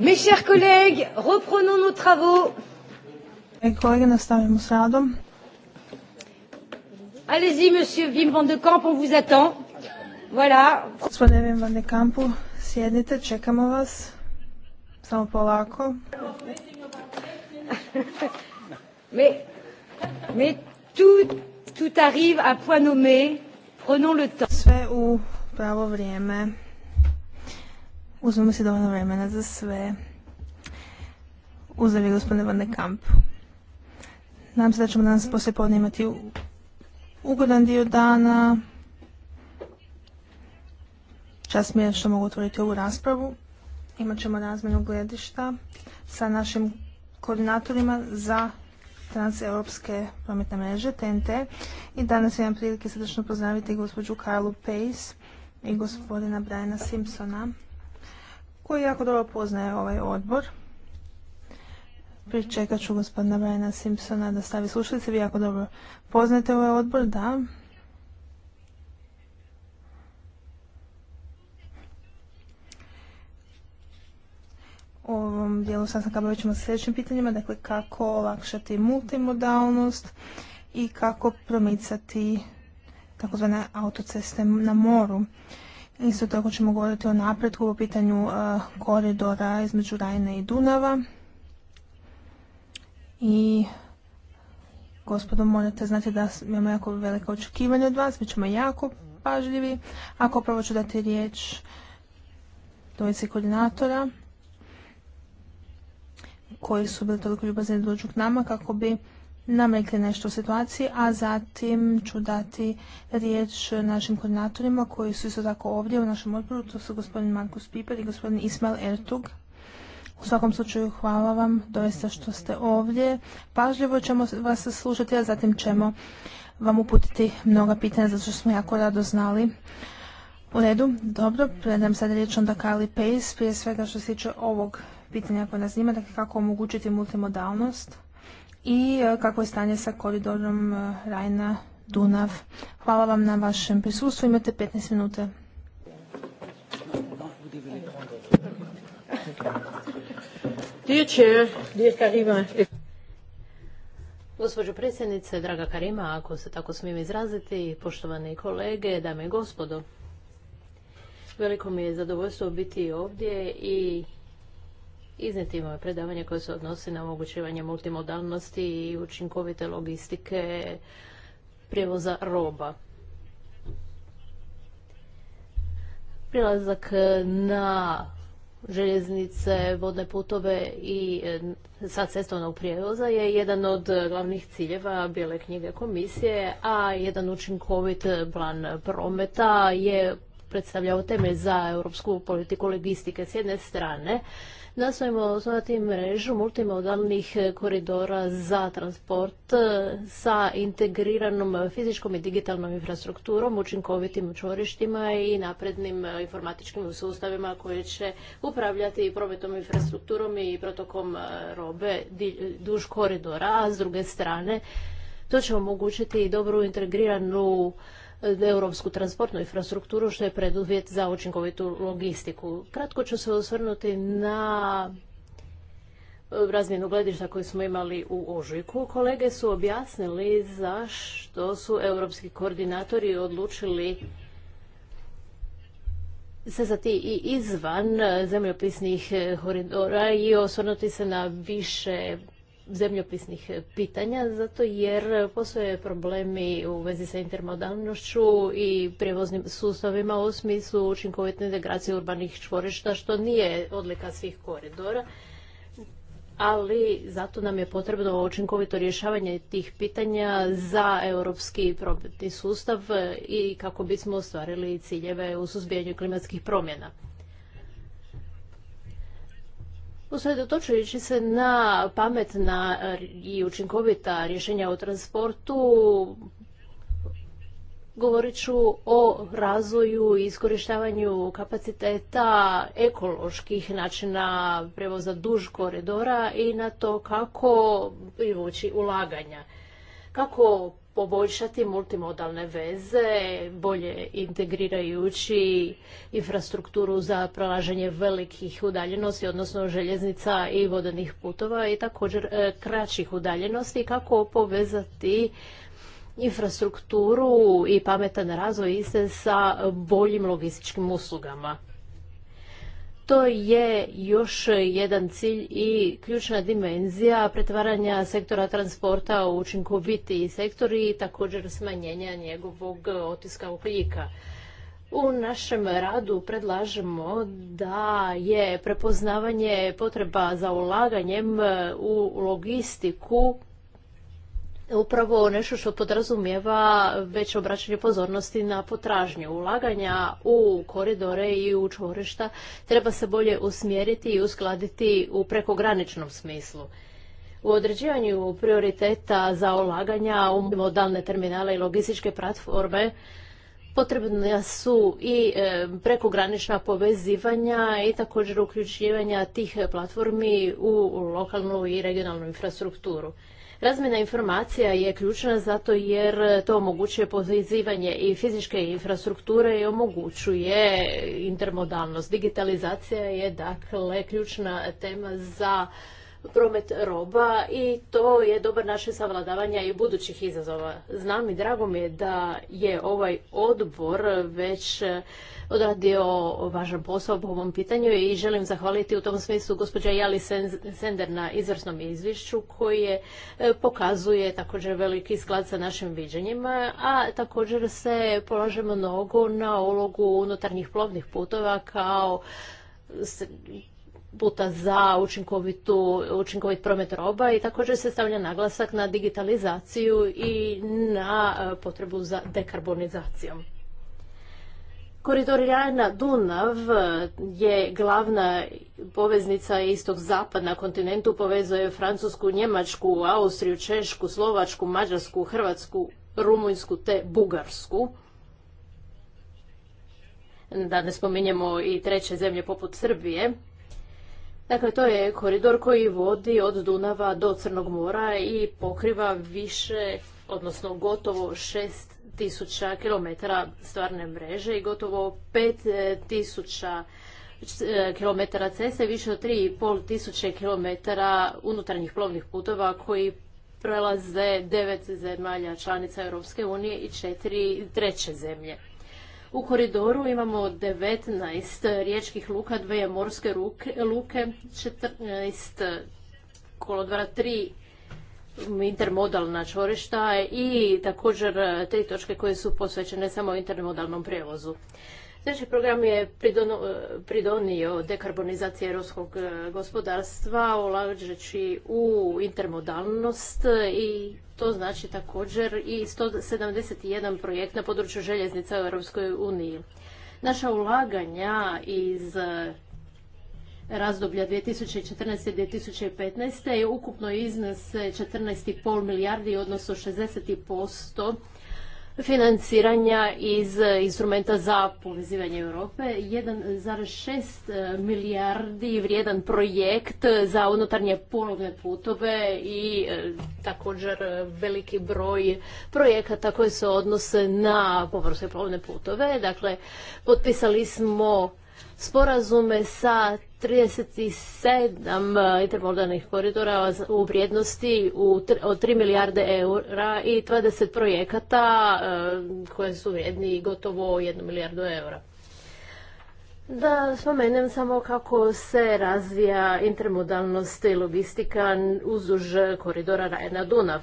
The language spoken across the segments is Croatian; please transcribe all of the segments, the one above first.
Mes chers collègues, reprenons nos travaux. E, Allez-y, monsieur Wim van de Kamp, on vous attend. Voilà. Gospodine Wim van de Kamp, sjednite, čekamo vas. Samo polako. mais, mais tout, tout arrive à point nommé. Prenons le temps. Sve u pravo vrijeme. Uzmemo se dovoljno vremena za sve. je gospodine Van de Kamp. Nadam se da ćemo danas poslije podne imati ugodan dio dana. Čas mi je što mogu otvoriti ovu raspravu. Imat ćemo razmjenu gledišta sa našim koordinatorima za transeuropske prometne mreže, TNT. I danas imam prilike srdečno pozdraviti gospođu Karlu Pace i gospodina Briana Simpsona koji jako dobro poznaje ovaj odbor. Pričekat ću gospodina Brajna Simpsona da stavi slušalice. Vi jako dobro poznate ovaj odbor, da. U ovom dijelu sam bavit ćemo sa sljedećim pitanjima, dakle kako olakšati multimodalnost i kako promicati takozvane autoceste na moru. Isto tako ćemo govoriti o napretku u pitanju e, koridora između Rajne i Dunava. I gospodo morate znati da imamo jako velike očekivanja od vas, mi ćemo jako pažljivi. Ako prvo ću dati riječ dvojici koordinatora koji su bili toliko ljubazni da dođu k nama kako bi nam nešto o situaciji, a zatim ću dati riječ našim koordinatorima koji su isto tako ovdje u našem odboru. To su gospodin Markus Piper i gospodin Ismail Ertug. U svakom slučaju hvala vam doista što ste ovdje. Pažljivo ćemo vas slušati, a zatim ćemo vam uputiti mnoga pitanja zato što smo jako rado znali. U redu, dobro, predam sad riječ onda Kali Pace, prije svega što se tiče ovog pitanja koje nas zanima, dakle kako omogućiti multimodalnost i e, kako je stanje sa koridorom e, Rajna Dunav. Hvala vam na vašem prisustvu. Imate 15 minuta. Gospođo predsjednice, draga Karima, ako se tako smijem izraziti, poštovani kolege, dame i gospodo, veliko mi je zadovoljstvo biti ovdje i iznijeti je predavanje koje se odnosi na omogućivanje multimodalnosti i učinkovite logistike prijevoza roba. Prilazak na željeznice, vodne putove i e, sad cestovnog prijevoza je jedan od glavnih ciljeva Bijele knjige komisije, a jedan učinkovit plan prometa je predstavljao temelj za europsku politiku logistike s jedne strane nastojimo osnovati mrežu multimodalnih e, koridora za transport e, sa integriranom fizičkom i digitalnom infrastrukturom, učinkovitim čvorištima i naprednim e, informatičkim sustavima koje će upravljati prometom infrastrukturom i protokom robe duž koridora, a s druge strane to će omogućiti i dobru integriranu europsku transportnu infrastrukturu što je preduvjet za učinkovitu logistiku. Kratko ću se osvrnuti na e, razmjenu gledišta koju smo imali u Ožujku. Kolege su objasnili zašto su europski koordinatori odlučili se zati i izvan zemljopisnih e, koridora i osvrnuti se na više zemljopisnih pitanja, zato jer postoje problemi u vezi sa intermodalnošću i prijevoznim sustavima u smislu učinkovite integracije urbanih čvorišta, što nije odlika svih koridora, ali zato nam je potrebno učinkovito rješavanje tih pitanja za europski prometni sustav i kako bismo ostvarili ciljeve u suzbijanju klimatskih promjena. Usredotočujući se na pametna e, i učinkovita rješenja u transportu, govorit ću o razvoju i iskorištavanju kapaciteta ekoloških načina prevoza duž koridora i na to kako privući ulaganja kako poboljšati multimodalne veze, bolje integrirajući infrastrukturu za prelaženje velikih udaljenosti, odnosno željeznica i vodenih putova i također e, kraćih udaljenosti, kako povezati infrastrukturu i pametan razvoj iste sa boljim logističkim uslugama. To je još jedan cilj i ključna dimenzija pretvaranja sektora transporta u učinkovitiji sektor i također smanjenja njegovog otiska ugljika. U našem radu predlažemo da je prepoznavanje potreba za ulaganjem u logistiku upravo nešto što podrazumijeva već obraćanje pozornosti na potražnju Ulaganja u koridore i u čvorišta treba se bolje usmjeriti i uskladiti u prekograničnom smislu. U određivanju prioriteta za ulaganja u modalne terminale i logističke platforme potrebna su i e, prekogranična povezivanja i također uključivanja tih platformi u lokalnu i regionalnu infrastrukturu. Razmjena informacija je ključna zato jer to omogućuje pozivanje i fizičke infrastrukture i omogućuje intermodalnost. Digitalizacija je dakle ključna tema za promet roba i to je dobar naše savladavanja i budućih izazova. Znam i drago mi je da je ovaj odbor već odradio važan posao po ovom pitanju i želim zahvaliti u tom smislu gospođa Jali Sender na izvrsnom izvješću koje e, pokazuje također veliki sklad sa našim viđenjima, a također se polaže mnogo na ulogu unutarnjih plovnih putova kao puta za učinkovit promet roba i također se stavlja naglasak na digitalizaciju i na e, potrebu za dekarbonizacijom. Koridor Jana Dunav e, je glavna poveznica istog-zapad na kontinentu, povezuje Francusku, Njemačku, Austriju, Češku, Slovačku, Mađarsku, Hrvatsku, Rumunjsku te Bugarsku. Da ne spominjemo i treće zemlje poput Srbije. Dakle, to je koridor koji vodi od Dunava do Crnog mora i pokriva više, odnosno gotovo tisuća km stvarne mreže i gotovo pet e, tisuća e, km ceste, više od pol tisuće km unutarnjih plovnih putova koji prelaze devet zemalja članica Europske unije i četiri treće zemlje. U koridoru imamo 19 riječkih luka, dvije morske luke, 14 kolodvara, 3 intermodalna čvorišta i također tri točke koje su posvećene samo intermodalnom prijevozu. Sljedeći znači, program je e, pridonio dekarbonizaciji europskog e, gospodarstva, ulažeći u intermodalnost i to znači također i 171 projekt na području željeznica u Europskoj uniji. Naša ulaganja iz razdoblja 2014. i 2015. je ukupno iznos 14,5 milijardi, odnosno 60% financiranja iz instrumenta za povezivanje Europe. 1,6 e, milijardi vrijedan projekt za unutarnje polovne putove i e, također e, veliki broj projekata koji se odnose na pomorske polovne putove. Dakle, potpisali smo sporazume sa 37 eh, intermodalnih koridora u vrijednosti od 3 milijarde eura i 20 projekata eh, koje su vrijedni gotovo 1 milijardu eura. Da spomenem samo kako se razvija intermodalnost i logistika uzduž koridora na dunav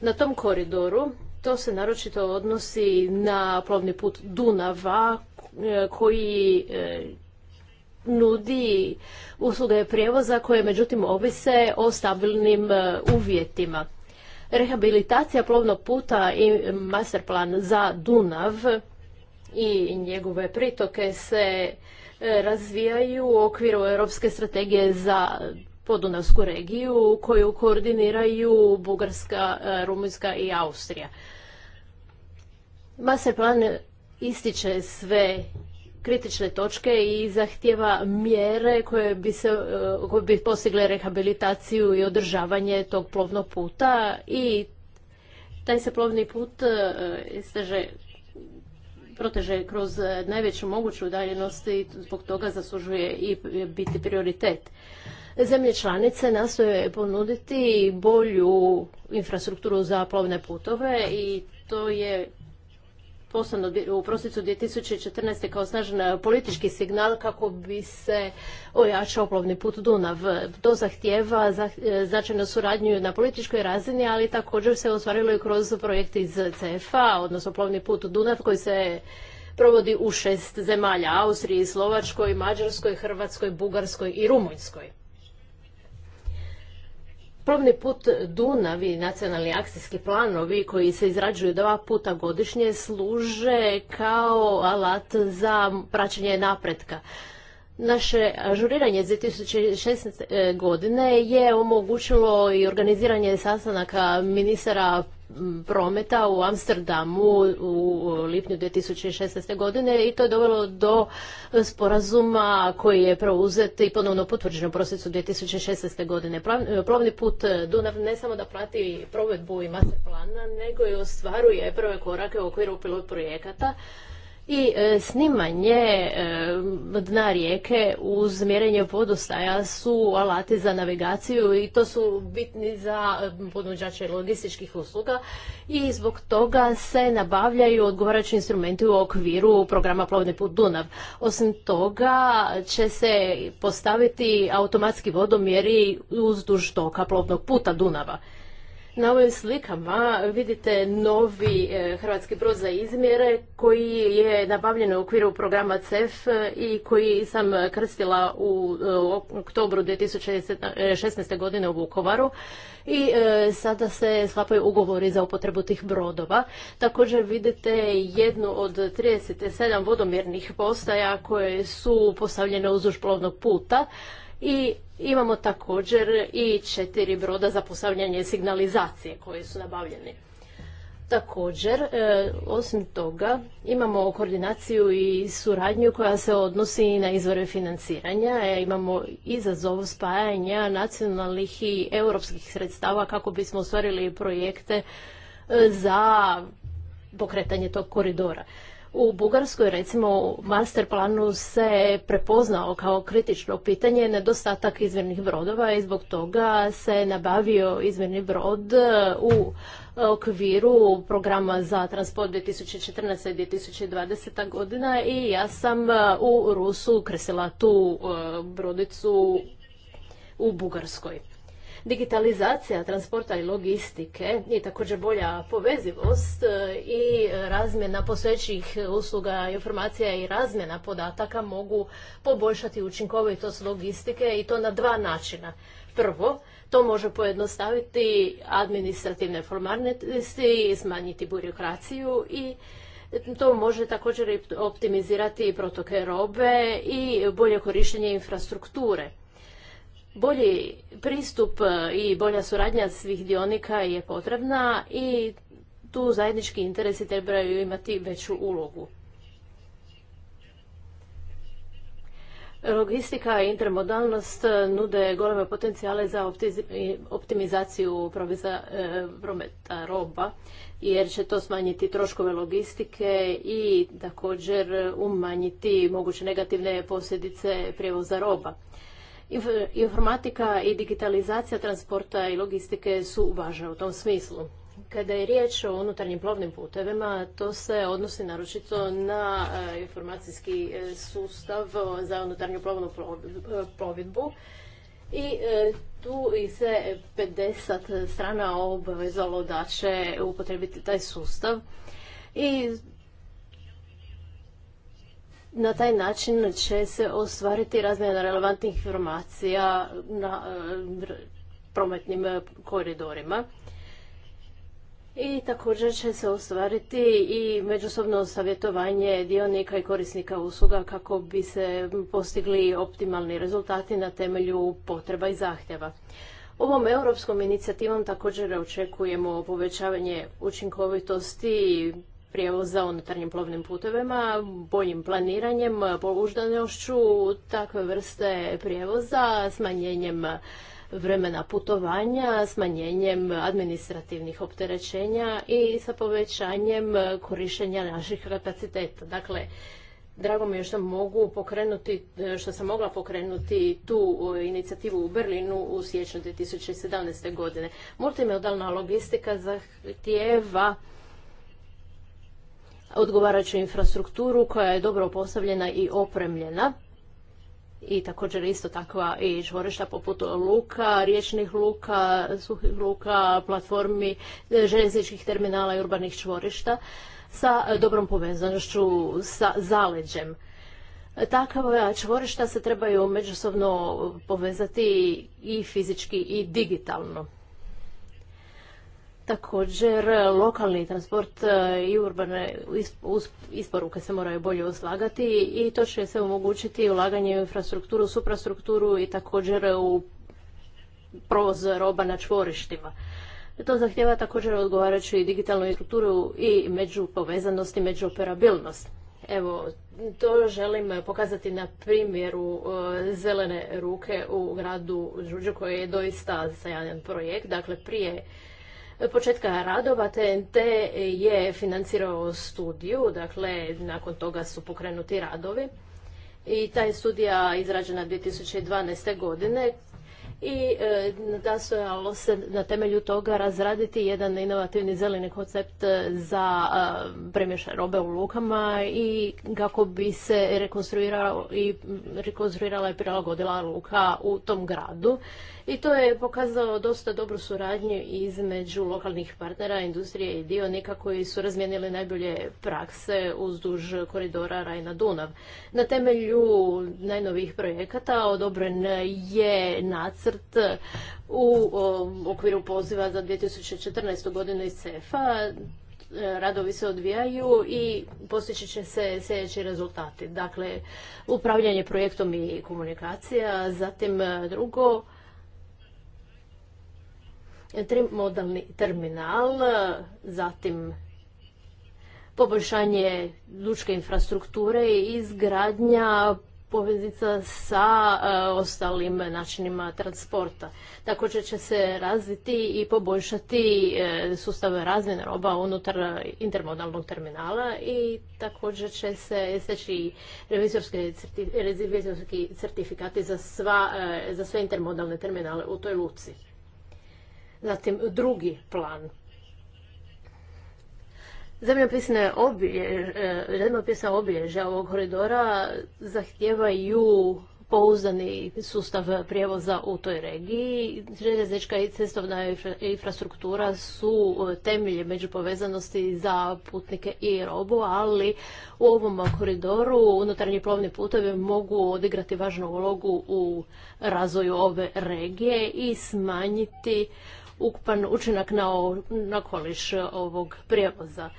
Na tom koridoru to se naročito odnosi na plovni put Dunava eh, koji nudi usluge prijevoza koje međutim ovise o stabilnim e, uvjetima. Rehabilitacija plovnog puta i master plan za Dunav i njegove pritoke se e, razvijaju u okviru Europske strategije za podunavsku regiju koju koordiniraju Bugarska, e, Rumunjska i Austrija. Master plan ističe sve kritične točke i zahtjeva mjere koje bi, se, e, bi postigle rehabilitaciju i održavanje tog plovnog puta i taj se plovni put e, isteže proteže kroz najveću moguću udaljenost i zbog toga zaslužuje i biti prioritet. Zemlje članice nastoje ponuditi bolju infrastrukturu za plovne putove i to je poslano u prosincu 2014. kao snažan e, politički signal kako bi se ojačao plovni put Dunav. To zahtjeva e, značajnu suradnju na političkoj razini, ali također se ostvarilo i kroz projekt iz CFA, odnosno plovni put Dunav koji se provodi u šest zemalja, Austriji, Slovačkoj, Mađarskoj, Hrvatskoj, Bugarskoj i Rumunjskoj. Plovni put Dunavi nacionalni akcijski planovi koji se izrađuju dva puta godišnje služe kao alat za praćenje napretka. Naše ažuriranje 2016. E, godine je omogućilo i organiziranje sastanaka ministara prometa u Amsterdamu u lipnju 2016. godine i to je dovelo do sporazuma koji je preuzet i ponovno potvrđen u prosincu 2016. godine. E, plovni put Dunav ne samo da prati provedbu i master plana, nego i ostvaruje prve korake u okviru pilot projekata i e, snimanje e, dna rijeke uz mjerenje vodostaja su alati za navigaciju i to su bitni za e, ponuđače logističkih usluga i zbog toga se nabavljaju odgovarajući instrumenti u okviru programa Plovni put Dunav. Osim toga će se postaviti automatski vodomjeri uz duž toka plovnog puta Dunava. Na ovim slikama vidite novi e, hrvatski brod za izmjere koji je nabavljen u okviru programa CEF e, i koji sam krstila u e, oktobru 2016. godine u Vukovaru i sada se sklapaju ugovori za upotrebu tih brodova. Također vidite jednu od 37 vodomjernih postaja koje su postavljene uz plovnog puta i imamo također i četiri broda za postavljanje signalizacije koje su nabavljeni. Također, e, osim toga, imamo koordinaciju i suradnju koja se odnosi na izvore financiranja. E, imamo izazov spajanja nacionalnih i europskih sredstava kako bismo ostvarili projekte e, za pokretanje tog koridora. U Bugarskoj, recimo, master planu se prepoznao kao kritično pitanje nedostatak izmjernih brodova i zbog toga se nabavio izmjerni brod e, u okviru programa za transport 2014. i 2020. godina i ja sam e, u Rusu kresila tu e, brodicu u Bugarskoj digitalizacija transporta i logistike i također bolja povezivost e, i razmjena posvećih usluga informacija i razmjena podataka mogu poboljšati učinkovitost logistike i to na dva načina. Prvo, to može pojednostaviti administrativne formalnosti, smanjiti birokraciju i to može također optimizirati protoke robe i bolje korištenje infrastrukture. Bolji pristup e, i bolja suradnja svih dionika je potrebna i tu zajednički interesi trebaju imati veću ulogu. Logistika i intermodalnost e, nude goleme potencijale za optimizaciju e, prometa roba, jer će to smanjiti troškove logistike i također umanjiti moguće negativne posljedice prijevoza roba. Informatika i digitalizacija transporta i logistike su važne u tom smislu. Kada je riječ o unutarnjim plovnim putevima, to se odnosi naročito na e, informacijski e, sustav za unutarnju plovnu plovidbu. I e, tu se 50 strana obvezalo da će upotrebiti taj sustav. I na taj način će se ostvariti razmjena relevantnih informacija na eh, prometnim eh, koridorima. I također će se ostvariti i međusobno savjetovanje dionika i korisnika usluga kako bi se postigli optimalni rezultati na temelju potreba i zahtjeva. Ovom europskom inicijativom također očekujemo povećavanje učinkovitosti i prijevoza unutarnjim plovnim putevima, boljim planiranjem, použdanošću takve vrste prijevoza, smanjenjem vremena putovanja, smanjenjem administrativnih opterećenja i sa povećanjem korištenja naših kapaciteta. Dakle, drago mi je što mogu pokrenuti, što sam mogla pokrenuti tu inicijativu u Berlinu u siječnju 2017. godine. Multimodalna logistika zahtijeva odgovarajuću infrastrukturu koja je dobro postavljena i opremljena i također isto takva i čvorišta poput luka, riječnih luka, suhih luka, platformi, željezničkih terminala i urbanih čvorišta sa dobrom povezanošću sa zaleđem. Takva čvorišta se trebaju međusobno povezati i fizički i digitalno. Također, lokalni transport e, i urbane isporuke se moraju bolje uslagati i to će se omogućiti ulaganje u infrastrukturu, suprastrukturu i također u provoz roba na čvorištima. To zahtjeva također odgovarajuću i digitalnu strukturu i među povezanost i među operabilnost. Evo, to želim pokazati na primjeru e, zelene ruke u gradu Žuđe koji je doista jedan projekt. Dakle, prije početka radova TNT je financirao studiju, dakle nakon toga su pokrenuti radovi i ta je studija izrađena 2012. godine i da e, nastojalo se na temelju toga razraditi jedan inovativni zeleni koncept e, za e, premještaj robe u lukama i kako bi se i rekonstruirala i prilagodila luka u tom gradu i to je pokazao dosta dobru suradnju između lokalnih partnera, industrije i dionika koji su razmijenili najbolje prakse uzduž koridora Rajna-Dunav. Na temelju najnovih projekata odobren je nacrt u okviru poziva za 2014. godinu iz CEFA radovi se odvijaju i postići će se sljedeći rezultati. Dakle, upravljanje projektom i komunikacija, zatim drugo, trimodalni terminal, zatim poboljšanje lučke infrastrukture i izgradnja poveznica sa e, ostalim načinima transporta. Također će se razviti i poboljšati e, sustav razmjene roba unutar intermodalnog terminala i također će se steći revizorski, certifikati za, e, za sve intermodalne terminale u toj luci. Zatim drugi plan. Zemljopisne e, zemljopisna obilježja ovog koridora zahtijevaju pouzdani sustav prijevoza u toj regiji. Željeznička i cestovna infrastruktura su e, temelje povezanosti za putnike i robu, ali u ovom koridoru unutarnji plovni putevi mogu odigrati važnu ulogu u razvoju ove regije i smanjiti ukupan učinak na, na okoliš e, ovog prijevoza.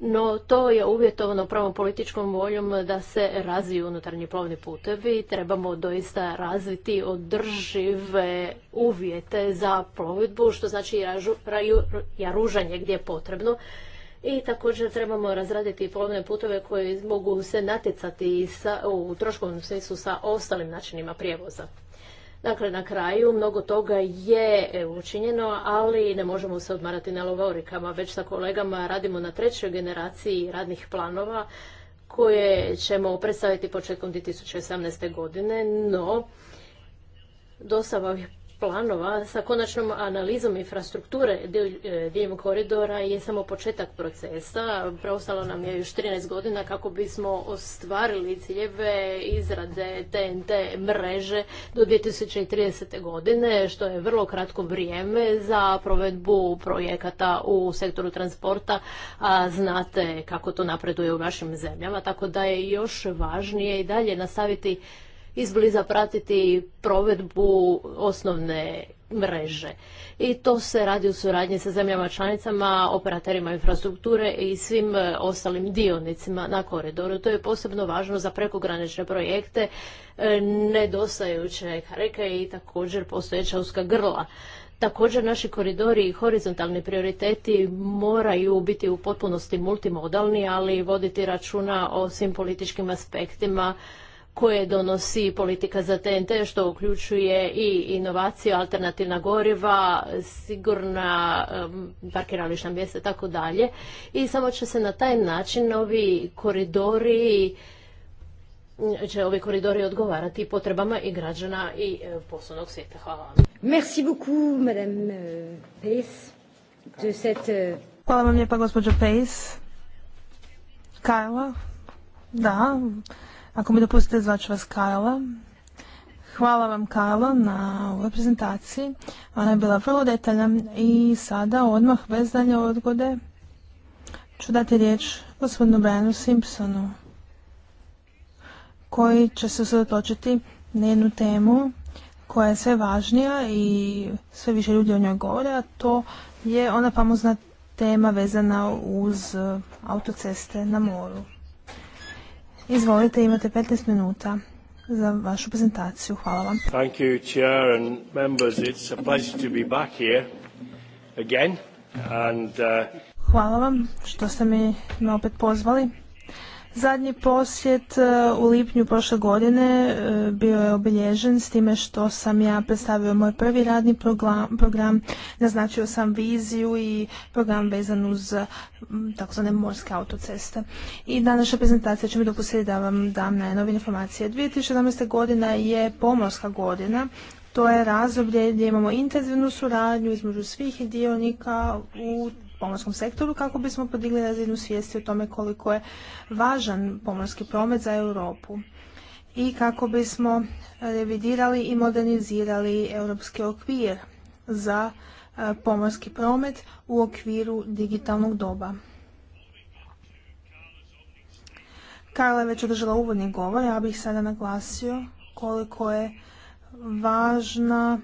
No to je uvjetovano pravom političkom voljom da se razviju unutarnji plovni putevi. Trebamo doista razviti održive uvjete za plovidbu, što znači jaružanje gdje je potrebno. I također trebamo razraditi plovne putove koji mogu se natjecati u troškovnom smislu sa ostalim načinima prijevoza. Dakle, na kraju mnogo toga je e, učinjeno, ali ne možemo se odmarati na lovorikama. Već sa kolegama radimo na trećoj generaciji radnih planova koje ćemo predstaviti početkom 2018. godine, no dosta planova sa konačnom analizom infrastrukture e, diljem koridora je samo početak procesa. Preostalo nam je još 13 godina kako bismo ostvarili ciljeve izrade TNT mreže do 2030. godine, što je vrlo kratko vrijeme za provedbu projekata u sektoru transporta. A znate kako to napreduje u vašim zemljama, tako da je još važnije i dalje nastaviti izbliza pratiti provedbu osnovne mreže. I to se radi u suradnji sa zemljama članicama, operaterima infrastrukture i svim e, ostalim dionicima na koridoru. To je posebno važno za prekogranične projekte, e, nedostajuće kareke i također postojeća uska grla. Također naši koridori i horizontalni prioriteti moraju biti u potpunosti multimodalni, ali voditi računa o svim političkim aspektima koje donosi politika za TNT, što uključuje i inovaciju, alternativna goriva, sigurna parkirališna mjesta i tako dalje. I samo će se na taj način ovi koridori će ovi koridori odgovarati potrebama i građana i e, poslovnog svijeta. Hvala vam. Merci beaucoup, madame e, e, Hvala vam lijepa, gospođo Pace. Kajla, da, ako mi dopustite, zvaću vas Kajla. Hvala vam Kajla na ovoj prezentaciji. Ona je bila vrlo detaljna i sada odmah bez dalje odgode ću dati riječ gospodinu Brianu Simpsonu koji će se usredotočiti na jednu temu koja je sve važnija i sve više ljudi o njoj govore, a to je ona famozna tema vezana uz autoceste na moru. Izvolite, imate 15 minuta za vašu prezentaciju. Hvala vam. Thank you, Chair and members. It's a pleasure to be back here again. And, uh... Hvala vam što ste me opet pozvali. Zadnji posjet e, u lipnju prošle godine e, bio je obilježen s time što sam ja predstavio moj prvi radni program, naznačio sam viziju i program vezan uz takozvane morske autoceste. I današnja prezentacija će mi dopustiti da vam dam nove informacije. 2017. godina je pomorska godina, to je razdoblje gdje imamo intenzivnu suradnju između svih dionika u pomorskom sektoru kako bismo podigli razinu svijesti o tome koliko je važan pomorski promet za Europu i kako bismo revidirali i modernizirali europski okvir za e, pomorski promet u okviru digitalnog doba. Karla je već održala uvodni govor, ja bih sada naglasio koliko je važna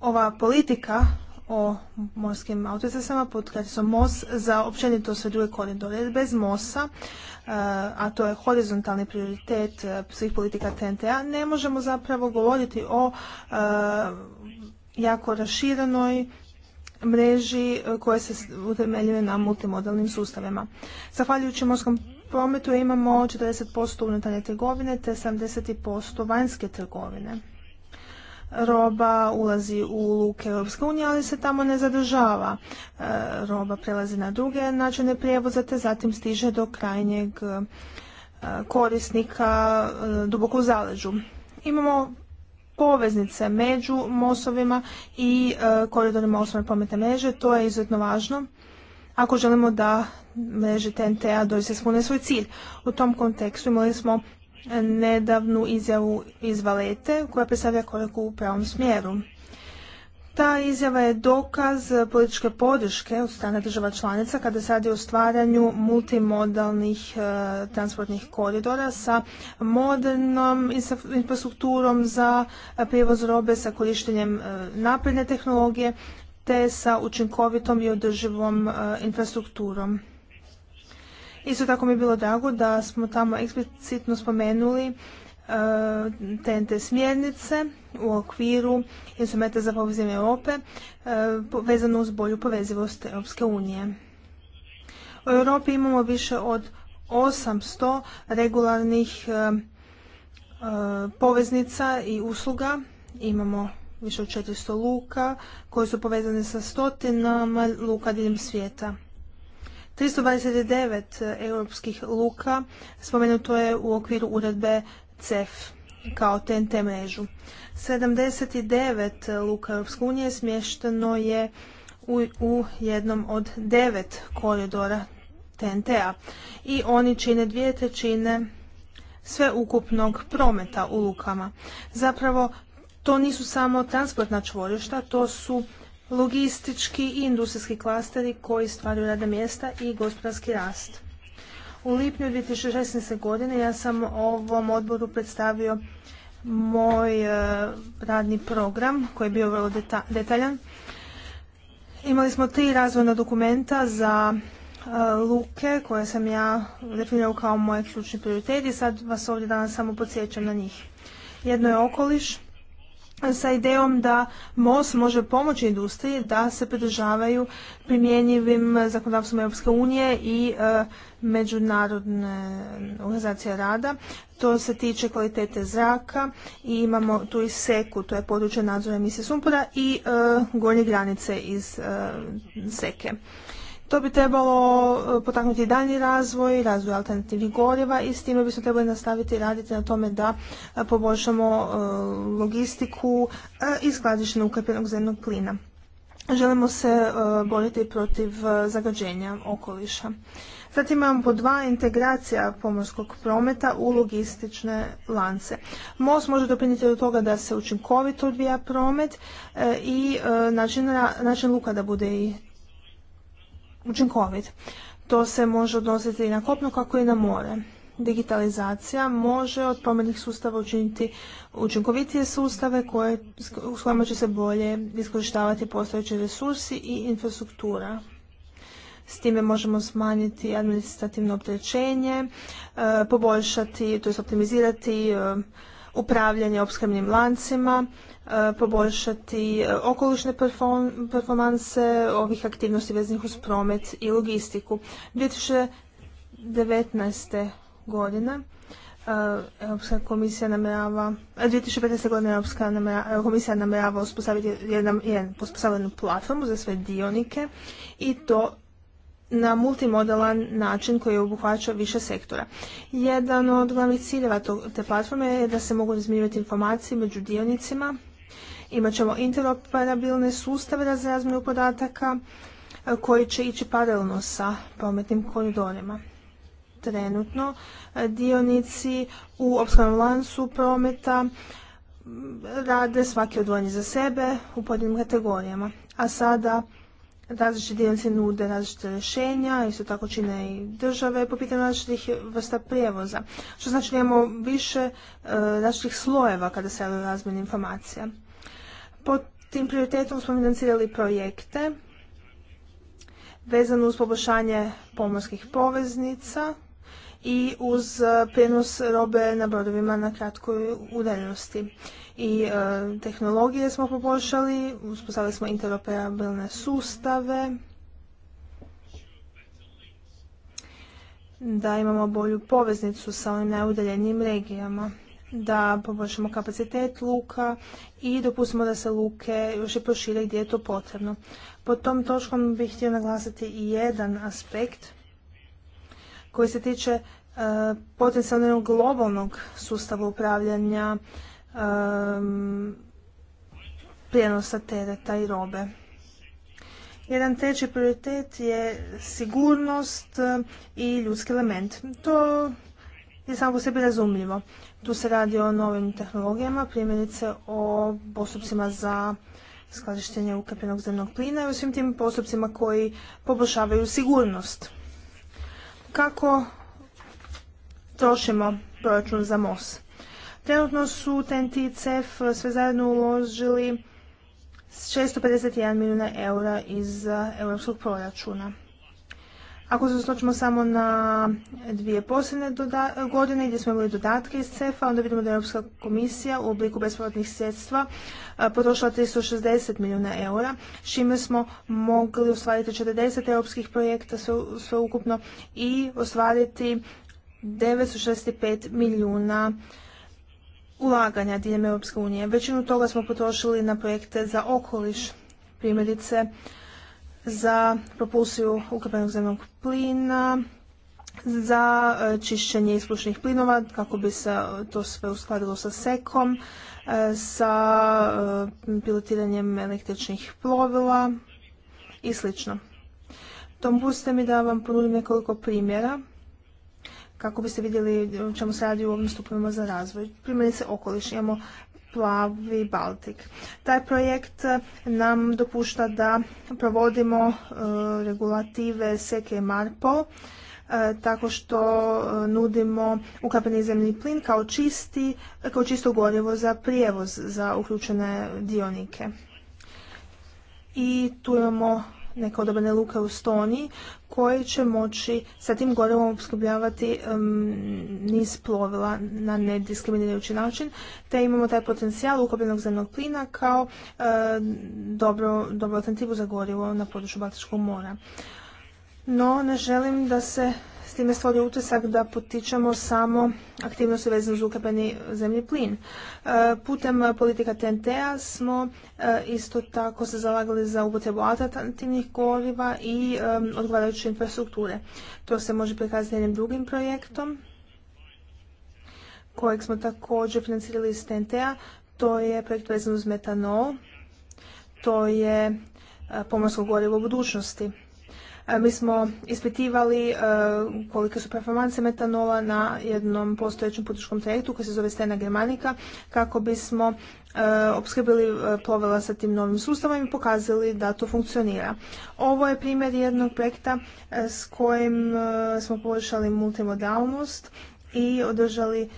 ova politika o morskim autocestama pod kratisom MOS za općenito sve druge koridore. bez MOS-a, e, a to je horizontalni prioritet e, svih politika TNT-a, ne možemo zapravo govoriti o e, jako raširenoj mreži koje se utemeljuje na multimodalnim sustavima. Zahvaljujući morskom prometu imamo 40% unutarnje trgovine te 70% vanjske trgovine roba ulazi u luke Europske unije, ali se tamo ne zadržava. E, roba prelazi na druge načine prijevoza, te zatim stiže do krajnjeg e, korisnika e, duboko u zaleđu. Imamo poveznice među mosovima i koridorima osnovne pametne mreže, to je izuzetno važno ako želimo da mreže TNT-a doista spune svoj cilj. U tom kontekstu imali smo nedavnu izjavu iz Valete koja predstavlja korak u pravom smjeru. Ta izjava je dokaz političke podrške od strane država članica kada se radi o stvaranju multimodalnih e, transportnih koridora sa modernom infrastrukturom za e, prijevoz robe, sa korištenjem e, napredne tehnologije te sa učinkovitom i održivom infrastrukturom. Isto tako mi je bilo drago da smo tamo eksplicitno spomenuli TNT e, smjernice u okviru instrumenta za povezivanje Europe e, vezano uz bolju povezivost Europske unije. U Europi imamo više od 800 regularnih e, poveznica i usluga. Imamo više od 400 luka koje su povezane sa stotinama luka diljem svijeta. 329 eh, europskih luka spomenuto je u okviru uredbe CEF kao TNT mrežu. 79 eh, luka Europske unije smješteno je u, u jednom od devet koridora TNT-a i oni čine dvije trećine sveukupnog prometa u lukama. Zapravo, to nisu samo transportna čvorišta, to su logistički i industrijski klasteri koji stvaraju radna mjesta i gospodarski rast. U lipnju 2016. godine ja sam ovom odboru predstavio moj e, radni program koji je bio vrlo detaljan. Imali smo tri razvojna dokumenta za e, luke koje sam ja definirao kao moje ključni i Sad vas ovdje danas samo podsjećam na njih. Jedno je okoliš, sa idejom da MOS može pomoći industriji da se pridržavaju primjenjivim zakonodavstvom Europske unije i e, međunarodne organizacije rada. To se tiče kvalitete zraka i imamo tu i seku, to je područje nadzora emisije sumpora i e, gornje granice iz e, seke. To bi trebalo e, potaknuti dalji razvoj, razvoj alternativnih goriva i s time bismo trebali nastaviti raditi na tome da e, poboljšamo e, logistiku i skladištenje ukapljenog zemnog plina. Želimo se boriti protiv zagađenja okoliša. Zatim imamo po dva integracija pomorskog prometa u logistične lance. Most može doprinijeti do toga da se učinkovito odvija promet i način luka da bude i učinkovit. To se može odnositi i na kopno kako i na more. Digitalizacija može od pomernih sustava učiniti učinkovitije sustave koje, kojima će se bolje iskorištavati postojeći resursi i infrastruktura. S time možemo smanjiti administrativno opterećenje, e, poboljšati, to optimizirati e, upravljanje opskrbnim lancima, poboljšati e, okolišne performanse ovih aktivnosti vezanih uz promet i logistiku. 2019. godine e, Europska komisija namjerava, 2015. E, godine Europska komisija namjerava uspostaviti jednu, pospostavljenu platformu za sve dionike i to na multimodalan način koji obuhvaća više sektora. Jedan od glavnih ciljeva te platforme je da se mogu razmjenjivati informacije među dionicima Imat ćemo interoperabilne sustave za razmjenu podataka e, koji će ići paralelno sa prometnim koridorima. Trenutno e, dionici u opskrbnom lancu prometa rade svaki odvojeni za sebe u pojedinim kategorijama. A sada različiti dionici nude različite rješenja, isto tako čine i države po pitanju različitih vrsta prijevoza. Što znači da imamo više e, različitih slojeva kada se razmjeni informacija. Pod tim prioritetom smo financirali projekte vezano uz poboljšanje pomorskih poveznica i uz e, prijenos robe na brodovima na kratkoj udaljenosti. I e, tehnologije smo poboljšali, uspostavili smo interoperabilne sustave, da imamo bolju poveznicu sa onim najudaljenijim regijama da poboljšamo kapacitet luka i dopustimo da se luke još i prošire gdje je to potrebno. Pod tom točkom bih htio naglasiti i jedan aspekt koji se tiče potencijalno potencijalnog globalnog sustava upravljanja e, prijenosa tereta i robe. Jedan treći prioritet je sigurnost i ljudski element. To je samo po sebi razumljivo. Tu se radi o novim tehnologijama, primjerice o postupcima za skladištenje ukapljenog zemnog plina i o svim tim postupcima koji poboljšavaju sigurnost. Kako trošimo proračun za MOS? Trenutno su TNT i CEF sve zajedno uložili 651 milijuna eura iz eh, europskog proračuna. Ako se osločimo samo na dvije posljedne godine gdje smo imali dodatke iz CEFA, onda vidimo da je Europska komisija u obliku bespovratnih sredstva potrošila 360 milijuna eura, čime smo mogli ostvariti 40 europskih projekta sve, sveukupno i ostvariti 965 milijuna ulaganja diljem Europske unije. Većinu toga smo potrošili na projekte za okoliš, primjerice za propulsiju ukapljenog zemljog plina, za e, čišćenje ispušnih plinova kako bi se to sve uskladilo sa sekom, e, sa e, pilotiranjem električnih plovila i sl. Dopustite mi da vam ponudim nekoliko primjera kako biste vidjeli čemu se radi u ovim stupnjima za razvoj. Primjerice okoliš. Imamo Plavi Baltik. Taj projekt eh, nam dopušta da provodimo eh, regulative Seke Marpo eh, tako što nudimo ukapljeni zemlji plin kao, čisti, kao čisto gorivo za prijevoz za uključene dionike. I tu imamo neke odobrene luke u Stoniji koji će moći sa tim gorivom opskrbljavati niz plovila na nediskriminirajući način, te imamo taj potencijal ukopljenog zemnog plina kao dobro, dobro alternativu za gorivo na području Baltičkog mora. No, ne želim da se time stvorio utisak da potičemo samo aktivnosti vezane uz ukapeni zemlji plin. E, putem politika TNT-a smo e, isto tako se zalagali za upotrebu alternativnih goriva i e, odgovarajuće infrastrukture. To se može prikazati jednim drugim projektom kojeg smo također financirali iz TNT-a. To je projekt vezan uz metanol. To je pomorsko gorivo u budućnosti. E, mi smo ispitivali e, kolike su performanse metanola na jednom postojećem putičkom trajektu koji se zove Stena Germanika kako bismo e, opskrbili plovila sa tim novim sustavom i pokazali da to funkcionira. Ovo je primjer jednog projekta s kojim smo poboljšali multimodalnost i održali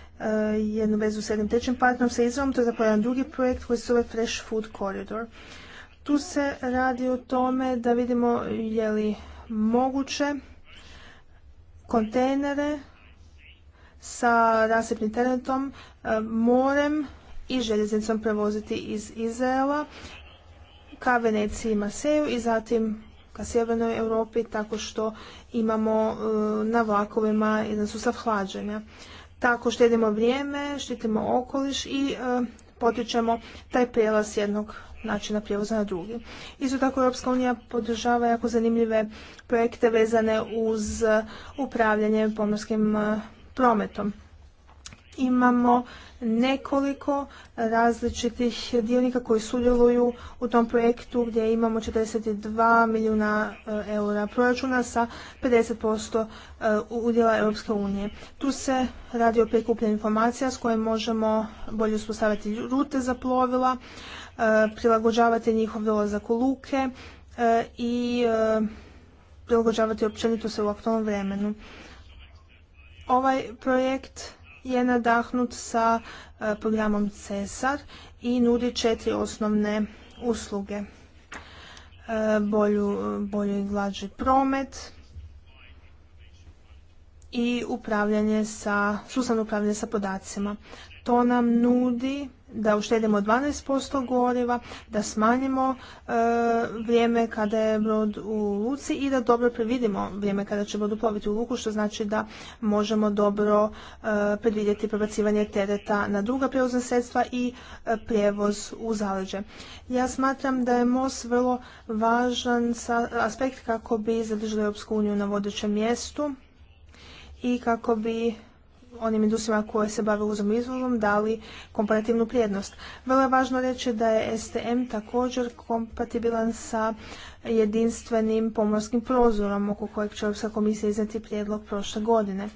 jednu vezu s jednim trećim partnerom sa izvom, to je zapravo jedan drugi projekt koji se zove Fresh Food Corridor. Tu se radi o tome da vidimo je li moguće kontejnere sa rasipnim teretom e, morem i željeznicom prevoziti iz Izraela ka Veneciji i Maseju i zatim ka sjevernoj Europi tako što imamo e, na vlakovima jedan sustav hlađenja. Tako štedimo vrijeme, štitimo okoliš i e, potičemo taj prijelaz jednog načina prijevoza na drugi. Isto tako Europska unija podržava jako zanimljive projekte vezane uz upravljanje pomorskim e, prometom. Imamo nekoliko različitih dionika koji sudjeluju u tom projektu gdje imamo 42 milijuna e, eura proračuna sa 50% e, udjela Europske unije. Tu se radi o prikupljanju informacija s kojim možemo bolje uspostaviti rute za plovila, E, prilagođavati njihov dolazak u luke e, i e, prilagođavati općenito se u aktualnom vremenu. Ovaj projekt je nadahnut sa programom CESAR i nudi četiri osnovne usluge. Bolju, bolju i promet i upravljanje sa, sustavno upravljanje sa podacima. To nam nudi da uštedimo 12% goriva, da smanjimo e, vrijeme kada je brod u luci i da dobro previdimo vrijeme kada će brod uploviti u luku, što znači da možemo dobro e, predvidjeti prebacivanje tereta na druga prijevozna sredstva i e, prijevoz u zaleđe. Ja smatram da je MOS vrlo važan aspekt kako bi zadržali Europsku na vodećem mjestu i kako bi onim industrijama koje se bave uzom izvozom dali komparativnu prijednost. Vrlo je važno reći da je STM također kompatibilan sa jedinstvenim pomorskim prozorom oko kojeg će Europska komisija izneti prijedlog prošle godine.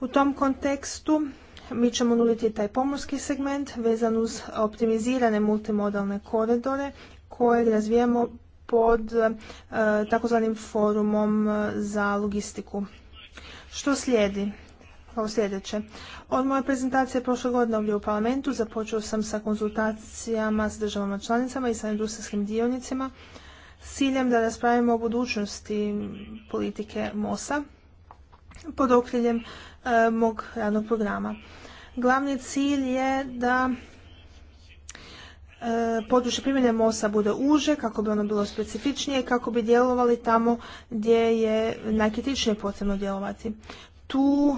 U tom kontekstu mi ćemo nuditi taj pomorski segment vezan uz optimizirane multimodalne koridore koje razvijamo pod e, takozvanim forumom za logistiku. Što slijedi? kao sljedeće. Od moje prezentacije prošle godine ovdje u parlamentu započeo sam sa konzultacijama s državama članicama i sa industrijskim dionicima s ciljem da raspravimo o budućnosti politike MOSA pod okriljem e, mog radnog programa. Glavni cilj je da e, područje primjene MOSA bude uže, kako bi ono bilo specifičnije, kako bi djelovali tamo gdje je najkritičnije potrebno djelovati. Tu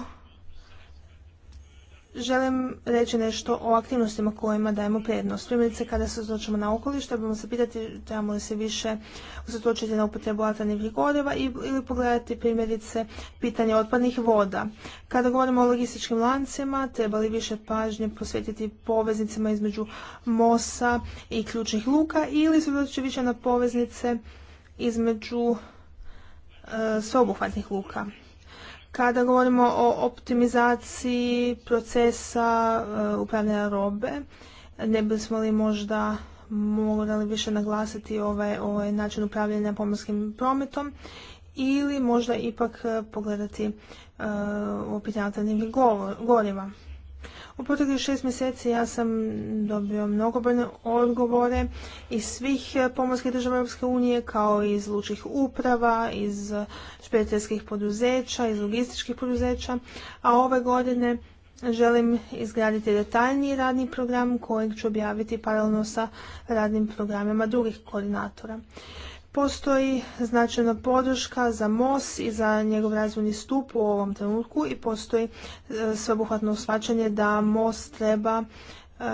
želim reći nešto o aktivnostima kojima dajemo prednost. Primjerice, kada se uzročimo na okoliš, trebamo se pitati trebamo li se više usatočiti na upotrebu alternativnih goriva ili pogledati primjerice pitanje otpadnih voda. Kada govorimo o logističkim lancima, treba li više pažnje posvetiti poveznicama između mosa i ključnih luka ili se više na poveznice između e, sveobuhvatnih luka. Kada govorimo o optimizaciji procesa e, upravljanja robe, ne bismo li možda morali više naglasiti ovaj, ovaj način upravljanja pomorskim prometom ili možda ipak e, pogledati e, u pitanju goriva. U proteklih šest mjeseci ja sam dobio mnogobrojne odgovore iz svih e, pomorskih država Europske unije, kao i iz lučih uprava, iz e, špediterskih poduzeća, iz logističkih poduzeća, a ove godine želim izgraditi detaljniji radni program kojeg ću objaviti paralelno sa radnim programima drugih koordinatora. Postoji značajna podrška za MOS i za njegov razvojni stup u ovom trenutku i postoji e, sveobuhvatno shvaćanje da MOS treba e,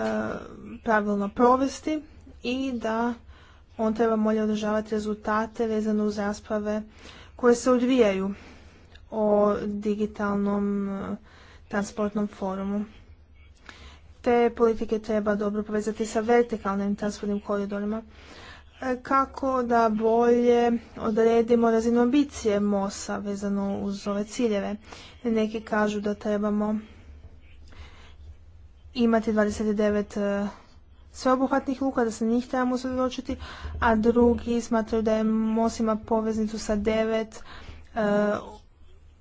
pravilno provesti i da on treba molje održavati rezultate vezano uz rasprave koje se odvijaju o digitalnom e, transportnom forumu. Te politike treba dobro povezati sa vertikalnim transportnim koridorima kako da bolje odredimo razinu ambicije MOS-a vezano uz ove ciljeve. Neki kažu da trebamo imati 29 e, sveobuhvatnih luka, da se njih trebamo sredočiti, a drugi smatraju da je MOS ima poveznicu sa 9 e,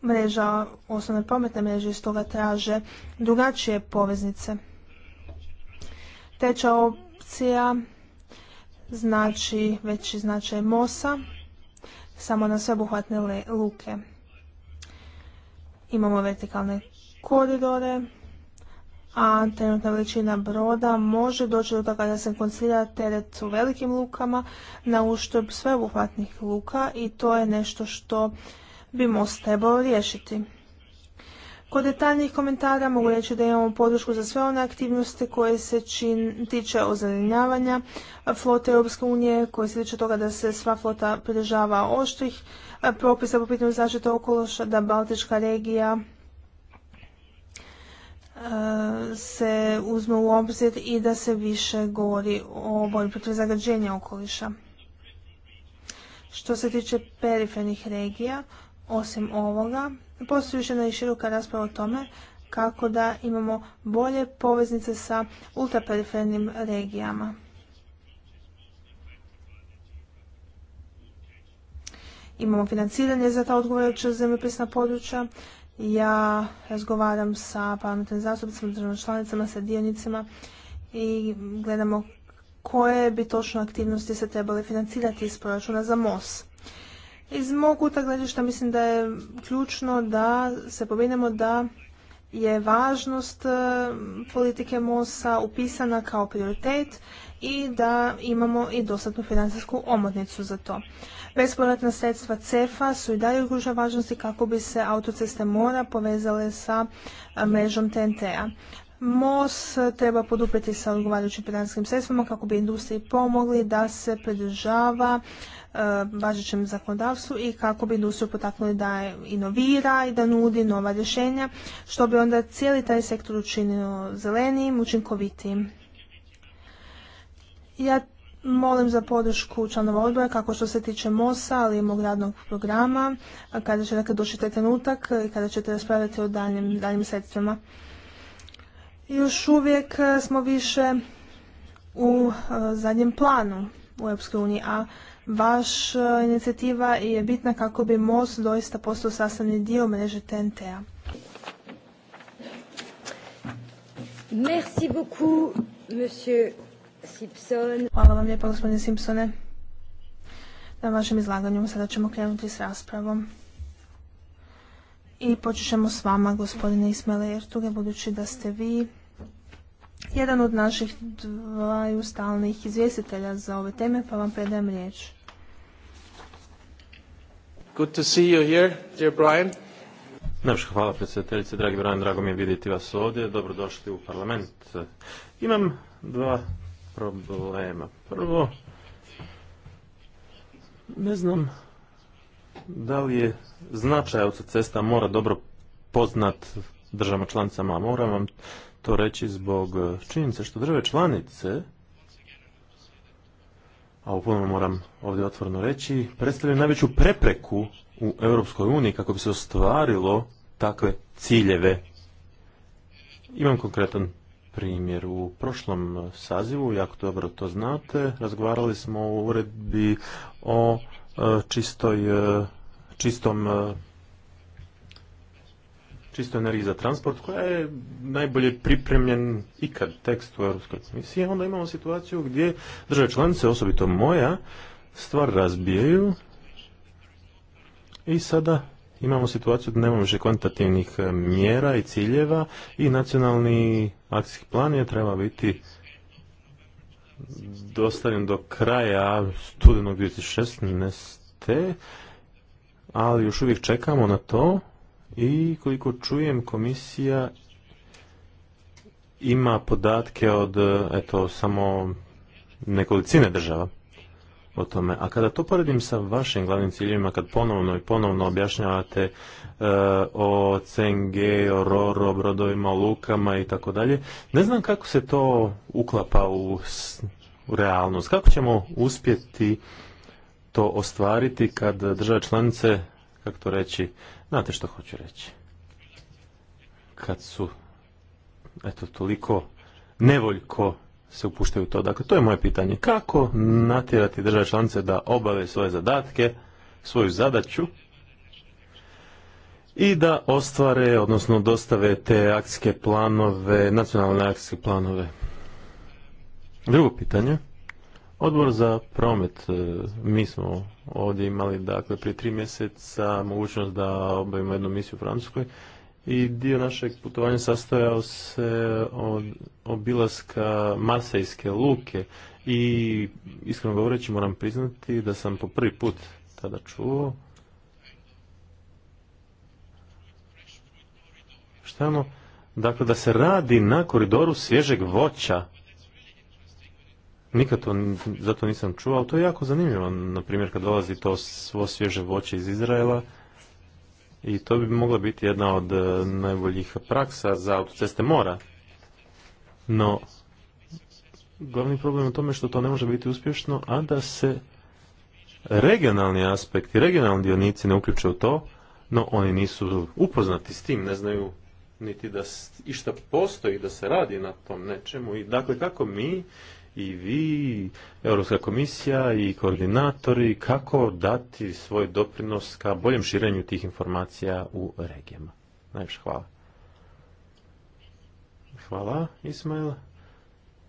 mreža, osnovne prometne mreže, iz toga traže drugačije poveznice. Treća opcija znači veći značaj mosa samo na sveobuhvatne luke. Imamo vertikalne koridore, a trenutna veličina broda može doći do toga da se koncilira teret u velikim lukama na uštrb sveobuhvatnih luka i to je nešto što bi most trebao riješiti. Kod detaljnih komentara mogu reći da imamo podršku za sve one aktivnosti koje se tiče ozelenjavanja flote Europske unije, koje se tiče toga da se sva flota pridržava oštrih eh, propisa po pitanju zaštite okološa, da Baltička regija eh, se uzme u obzir i da se više govori o borbi protiv zagađenja okoliša. Što se tiče perifernih regija, osim ovoga, Postoji još jedna i široka rasprava o tome kako da imamo bolje poveznice sa ultraperifernim regijama. Imamo financiranje za ta odgovarajuća zemljopisna područja. Ja razgovaram sa parlamentarnim zastupnicima, državnim članicama, sa dionicima i gledamo koje bi točno aktivnosti se trebale financirati iz proračuna za MOS. Iz mog kuta gledišta mislim da je ključno da se povinemo da je važnost e, politike MOS-a upisana kao prioritet i da imamo i dostatnu financijsku omotnicu za to. Bespovratna sredstva CEFA su i dalje ugruža važnosti kako bi se autoceste mora povezale sa e, mrežom TNT-a. MOS treba poduprijeti sa odgovarajućim financijskim sredstvima kako bi industriji pomogli da se pridržava E, važećem zakonodavstvu i kako bi industriju potaknuli da inovira i da nudi nova rješenja, što bi onda cijeli taj sektor učinio zelenijim, učinkovitijim. Ja molim za podršku članova odbora kako što se tiče MOSA, ali i mog radnog programa, kada će dakle doći taj trenutak i kada ćete raspravljati o daljim, daljim sredstvima. Još uvijek e, smo više u e, zadnjem planu u EU, a Vaš e, inicijativa je bitna kako bi most doista postao sastavni dio mreže TNT-a. Simpson. Hvala vam lijepa, gospodine Simpsone. Na vašem izlaganju sada ćemo krenuti s raspravom. I počet ćemo s vama, gospodine Ismele Ertuge, budući da ste vi jedan od naših dvaju stalnih izvjestitelja za ove teme, pa vam predajem riječ. Good to see you here, dear Brian. hvala predsjedateljice, dragi Brian, drago mi je vidjeti vas ovdje, dobrodošli u parlament. Imam dva problema. Prvo, ne znam da li je značaj cesta mora dobro poznat državama članicama, moram vam to reći zbog e, činjenice što države članice, a u ponovno moram ovdje otvoreno reći, predstavljaju najveću prepreku u Europskoj uniji kako bi se ostvarilo takve ciljeve. Imam konkretan primjer. U prošlom sazivu, jako dobro to znate, razgovarali smo o uredbi o e, čistoj, e, čistom čisto energiji za transport koja je najbolje pripremljen ikad tekst u Europskoj komisiji, onda imamo situaciju gdje države članice, osobito moja, stvar razbijaju i sada imamo situaciju da nemamo više kvantitativnih eh, mjera i ciljeva i nacionalni akcijski plan je treba biti dostavljen do kraja studenog 2016. ali još uvijek čekamo na to i koliko čujem komisija ima podatke od eto samo nekolicine država o tome. A kada to poredim sa vašim glavnim ciljevima, kad ponovno i ponovno objašnjavate e, o CNG, o ROR, o brodovima, o lukama i tako dalje, ne znam kako se to uklapa u, u realnost. Kako ćemo uspjeti to ostvariti kad države članice, kako to reći, Znate što hoću reći? Kad su eto, toliko nevoljko se upuštaju u to. Dakle, to je moje pitanje. Kako natjerati države članice da obave svoje zadatke, svoju zadaću i da ostvare, odnosno dostave te akcijske planove, nacionalne akcijske planove? Drugo pitanje. Odbor za promet. E, mi smo ovdje imali dakle prije tri mjeseca mogućnost da obavimo jednu misiju u Francuskoj i dio našeg putovanja sastojao se od obilaska Marsejske luke i iskreno govoreći moram priznati da sam po prvi put tada čuo šta imamo? Ono? Dakle, da se radi na koridoru svježeg voća Nikad to, zato nisam čuo, ali to je jako zanimljivo. Na primjer, kad dolazi to svo svježe voće iz Izraela, i to bi mogla biti jedna od e, najboljih praksa za autoceste mora. No, glavni problem je u tome što to ne može biti uspješno, a da se regionalni aspekti, regionalni dionici ne uključe u to, no oni nisu upoznati s tim, ne znaju niti da išta postoji, da se radi na tom nečemu. I dakle, kako mi i vi, Europska komisija i koordinatori kako dati svoj doprinos ka boljem širenju tih informacija u regijama. Najviše hvala. Hvala, Ismail.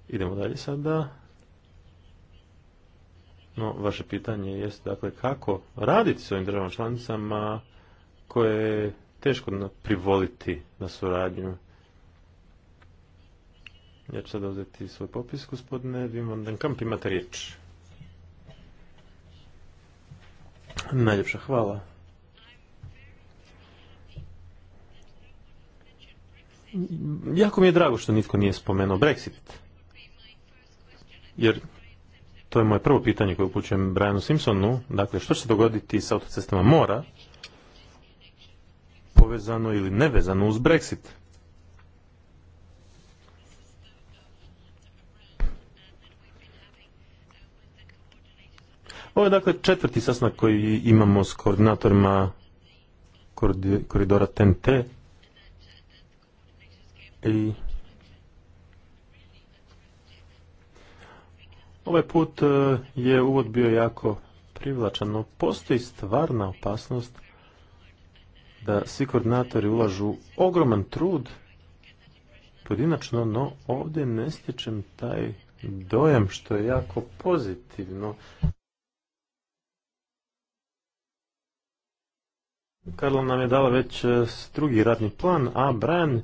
Idemo dalje sada. No, vaše pitanje jest, dakle, kako raditi s ovim državama članicama koje je teško privoliti na suradnju ja ću sada uzeti svoj popis, gospodine Vimon Kamp, imate riječ. Najljepša hvala. Jako mi je drago što nitko nije spomenuo Brexit. Jer to je moje prvo pitanje koje upućujem Brianu Simpsonu. Dakle, što će se dogoditi sa autocestama mora povezano ili nevezano uz Brexit? Ovo je dakle četvrti sasnak koji imamo s koordinatorima koridora TNT i Ovaj put e, je uvod bio jako privlačan, no postoji stvarna opasnost da svi koordinatori ulažu ogroman trud pojedinačno, no ovdje ne stječem taj dojam što je jako pozitivno. Karlo nam je dala već e, drugi radni plan, a Brian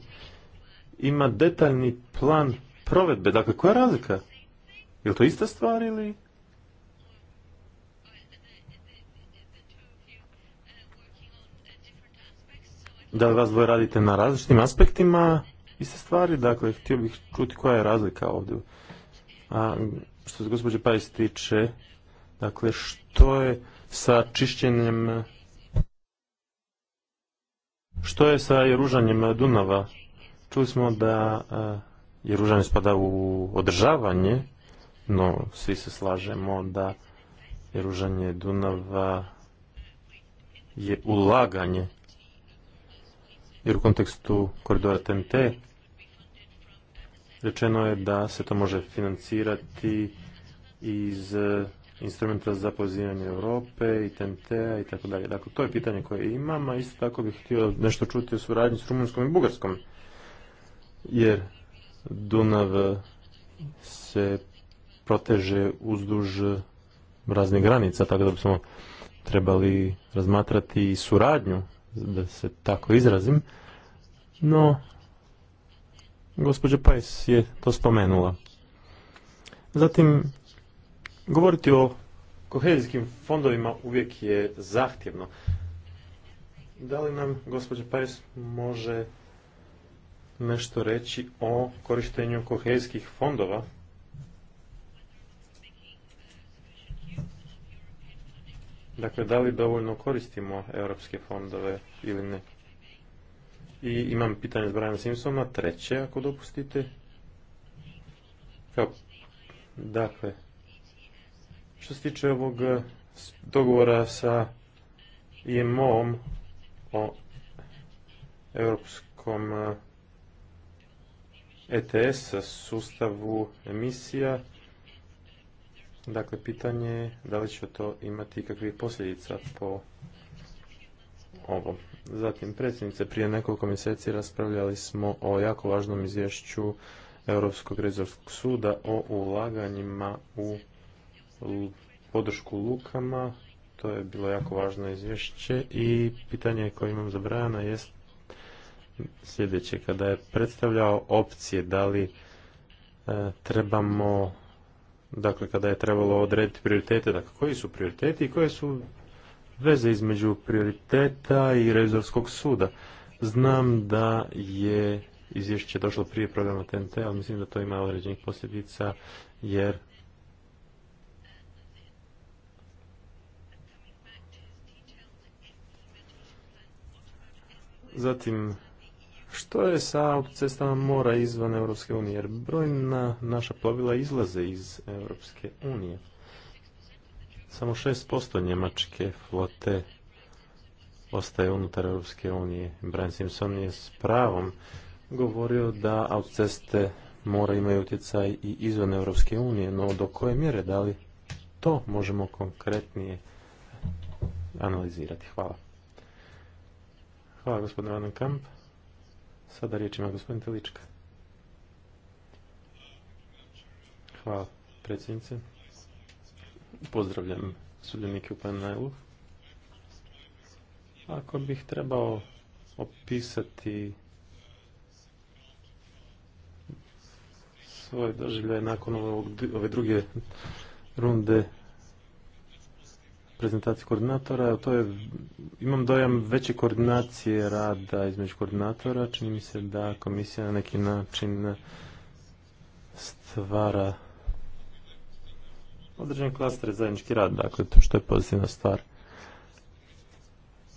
ima detaljni plan provedbe. Dakle, koja je razlika? Je li to ista stvar ili... Da li vas dvoje radite na različitim aspektima iste stvari? Dakle, htio bih čuti koja je razlika ovdje. A što se gospođe Pajs tiče, dakle, što je sa čišćenjem što je sa jeružanjem Dunava? Čuli smo da e, jeružanje spada u održavanje, no svi se slažemo da jeružanje Dunava je ulaganje. Jer u kontekstu koridora TNT rečeno je da se to može financirati iz instrumenta za pozivanje Europe i TNT-a i tako dalje. Dakle, to je pitanje koje imam, a isto tako bih htio nešto čuti o suradnji s Rumunskom i Bugarskom, jer Dunav se proteže uzduž raznih granica, tako da bismo trebali razmatrati i suradnju, da se tako izrazim, no gospođa Pajs je to spomenula. Zatim, Govoriti o kohezijskim fondovima uvijek je zahtjevno. Da li nam gospođa Paris može nešto reći o korištenju kohezijskih fondova? Dakle, da li dovoljno koristimo europske fondove ili ne? I imam pitanje s Simpsona, treće ako dopustite. Kao, dakle, što se tiče ovog eh, dogovora sa IMO-om o europskom ETS eh, e sustavu emisija, dakle pitanje je da li će to imati kakvih posljedica po ovom. Zatim, predsjednice, prije nekoliko mjeseci raspravljali smo o jako važnom izvješću Europskog revizorskog suda o ulaganjima u podršku lukama, to je bilo jako važno izvješće i pitanje koje imam za jest sljedeće, kada je predstavljao opcije da li e, trebamo, dakle kada je trebalo odrediti prioritete, dakle koji su prioriteti i koje su veze između prioriteta i revizorskog suda. Znam da je izvješće došlo prije programa TNT, ali mislim da to ima određenih posljedica jer Zatim, što je sa autocestama mora izvan Europske unije? Jer brojna naša plovila izlaze iz Europske unije. Samo 6% njemačke flote ostaje unutar Europske unije. Brian Simpson je s pravom govorio da autoceste mora imaju utjecaj i izvan Europske unije, no do koje mjere da li to možemo konkretnije analizirati? Hvala. Hvala gospodine Van Kamp. Sada riječ ima gospodin Telička. Hvala predsjednice. Pozdravljam sudionike u panelu. Ako bih trebao opisati svoje doživljaj nakon ove druge runde prezentacije koordinatora, to je, imam dojam veće koordinacije rada između koordinatora, čini mi se da komisija na neki način stvara određen klaster zajednički rad, dakle to što je pozitivna stvar.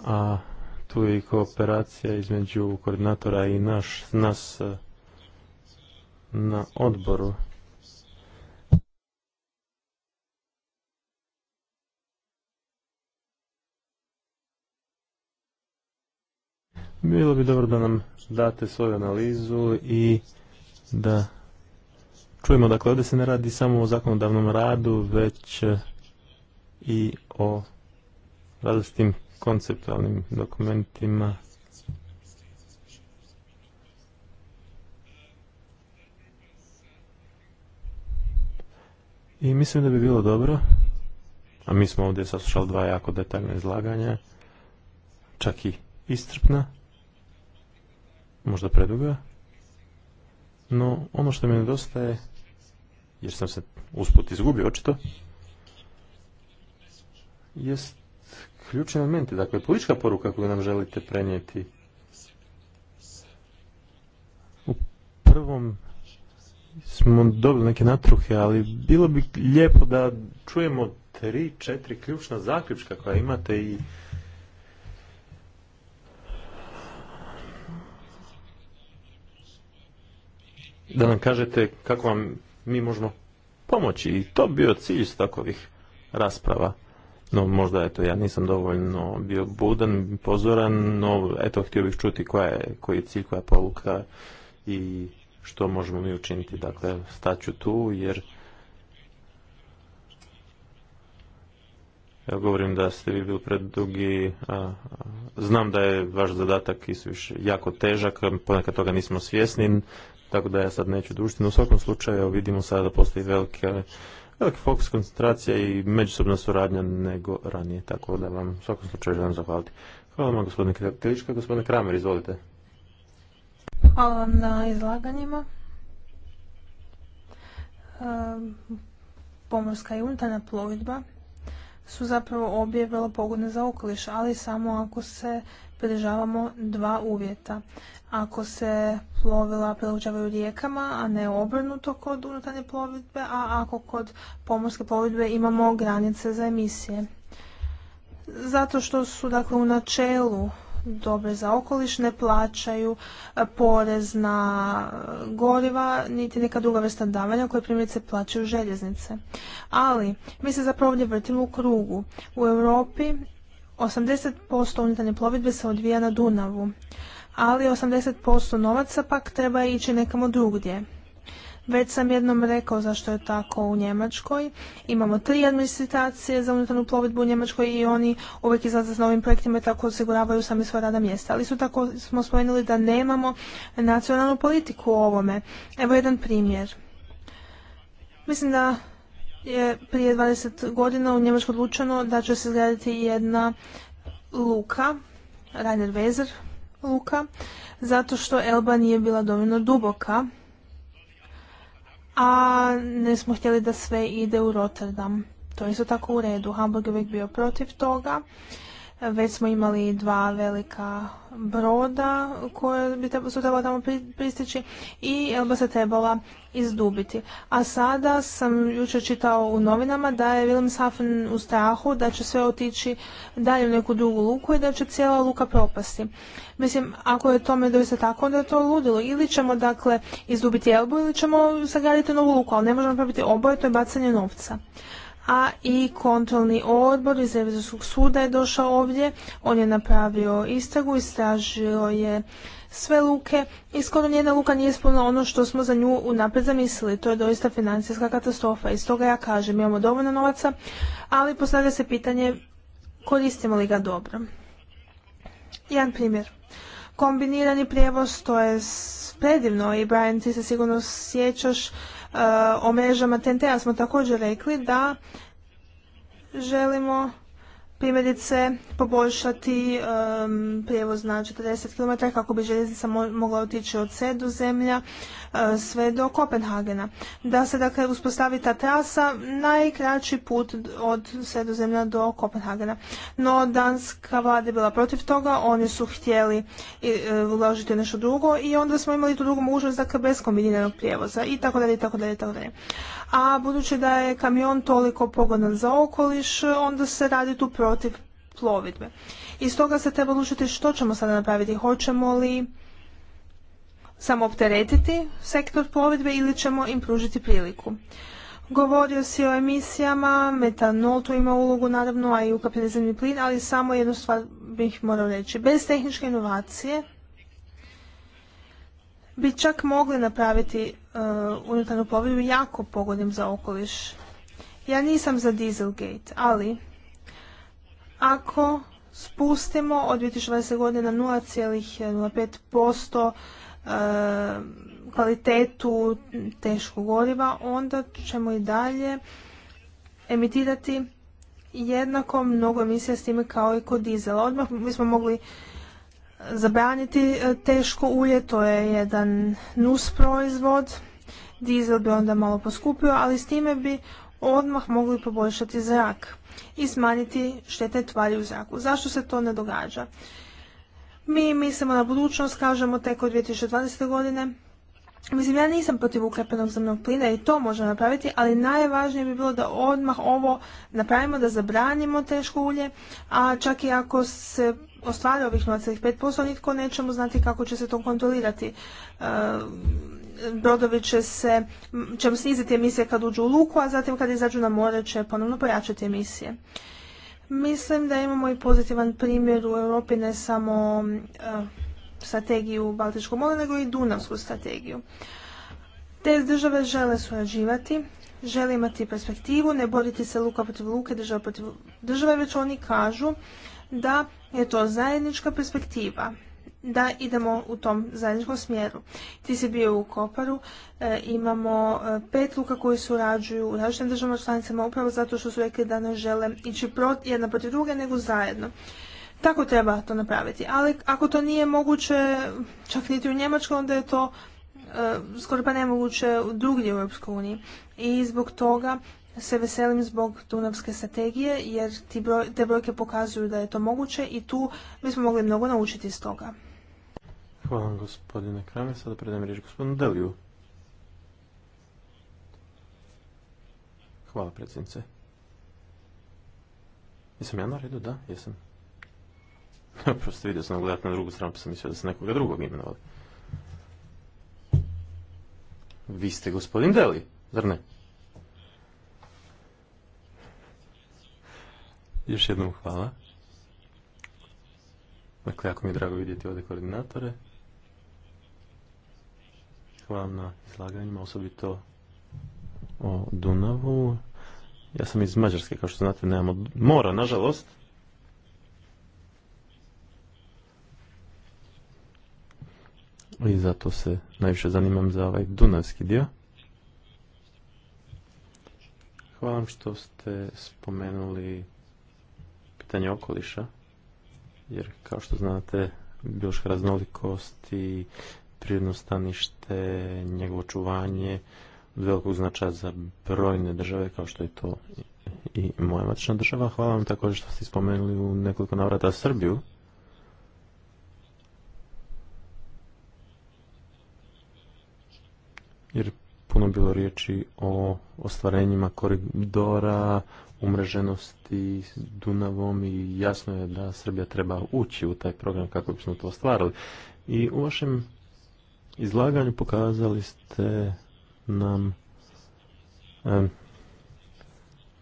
A tu je i kooperacija između koordinatora i naš, nas eh, na odboru. Bilo bi dobro da nam date svoju analizu i da čujemo, dakle, ovdje se ne radi samo o zakonodavnom radu, već eh, i o različitim konceptualnim dokumentima. I mislim da bi bilo dobro, a mi smo ovdje saslušali dva jako detaljna izlaganja, čak i istrpna, možda preduga, no ono što mi nedostaje, jer sam se usput izgubio očito, jest ključni elementi, dakle politička poruka koju nam želite prenijeti. U prvom smo dobili neke natruhe, ali bilo bi lijepo da čujemo tri, četiri ključna zaključka koja imate i da nam kažete kako vam mi možemo pomoći. I to bio cilj s takovih rasprava. No možda eto ja nisam dovoljno bio budan, pozoran, no eto htio bih čuti koja je, koji je cilj, koja je poluka i što možemo mi učiniti. Dakle, staću tu jer ja govorim da ste vi bili predugi, znam da je vaš zadatak i jako težak, ponekad toga nismo svjesni, tako da ja sad neću dužiti. No, u svakom slučaju vidimo sada da postoji velike, veliki fokus, koncentracija i međusobna suradnja nego ranije. Tako da vam u svakom slučaju želim zahvaliti. Hvala vam gospodine Kilička. Gospodine Kramer, izvolite. Hvala vam na izlaganjima. Ehm, pomorska i unutarnja plovidba su zapravo obje vrlo pogodne za okoliš, ali samo ako se pridržavamo dva uvjeta. Ako se plovila prilučavaju rijekama, a ne obrnuto kod unutarnje plovidbe, a ako kod pomorske plovidbe imamo granice za emisije. Zato što su dakle u načelu dobre za okoliš, ne plaćaju e, porez na e, goriva, niti neka druga vrsta davanja koje primjerice plaćaju željeznice. Ali, mi se zapravo ovdje vrtimo u krugu. U Europi 80% unutarnje plovidbe se odvija na Dunavu, ali 80% novaca pak treba ići nekamo drugdje. Već sam jednom rekao zašto je tako u Njemačkoj. Imamo tri administracije za unutarnju plovidbu u Njemačkoj i oni uvijek izlaze s novim projektima i tako osiguravaju sami svoja rada mjesta. Ali su tako smo spomenuli da nemamo nacionalnu politiku u ovome. Evo jedan primjer. Mislim da je prije 20 godina u Njemačkoj odlučeno da će se izgraditi jedna luka, Rainer Weser luka, zato što Elba nije bila dovoljno duboka a ne smo htjeli da sve ide u Rotterdam. To je isto tako u redu. Hamburg je uvijek bio protiv toga već smo imali dva velika broda koje bi su trebala tamo pristići i Elba se trebala izdubiti. A sada sam jučer čitao u novinama da je Wilhelmshaven u strahu da će sve otići dalje u neku drugu luku i da će cijela luka propasti. Mislim, ako je tome doista tako, onda je to ludilo. Ili ćemo, dakle, izdubiti Elbu ili ćemo sagraditi novu luku, ali ne možemo probiti oboje, to je bacanje novca a i kontrolni odbor iz Revizorskog suda je došao ovdje. On je napravio istragu, istražio je sve luke i skoro nijedna luka nije ispunila ono što smo za nju unaprijed zamislili. To je doista financijska katastrofa i stoga ja kažem imamo dovoljno novaca, ali postavlja se pitanje koristimo li ga dobro. Jedan primjer. Kombinirani prijevoz, to je predivno i Brian ti se sigurno sjećaš E, o mrežama TNT-a smo također rekli da želimo primjerice poboljšati prijevoz na 40 km kako bi željeznica mogla otići od C do zemlja E, sve do Kopenhagena. Da se dakle uspostavi ta trasa najkraći put od sredozemlja do Kopenhagena. No danska vlada je bila protiv toga, oni su htjeli e, uložiti nešto drugo i onda smo imali tu drugu mogućnost dakle bez kombiniranog prijevoza i tako dalje i tako dalje i tako dalje. A budući da je kamion toliko pogodan za okoliš, onda se radi tu protiv plovidbe. I stoga se treba odlučiti što ćemo sada napraviti. Hoćemo li samo opteretiti sektor plovidbe ili ćemo im pružiti priliku. Govorio si o emisijama, metanol tu ima ulogu naravno, a i ukapljeni plin, ali samo jednu stvar bih morao reći. Bez tehničke inovacije bi čak mogli napraviti e, unutarnju plovidbu jako pogodnim za okoliš. Ja nisam za Dieselgate, ali ako spustimo od 2020. godine na 0,05% E, kvalitetu teškog goriva, onda ćemo i dalje emitirati jednako mnogo emisija s time kao i kod dizela. Odmah mi smo mogli zabraniti e, teško ulje, to je jedan nus proizvod, dizel bi onda malo poskupio, ali s time bi odmah mogli poboljšati zrak i smanjiti štetne tvari u zraku. Zašto se to ne događa? Mi mislimo na budućnost, kažemo tek od 2020. godine. Mislim, ja nisam protiv ukrepenog zemnog plina i to možemo napraviti, ali najvažnije bi bilo da odmah ovo napravimo, da zabranimo teško ulje, a čak i ako se ostvare ovih 0,5%, nitko nećemo znati kako će se to kontrolirati. Ehm, brodovi će se, ćemo sniziti emisije kad uđu u luku, a zatim kad izađu na more će ponovno pojačati emisije. Mislim da imamo i pozitivan primjer u Europi, ne samo e, strategiju Baltičkog mora, nego i Dunavsku strategiju. Te države žele surađivati, žele imati perspektivu, ne boriti se luka protiv luke, država protiv države, već oni kažu da je to zajednička perspektiva da idemo u tom zajedničkom smjeru. Ti si bio u Koparu, e, imamo e, pet luka koji surađuju u različitim državama članicama upravo zato što su rekli da ne žele ići jedna protiv druge nego zajedno. Tako treba to napraviti, ali ako to nije moguće čak niti u Njemačkoj, onda je to e, skoro pa nemoguće drugdje u Europskoj uniji. I zbog toga se veselim zbog Dunavske strategije jer te brojke pokazuju da je to moguće i tu bismo mogli mnogo naučiti iz toga. Hvala vam gospodine Krame, Sada predajem riječ gospodinu Deliju. Hvala predsjednice. Jesam ja na redu? Da, jesam. Prosto vidio sam gledat na drugu stranu pa sam mislio da sam nekoga drugog imenovali. Vi ste gospodin Deli, zar ne? Još jednom hvala. Dakle, jako mi je drago vidjeti ovdje koordinatore. Hvala vam na izlaganjima, osobito o Dunavu. Ja sam iz Mađarske, kao što znate, nemamo mora, nažalost. I zato se najviše zanimam za ovaj Dunavski dio. Hvala vam što ste spomenuli pitanje okoliša, jer kao što znate, bilo raznolikost i prirodno stanište, njegovo čuvanje od velikog značaja za brojne države kao što je to i moja matična država. Hvala vam također što ste spomenuli u nekoliko navrata Srbiju. Jer puno bilo riječi o ostvarenjima koridora, umreženosti s Dunavom i jasno je da Srbija treba ući u taj program kako bismo to ostvarili. I u vašem izlaganju pokazali ste nam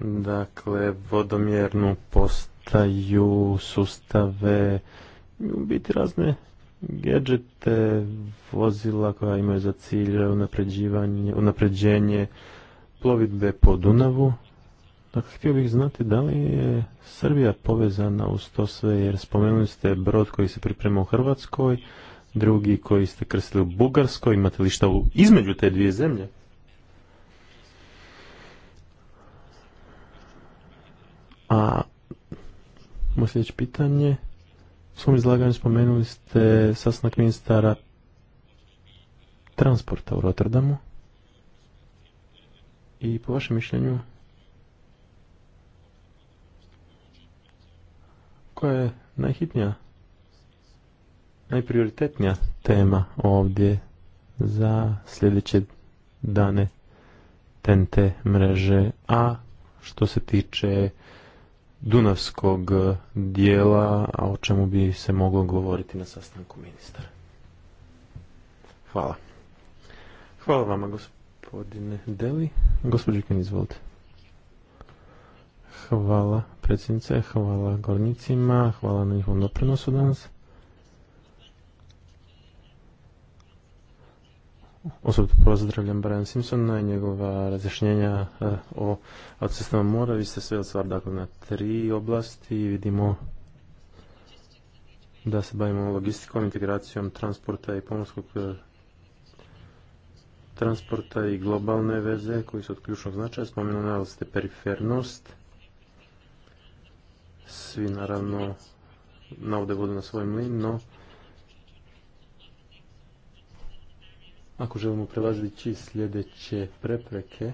dakle vodomjernu postaju, sustave, u biti razne gedžete, vozila koja imaju za cilj unapređenje plovidbe po Dunavu. Dakle, htio bih znati da li je Srbija povezana uz to sve, jer spomenuli ste brod koji se priprema u Hrvatskoj, drugi koji ste krstili u Bugarskoj, imate li šta između te dvije zemlje? A moje sljedeće pitanje, u svom izlaganju spomenuli ste sasnak ministara transporta u Rotterdamu i po vašem mišljenju koja je najhitnija najprioritetnija tema ovdje za sljedeće dane TNT mreže, a što se tiče Dunavskog dijela, a o čemu bi se moglo govoriti na sastanku ministra. Hvala. Hvala vama, gospodine Deli. gospođi kan izvolite. Hvala predsjednice, hvala gornicima, hvala na njihovom doprinosu danas. Osobno pozdravljam Brian Simpsona i njegova razjašnjenja eh, o autocestama mora. Vi ste sve od dakle, na tri oblasti i vidimo da se bavimo logistikom, integracijom transporta i pomorskog eh, transporta i globalne veze koji su od ključnog značaja. Spomenuli ste perifernost. Svi naravno navode vodu na svoj mlin, no Ako želimo prelaziti sljedeće prepreke,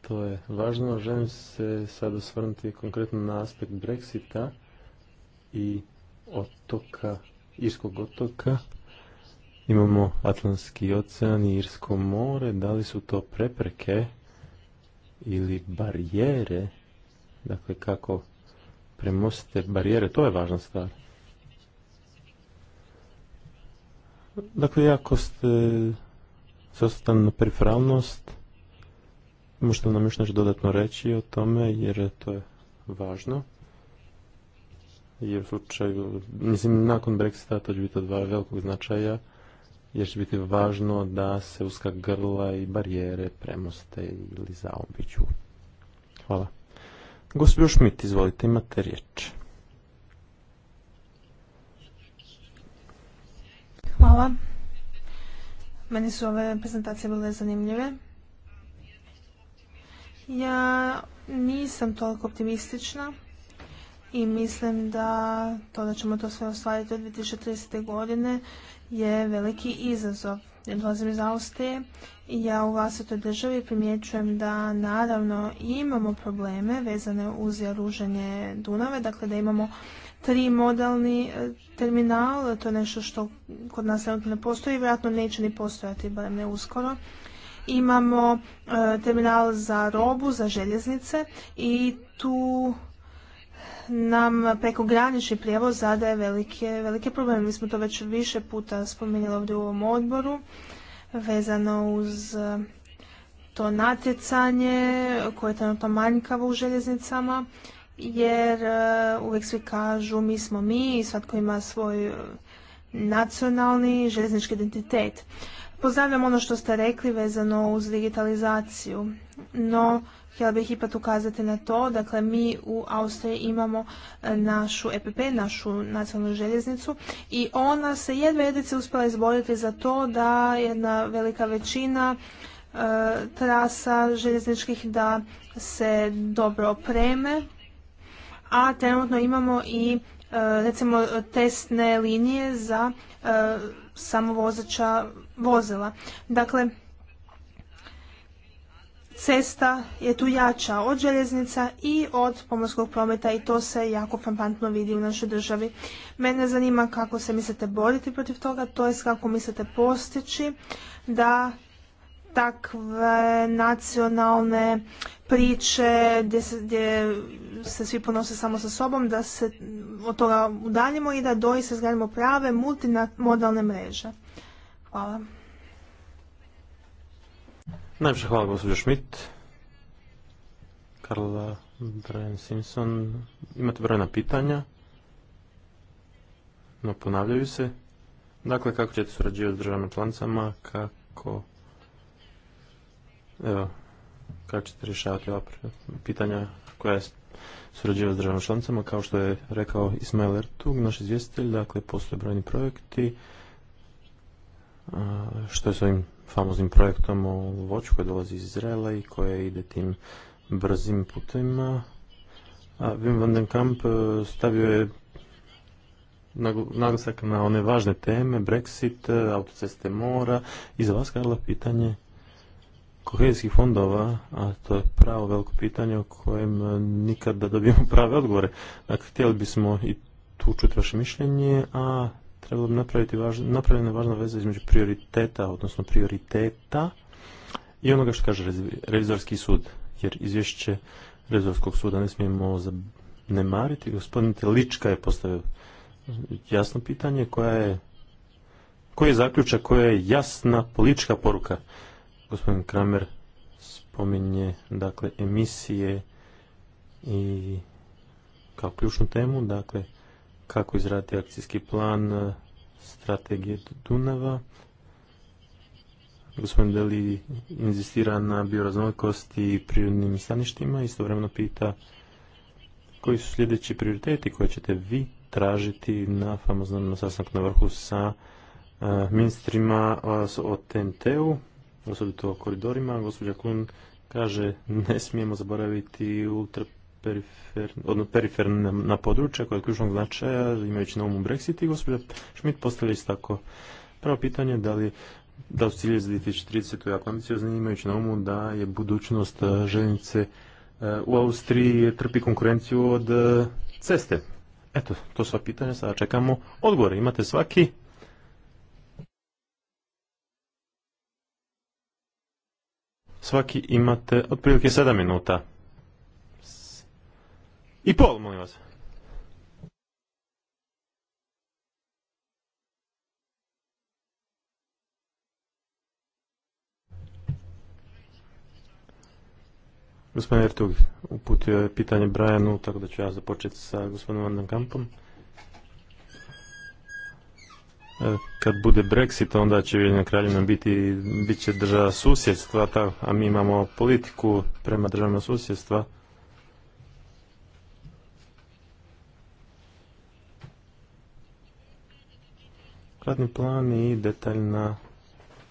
to je važno. Želim se sad osvrnuti konkretno na aspekt Brexita i otoka, Irskog otoka. Imamo Atlantski ocean i Irsko more. Da li su to prepreke ili barijere? Dakle, kako premostite barijere? To je važna stvar. Dakle, jako ste sastavnu na periferalnost. Možete nam još nešto dodatno reći o tome, jer to je važno. Jer u slučaju, mislim, nakon Brexita to će biti od velikog značaja, jer će biti važno da se uska grla i barijere premoste ili zaobiđu. Hvala. Gospodin Šmit, izvolite, imate riječ. Hvala. Meni su ove prezentacije bile zanimljive. Ja nisam toliko optimistična i mislim da to da ćemo to sve ostvariti od 2030. godine je veliki izazov. Ja dolazim iz Austrije i ja u vlastitoj državi primjećujem da naravno imamo probleme vezane uz jaruženje Dunave, dakle da imamo Tri modalni e, terminal, to je nešto što kod nas trenutno ne postoji, vjerojatno neće ni postojati, barem ne uskoro. Imamo e, terminal za robu, za željeznice i tu nam granični prijevoz zadaje velike, velike probleme. Mi smo to već više puta spominjali ovdje u ovom odboru vezano uz e, to natjecanje koje je trenutno manjkavo u željeznicama jer e, uvijek svi kažu mi smo mi i svatko ima svoj e, nacionalni željeznički identitet. Pozdravljam ono što ste rekli vezano uz digitalizaciju, no htjela bih ipak ukazati na to, dakle mi u Austriji imamo e, našu EPP, našu nacionalnu željeznicu i ona se jedva jedice uspjela izboriti za to da jedna velika većina trasa željezničkih da se dobro opreme a trenutno imamo i e, recimo testne linije za e, samovozača vozila. Dakle, cesta je tu jača od željeznica i od pomorskog prometa i to se jako frampantno vidi u našoj državi. Mene zanima kako se mislite boriti protiv toga, to je kako mislite postići da takve nacionalne priče gdje se, se svi ponose samo sa sobom, da se od toga udaljimo i da doista izgradimo prave multimodalne mreže. Hvala. Najviše hvala gospođo Šmit. Karla Brian Simpson, imate brojna pitanja, no ponavljaju se. Dakle, kako ćete surađivati s državama članicama, kako... Evo, kako ćete rješavati ova pitanja koja je surađiva s državnom članicama, kao što je rekao Ismail Ertug, naš izvjestitelj, dakle postoje brojni projekti, što je s ovim famoznim projektom o voću koje dolazi iz Izraela i koje ide tim brzim putima. A Wim van den Kamp e, stavio je naglasak na one važne teme, Brexit, e, autoceste mora. I za vas, Karla, pitanje kohezijskih fondova, a to je pravo veliko pitanje o kojem e, nikad da dobijemo prave odgovore. Dakle, htjeli bismo i tu čuti vaše mišljenje, a trebalo bi napraviti važ, napravljena važna veza između prioriteta, odnosno prioriteta i onoga što kaže revizorski sud, jer izvješće revizorskog suda ne smijemo zanemariti. Gospodin Telička je postavio jasno pitanje koja je koji je zaključak, koja je jasna politička poruka. Gospodin Kramer spominje dakle emisije i kao ključnu temu, dakle kako izraditi akcijski plan e, strategije Dunava. Gospodin Deli inzistira na bioraznolikosti i prirodnim staništima, istovremeno pita koji su sljedeći prioriteti koje ćete vi tražiti na famoznom sastanku na vrhu sa e, ministrima o TNT-u osobito koridorima. Gospođa Klun kaže ne smijemo zaboraviti ultraperiferna periferna područja koja je ključnog značaja imajući na umu Brexit i gospođa Schmidt postavlja isto tako pravo pitanje da li da su cilje za 2030. jako ambiciozni imajući na umu da je budućnost e, željenice e, u Austriji trpi konkurenciju od e, ceste. Eto, to sva pitanja, sada čekamo odgovore. Imate svaki Svaki imate otprilike 7 minuta. I pol, molim vas. Gospodin Ertug uputio je pitanje Brajanu, tako da ću ja započeti sa gospodinom Van Kampom. E, kad bude Brexit, onda će Ujedinjena kraljevina biti, bit će država susjedstva, ta, a mi imamo politiku prema državama susjedstva. Radni plan i detaljna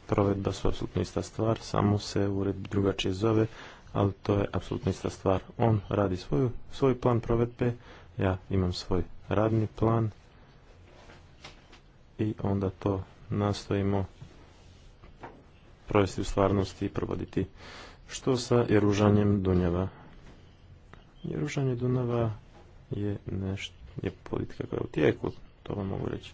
provedba su apsolutno ista stvar, samo se ured drugačije zove, ali to je apsolutno ista stvar. On radi svoju, svoj plan provedbe, ja imam svoj radni plan i onda to nastojimo provesti u stvarnosti i provoditi. Što sa jeružanjem Dunjava? Jeružanje Dunava je nešto, je politika koja je u tijeku, to vam mogu reći.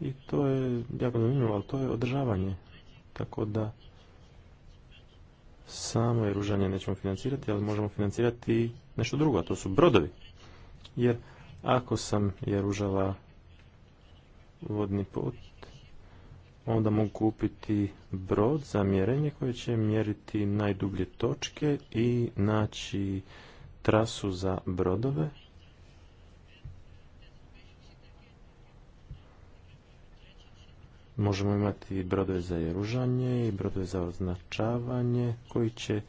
I to je jako zanimljivo, ali to je održavanje. Tako da samo jeružanje nećemo financirati, ali možemo financirati nešto drugo, a to su brodovi. Jer ako sam jeružala vodni put, onda mogu kupiti brod za mjerenje koje će mjeriti najdublje točke i naći trasu za brodove. Možemo imati brodove za jeružanje i brodove za označavanje koji će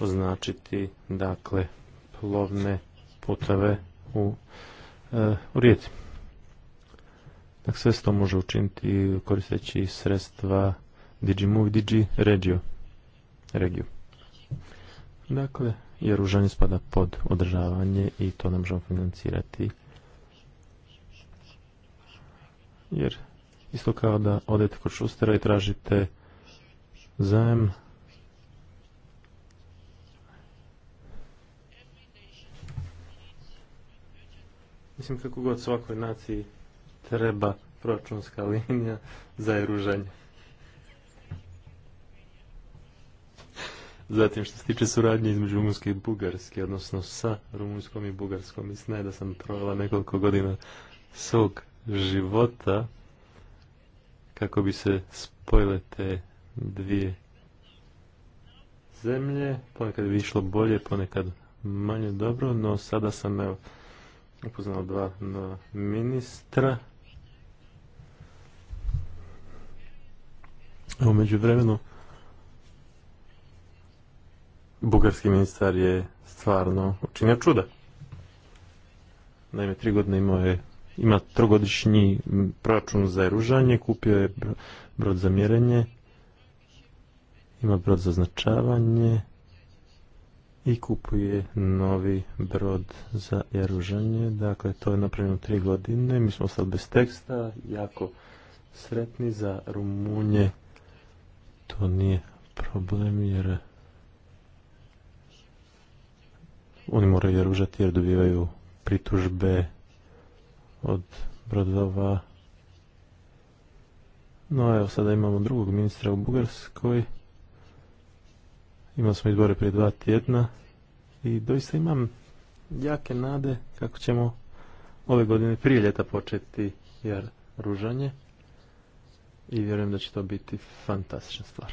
označiti dakle plovne putove u E, u rijeci. Dakle, sve se to može učiniti koristeći sredstva Digimove, Digi Regio. Dakle, jer užanje spada pod održavanje i to ne možemo financirati. Jer isto kao da odete kod šustera i tražite zajem, Mislim kako god svakoj naciji treba proračunska linija za eružanje. Zatim što se tiče suradnje između Rumunjske i Bugarske, odnosno sa Rumunjskom i Bugarskom, mislim da sam provela nekoliko godina svog života kako bi se spojile te dvije zemlje. Ponekad bi išlo bolje, ponekad manje dobro, no sada sam evo, upoznao dva ministra. U međuvremenu bugarski ministar je stvarno učinio čuda. Naime, tri godine imao je, ima trogodišnji proračun za eružanje, kupio je brod za mjerenje, ima brod za značavanje, i kupuje novi brod za jaružanje. Dakle, to je napravljeno tri godine. Mi smo sad bez teksta, jako sretni za Rumunje. To nije problem jer oni moraju jaružati jer dobivaju pritužbe od brodova. No evo sada imamo drugog ministra u Bugarskoj Imali smo izbore prije dva tjedna i doista imam jake nade kako ćemo ove godine prije ljeta početi jer ružanje i vjerujem da će to biti fantastična stvar.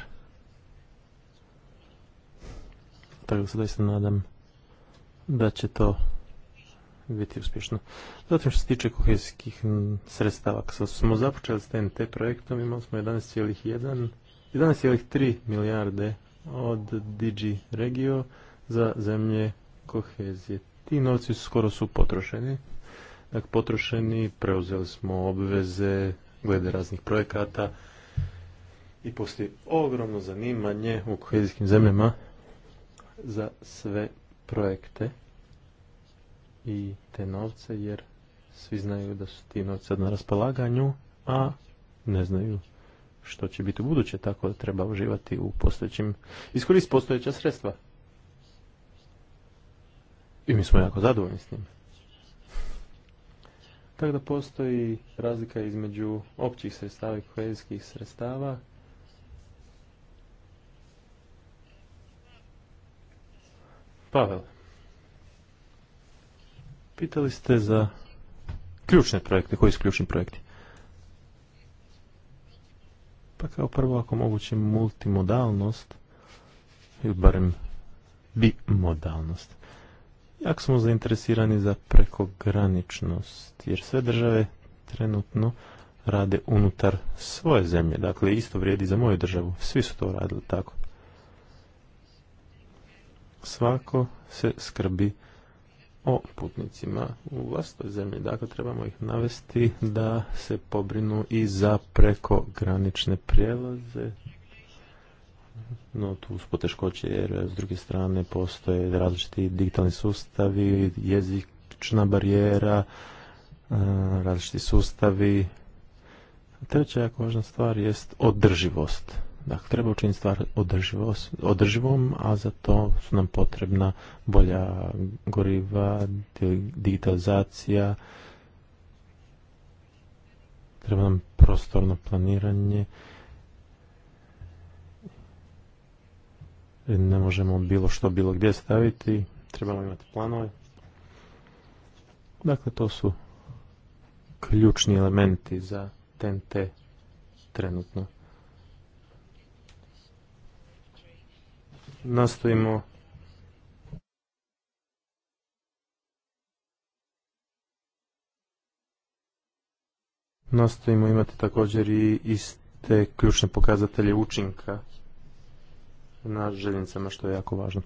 Tako se doista nadam da će to biti uspješno. Zatim što se tiče kohezijskih sredstava, kada smo započeli s TNT projektom imali smo 11,1 11,3 milijarde od DG Regio za zemlje kohezije. Ti novci skoro su potrošeni. Dakle, potrošeni, preuzeli smo obveze glede raznih projekata i postoji ogromno zanimanje u kohezijskim zemljama za sve projekte i te novce, jer svi znaju da su ti novce na raspolaganju, a ne znaju što će biti u buduće, tako da treba uživati u postojećim, iskoristiti postojeća sredstva. I mi smo jako zadovoljni s njim. Tako da postoji razlika između općih sredstava i kohezijskih sredstava. Pavel, pitali ste za ključne projekte. Koji su ključni projekti? Pa kao prvo, ako moguće, multimodalnost, ili barem bimodalnost. Jako smo zainteresirani za prekograničnost, jer sve države trenutno rade unutar svoje zemlje. Dakle, isto vrijedi za moju državu. Svi su to radili tako. Svako se skrbi o putnicima u vlastoj zemlji. Dakle, trebamo ih navesti da se pobrinu i za prekogranične prijelaze. No, tu su poteškoće jer s druge strane postoje različiti digitalni sustavi, jezična barijera, e, različiti sustavi. Treća jako važna stvar jest održivost. Dakle, treba učiniti stvar održivom, a za to su nam potrebna bolja goriva, digitalizacija, treba nam prostorno planiranje. Ne možemo bilo što bilo gdje staviti, trebamo imati planove. Dakle, to su ključni elementi za TNT trenutno. nastojimo nastojimo imati također i iste ključne pokazatelje učinka na željeznicama što je jako važno.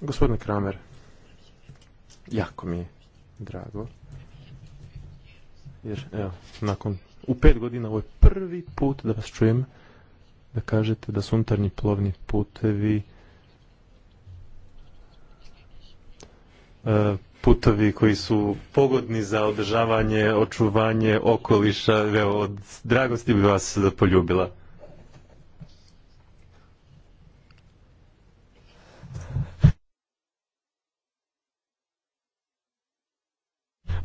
Gospodine Kramer, jako mi je drago. Jer, evo, nakon, u pet godina ovo je prvi put da vas čujem da kažete da su unutarnji plovni putevi e, putovi koji su pogodni za održavanje, očuvanje okoliša. Evo, od dragosti bi vas poljubila.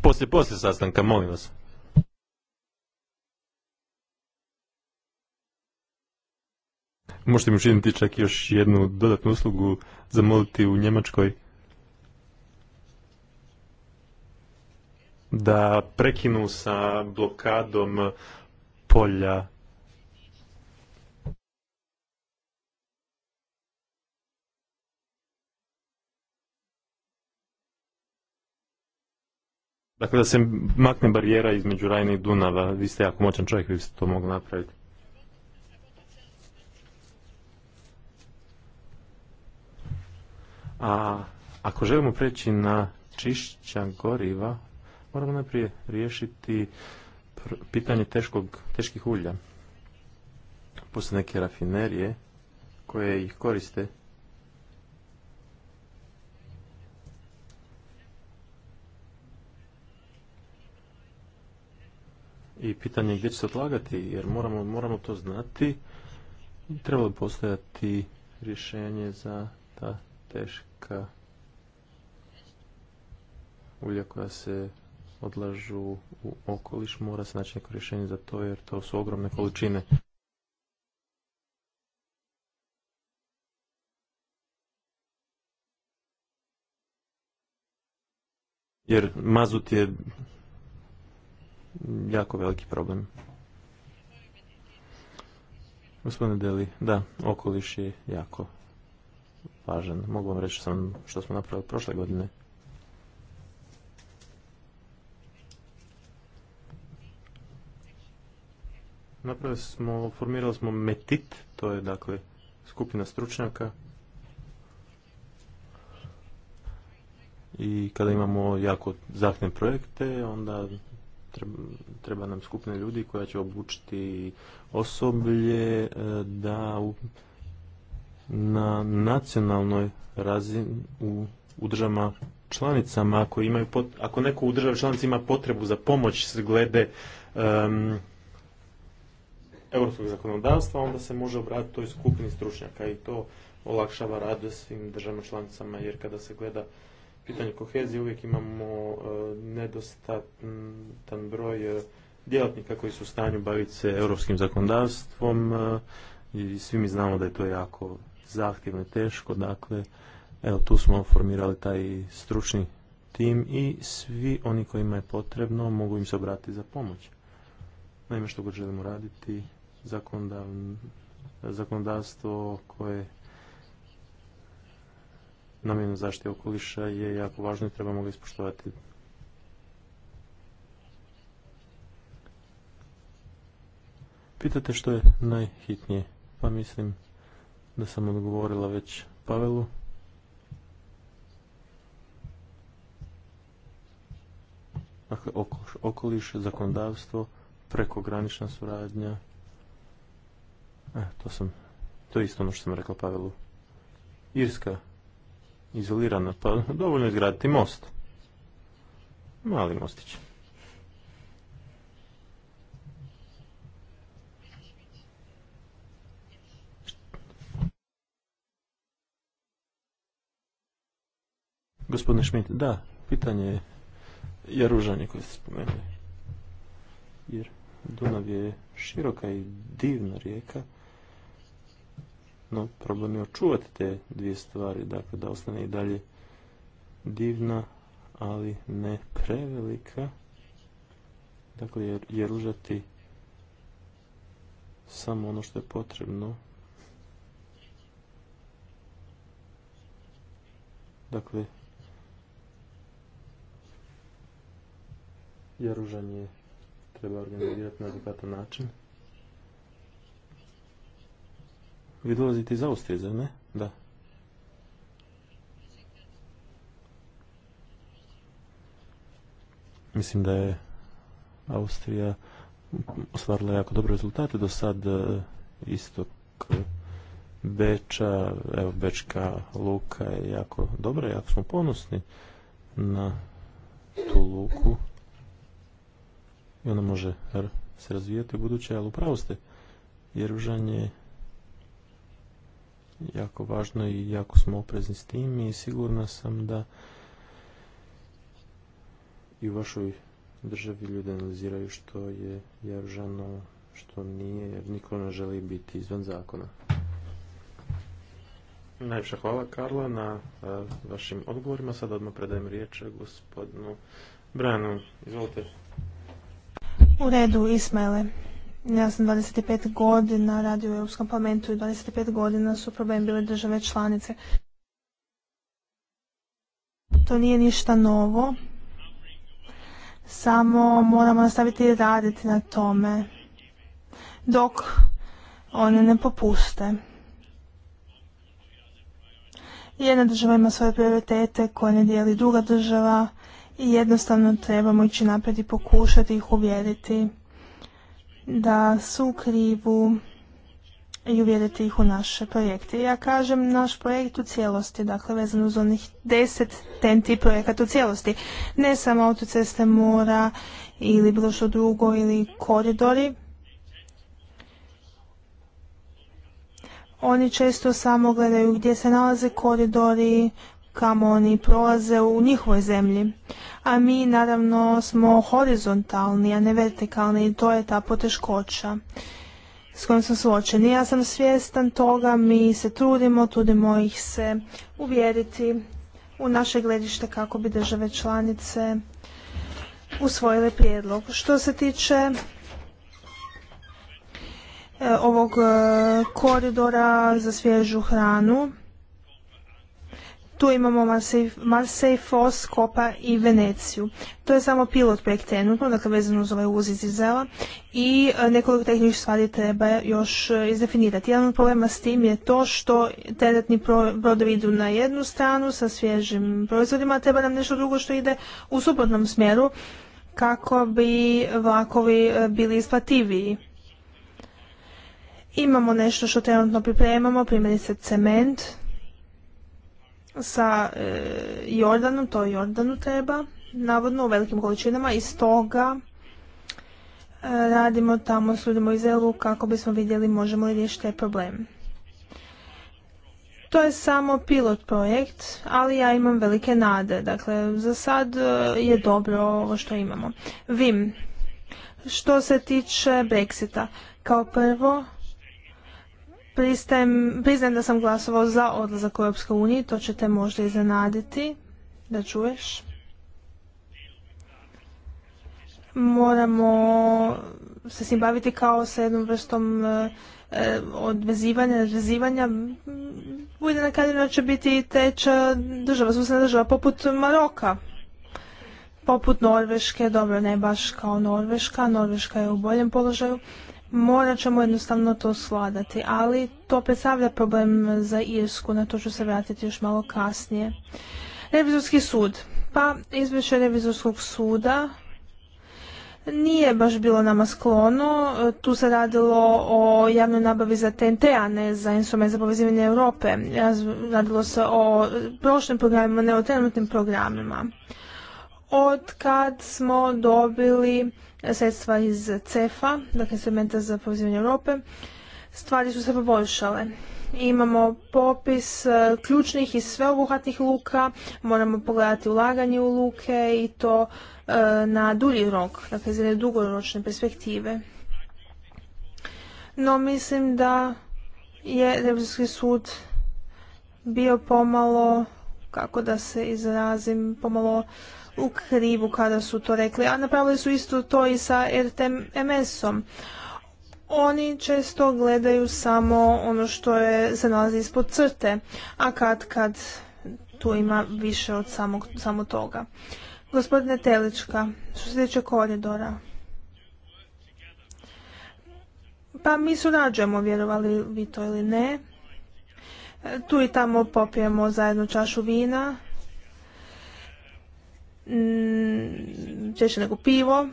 Poslije, poslije sastanka, molim vas. možete mi učiniti čak još jednu dodatnu uslugu, zamoliti u Njemačkoj da prekinu sa blokadom polja Dakle, da se makne barijera između Rajne i Dunava, vi ste jako moćan čovjek, vi ste to mogli napraviti. A ako želimo preći na čišća goriva, moramo najprije riješiti pitanje teškog, teških ulja. Postoje neke rafinerije koje ih koriste. I pitanje je gdje će se odlagati, jer moramo, moramo to znati. Trebalo bi postojati rješenje za ta teška ostataka ulja koja se odlažu u okoliš mora se naći neko rješenje za to jer to su ogromne količine. Jer mazut je jako veliki problem. Gospodine Deli, da, okoliš je jako važan. Mogu vam reći sam što smo napravili prošle godine. Napravili smo, formirali smo METIT, to je dakle skupina stručnjaka i kada imamo jako zahtjevne projekte, onda treba nam skupne ljudi koja će obučiti osoblje e, da na nacionalnoj razini u, u državama članicama ako imaju ako neko u državi članici ima potrebu za pomoć s glede um, europskog zakonodavstva onda se može obratiti toj skupini stručnjaka i to olakšava rad svim državama članicama jer kada se gleda pitanje kohezije uvijek imamo eh, nedostatan broj eh, djelatnika koji su u stanju baviti se europskim zakonodavstvom eh, i svi mi znamo da je to jako zahtjevno i teško, dakle, evo tu smo formirali taj stručni tim i svi oni kojima je potrebno mogu im se obratiti za pomoć. Naime, što god želimo raditi, zakonodavstvo koje namjenu zaštite okoliša je jako važno i trebamo ga ispoštovati. Pitate što je najhitnije, pa mislim da sam odgovorila već Pavelu. Dakle, okoliš, zakonodavstvo, prekogranična suradnja. E, to sam, to je isto ono što sam rekla Pavelu. Irska, izolirana, pa dovoljno izgraditi most. Mali mostić. Gospodine Šmit, da, pitanje je jaružanje koje ste spomenuli. Jer Dunav je široka i divna rijeka, no problem je očuvati te dvije stvari, dakle da ostane i dalje divna, ali ne prevelika. Dakle, jer, jeružati samo ono što je potrebno. Dakle, jer treba organizirati na adekvatan način. Vi dolazite iz Austrije, zar ne? Da. Mislim da je Austrija ostvarila jako dobre rezultate do sad e, istok e, Beča, evo Bečka luka je jako dobra, jako smo ponosni na tu luku ona može se razvijati u buduće, ali upravo ste, jer užanje jako važno i jako smo oprezni s tim i sigurna sam da i u vašoj državi ljudi analiziraju što je jaružano, što nije, jer niko ne želi biti izvan zakona. Najviše hvala Karla na vašim odgovorima. Sada odmah predajem riječ gospodinu Branu. Izvolite. U redu, Ismaele. Ja sam 25 godina radio u Europskom parlamentu i 25 godina su problem bile države članice. To nije ništa novo. Samo moramo nastaviti raditi na tome. Dok one ne popuste. Jedna država ima svoje prioritete koje ne dijeli druga država i jednostavno trebamo ići naprijed i pokušati ih uvjeriti da su u krivu i uvjeriti ih u naše projekte. Ja kažem naš projekt u cijelosti, dakle vezano uz onih deset tenti projekata u cijelosti. Ne samo autoceste mora ili bilo što drugo ili koridori. Oni često samo gledaju gdje se nalaze koridori, kamo oni prolaze u njihovoj zemlji. A mi naravno smo horizontalni, a ne vertikalni i to je ta poteškoća s kojom sam suočeni. Ja sam svjestan toga, mi se trudimo, trudimo ih se uvjeriti u naše gledište kako bi države članice usvojile prijedlog. Što se tiče e, ovog e, koridora za svježu hranu, tu imamo Marseille, Fos, Kopa i Veneciju. To je samo pilot projekt trenutno, dakle vezano uz ovaj uvoz iz i e, nekoliko tehničkih stvari treba još e, izdefinirati. Jedan od problema s tim je to što teretni brodovi idu na jednu stranu sa svježim proizvodima, a treba nam nešto drugo što ide u suprotnom smjeru kako bi vlakovi e, bili isplativiji. Imamo nešto što trenutno pripremamo, primjerice cement, sa e, Jordanom, to Jordanu treba, navodno u velikim količinama i stoga e, radimo tamo s ljudima u Izraelu kako bismo vidjeli možemo li riješiti taj problem. To je samo pilot projekt, ali ja imam velike nade. Dakle, za sad e, je dobro ovo što imamo. Vim, što se tiče Brexita, kao prvo pristajem, priznajem da sam glasovao za odlazak u Europsku uniju, to će te možda zanaditi da čuješ. Moramo se s njim baviti kao sa jednom vrstom e, odvezivanja, Bude na kadrinu će biti teča država, država, poput Maroka. Poput Norveške, dobro, ne baš kao Norveška, Norveška je u boljem položaju morat ćemo jednostavno to svladati, ali to predstavlja problem za Irsku, na to ću se vratiti još malo kasnije. Revizorski sud. Pa izvješće revizorskog suda nije baš bilo nama sklono. Tu se radilo o javnoj nabavi za TNT, a ne za instrument za povezivanje Europe. Radilo se o prošlim programima, ne o trenutnim programima. Od kad smo dobili sredstva iz CEFA, dakle segmenta za povezivanje Europe, stvari su se poboljšale. Imamo popis e, ključnih i sveobuhvatnih luka, moramo pogledati ulaganje u luke i to e, na dulji rok, dakle za dugoročne perspektive. No mislim da je Europski sud bio pomalo, kako da se izrazim, pomalo u krivu kada su to rekli, a napravili su isto to i sa RTMS-om. Oni često gledaju samo ono što je, se nalazi ispod crte, a kad kad tu ima više od samog, samo toga. Gospodine Telička, što se tiče koridora, pa mi surađujemo, vjerovali vi to ili ne. Tu i tamo popijemo zajedno čašu vina Mm, češće nego pivo.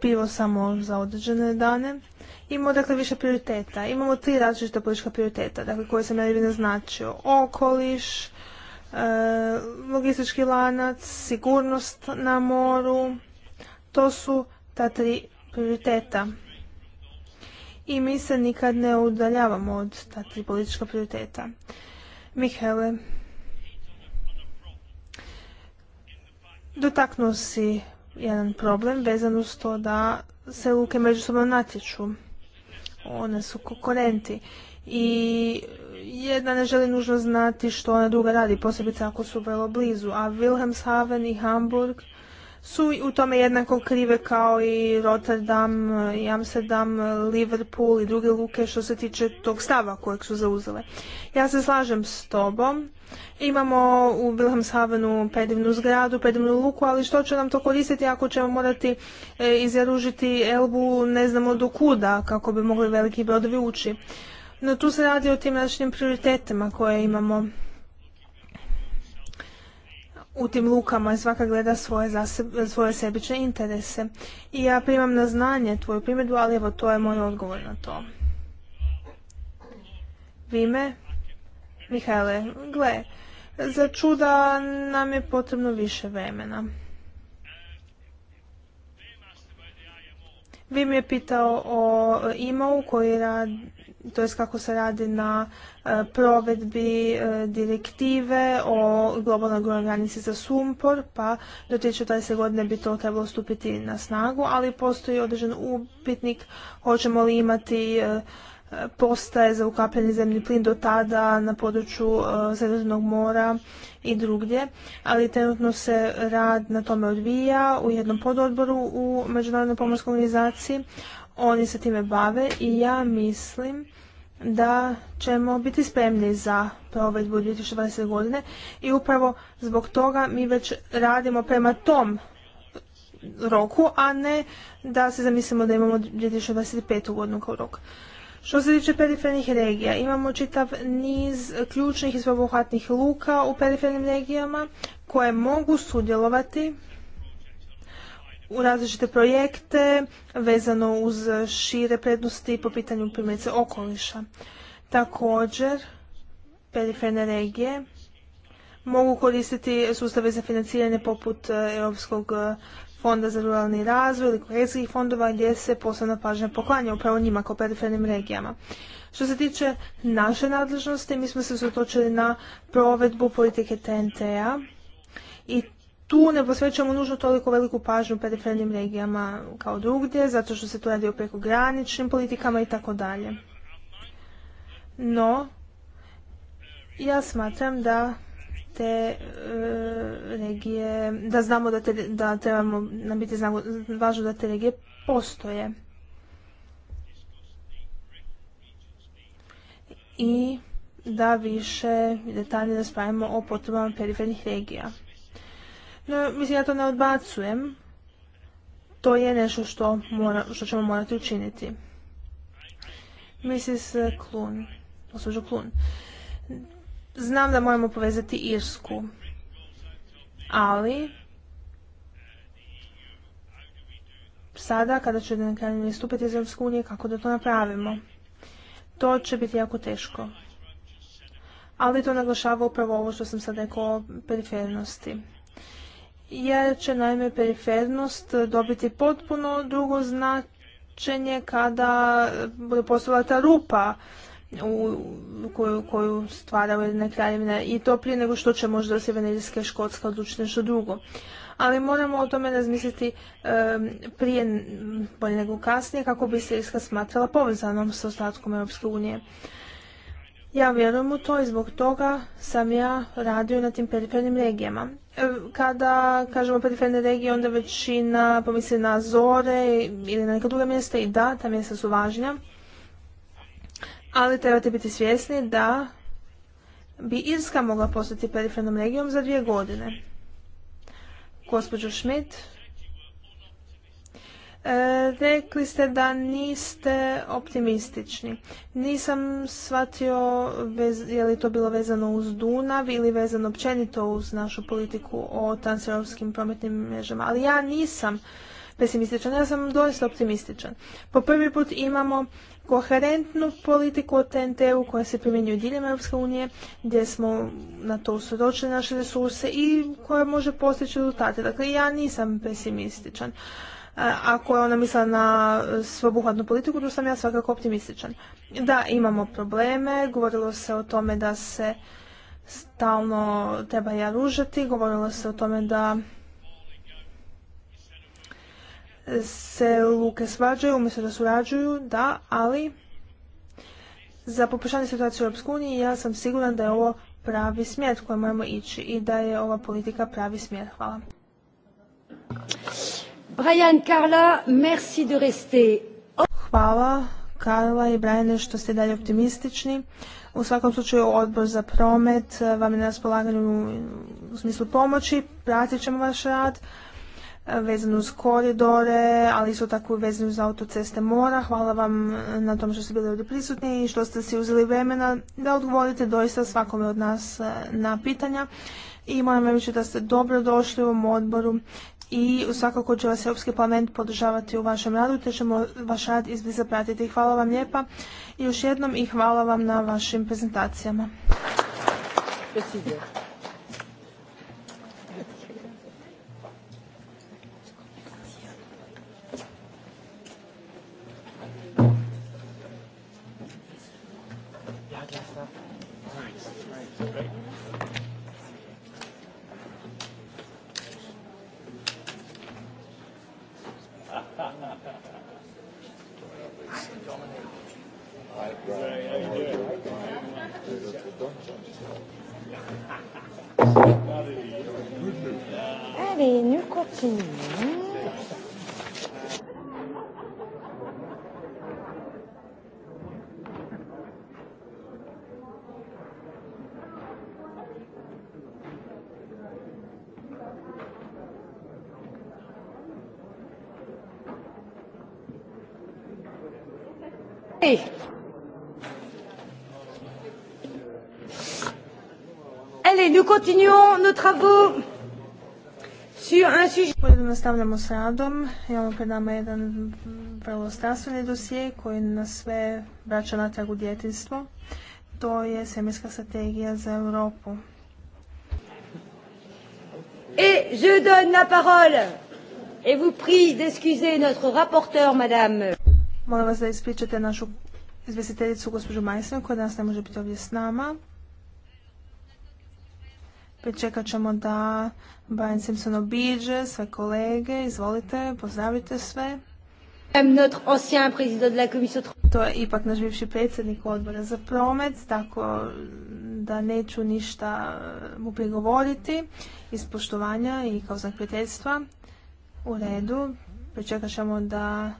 Pivo samo za određene dane. Imamo dakle više prioriteta. Imamo tri različita politička prioriteta dakle, koje sam ja naznačio. Okoliš, e, logistički lanac, sigurnost na moru. To su ta tri prioriteta. I mi se nikad ne udaljavamo od ta tri politička prioriteta. Mihele, dotaknuo si jedan problem vezan uz to da se luke međusobno natječu. One su konkurenti i jedna ne želi nužno znati što ona druga radi, posebice ako su vrlo blizu. A Wilhelmshaven i Hamburg su u tome jednako krive kao i Rotterdam, Amsterdam, Liverpool i druge luke što se tiče tog stava kojeg su zauzele. Ja se slažem s tobom. Imamo u Wilhelmshavenu predivnu zgradu, predivnu luku, ali što će nam to koristiti ako ćemo morati e, izjaružiti Elbu ne znamo do kuda kako bi mogli veliki brodovi ući. No tu se radi o tim našim prioritetima koje imamo u tim lukama svaka gleda svoje, zaseb, svoje sebične interese. I ja primam na znanje tvoju primjedbu, ali evo to je moj odgovor na to. Vime, Mihajle, gle, za čuda nam je potrebno više vremena. Vim je pitao o e, imao koji rad to jest kako se radi na e, provedbi e, direktive o globalnoj granici za sumpor, pa do 2020. godine bi to trebalo stupiti na snagu, ali postoji određen upitnik hoćemo li imati e, postaje za ukapljeni zemlji plin do tada na području Sredozemnog mora i drugdje, ali trenutno se rad na tome odvija u jednom pododboru u Međunarodnoj pomorskoj organizaciji oni se time bave i ja mislim da ćemo biti spremni za provedbu 2020. godine i upravo zbog toga mi već radimo prema tom roku, a ne da se zamislimo da imamo 2025. godinu kao rok. Što se tiče perifernih regija, imamo čitav niz ključnih i sveobuhvatnih luka u perifernim regijama koje mogu sudjelovati u različite projekte vezano uz šire prednosti po pitanju primjerice okoliša. Također, periferne regije mogu koristiti sustave za financiranje poput e, Europskog e, fonda za ruralni razvoj ili kohezijskih fondova gdje se posebna pažnja poklanja upravo njima kao perifernim regijama. Što se tiče naše nadležnosti, mi smo se zatočili na provedbu politike TNT-a i tu ne posvećujemo nužno toliko veliku pažnju perifernim regijama kao drugdje, zato što se tu radi o prekograničnim politikama i tako dalje. No, ja smatram da te e, regije, da znamo da, da trebamo nam biti znamo, važno da te regije postoje. I da više detaljnije raspravimo o potrebama perifernih regija. No, mislim, ja to ne odbacujem. To je nešto što, mora, što ćemo morati učiniti. Mrs. Klun, gospođo Klun, znam da moramo povezati Irsku, ali sada kada će na stupiti istupiti iz Europske unije, kako da to napravimo? To će biti jako teško. Ali to naglašava upravo ovo što sam sad rekao o perifernosti jer će naime perifernost dobiti potpuno drugo značenje kada bude postala ta rupa u koju, koju stvara jedne kraljevine i to prije nego što će možda Sjeverna Irska Škotska odlučiti nešto drugo. Ali moramo o tome razmisliti prije, bolje nego kasnije, kako bi se Irska smatrala povezanom sa ostatkom Europske unije. Ja vjerujem u to i zbog toga sam ja radio na tim perifernim regijama. E, kada kažemo periferne regije, onda većina pomisli na Zore ili na neka druga mjesta i da, ta mjesta su važnja. Ali trebate biti svjesni da bi Irska mogla postati perifernom regijom za dvije godine. Gospođo Schmidt, E, rekli ste da niste optimistični. Nisam shvatio je li to bilo vezano uz Dunav ili vezano općenito uz našu politiku o transeuropskim prometnim mrežama, ali ja nisam pesimističan, ja sam doista optimističan. Po prvi put imamo koherentnu politiku o TNT-u koja se primjenjuje diljem Europske unije, gdje smo na to usredočili naše resurse i koja može postići rezultate. Dakle, ja nisam pesimističan. Ako je ona mislila na svobuhvatnu politiku, tu sam ja svakako optimističan. Da, imamo probleme, govorilo se o tome da se stalno treba jaružati, govorilo se o tome da se luke svađaju umjesto da surađuju, da, ali za poboljšanje situacije u EU ja sam siguran da je ovo pravi smjer koji moramo ići i da je ova politika pravi smjer. Hvala. Brian, Carla, merci de rester. Hvala, Karla i Brian što ste dalje optimistični. U svakom slučaju, odbor za promet eh, vam je na raspolaganju u smislu pomoći. Pratit ćemo vaš rad eh, vezan uz koridore, ali isto tako vezano uz autoceste mora. Hvala vam eh, na tom što ste bili ovdje prisutni i što ste si uzeli vremena da odgovorite doista svakome od nas na pitanja. I moram reći da ste dobro došli u ovom odboru i svakako će vas Europski parlament podržavati u vašem radu te ćemo vaš rad izbliza pratiti. Hvala vam lijepa još jednom i hvala vam na vašim prezentacijama. Allez, nous continuons. continuons nos Nastavljamo s radom. Imamo pred nama jedan vrlo strastveni koji nas sve vraća natrag u djetinstvo. To je semijska strategija za Europu. Et je donne la parole et vous prie d'excuser notre rapporteur, madame. Molim vas da ispričate našu izvjestiteljicu gospođu Majsner koja danas ne može biti ovdje s nama. Pričekat ćemo da Brian Simpson obiđe sve kolege. Izvolite, pozdravite sve. To je ipak naš bivši predsjednik odbora za promet, tako da neću ništa mu prigovoriti iz poštovanja i kao znak U redu, pričekat ćemo da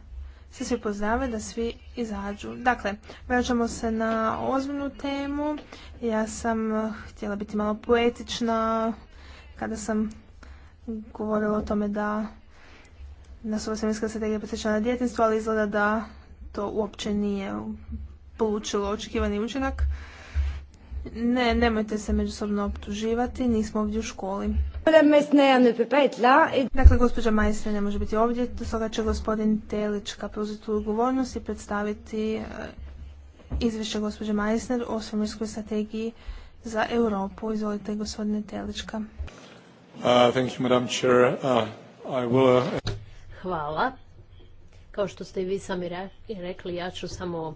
se svi pozdrave, da svi izađu. Dakle, vraćamo se na ozbiljnu temu. Ja sam eh, htjela biti malo poetična kada sam govorila o tome da nas ova svemirska strategija posjeća na djetinstvo, ali izgleda da to uopće nije polučilo očekivani učinak. Ne, nemojte se međusobno optuživati, nismo ovdje u školi ne peut pas être là. Dakle, gospođa Majsner ne može biti ovdje, stoga će gospodin Telička preuzeti govornost i predstaviti e, izvješće gospođe Majsner o svemirskoj strategiji za Europu. Izvolite, gospodine Telička. Uh, uh, uh, Hvala. Kao što ste i vi sami rekli, ja ću samo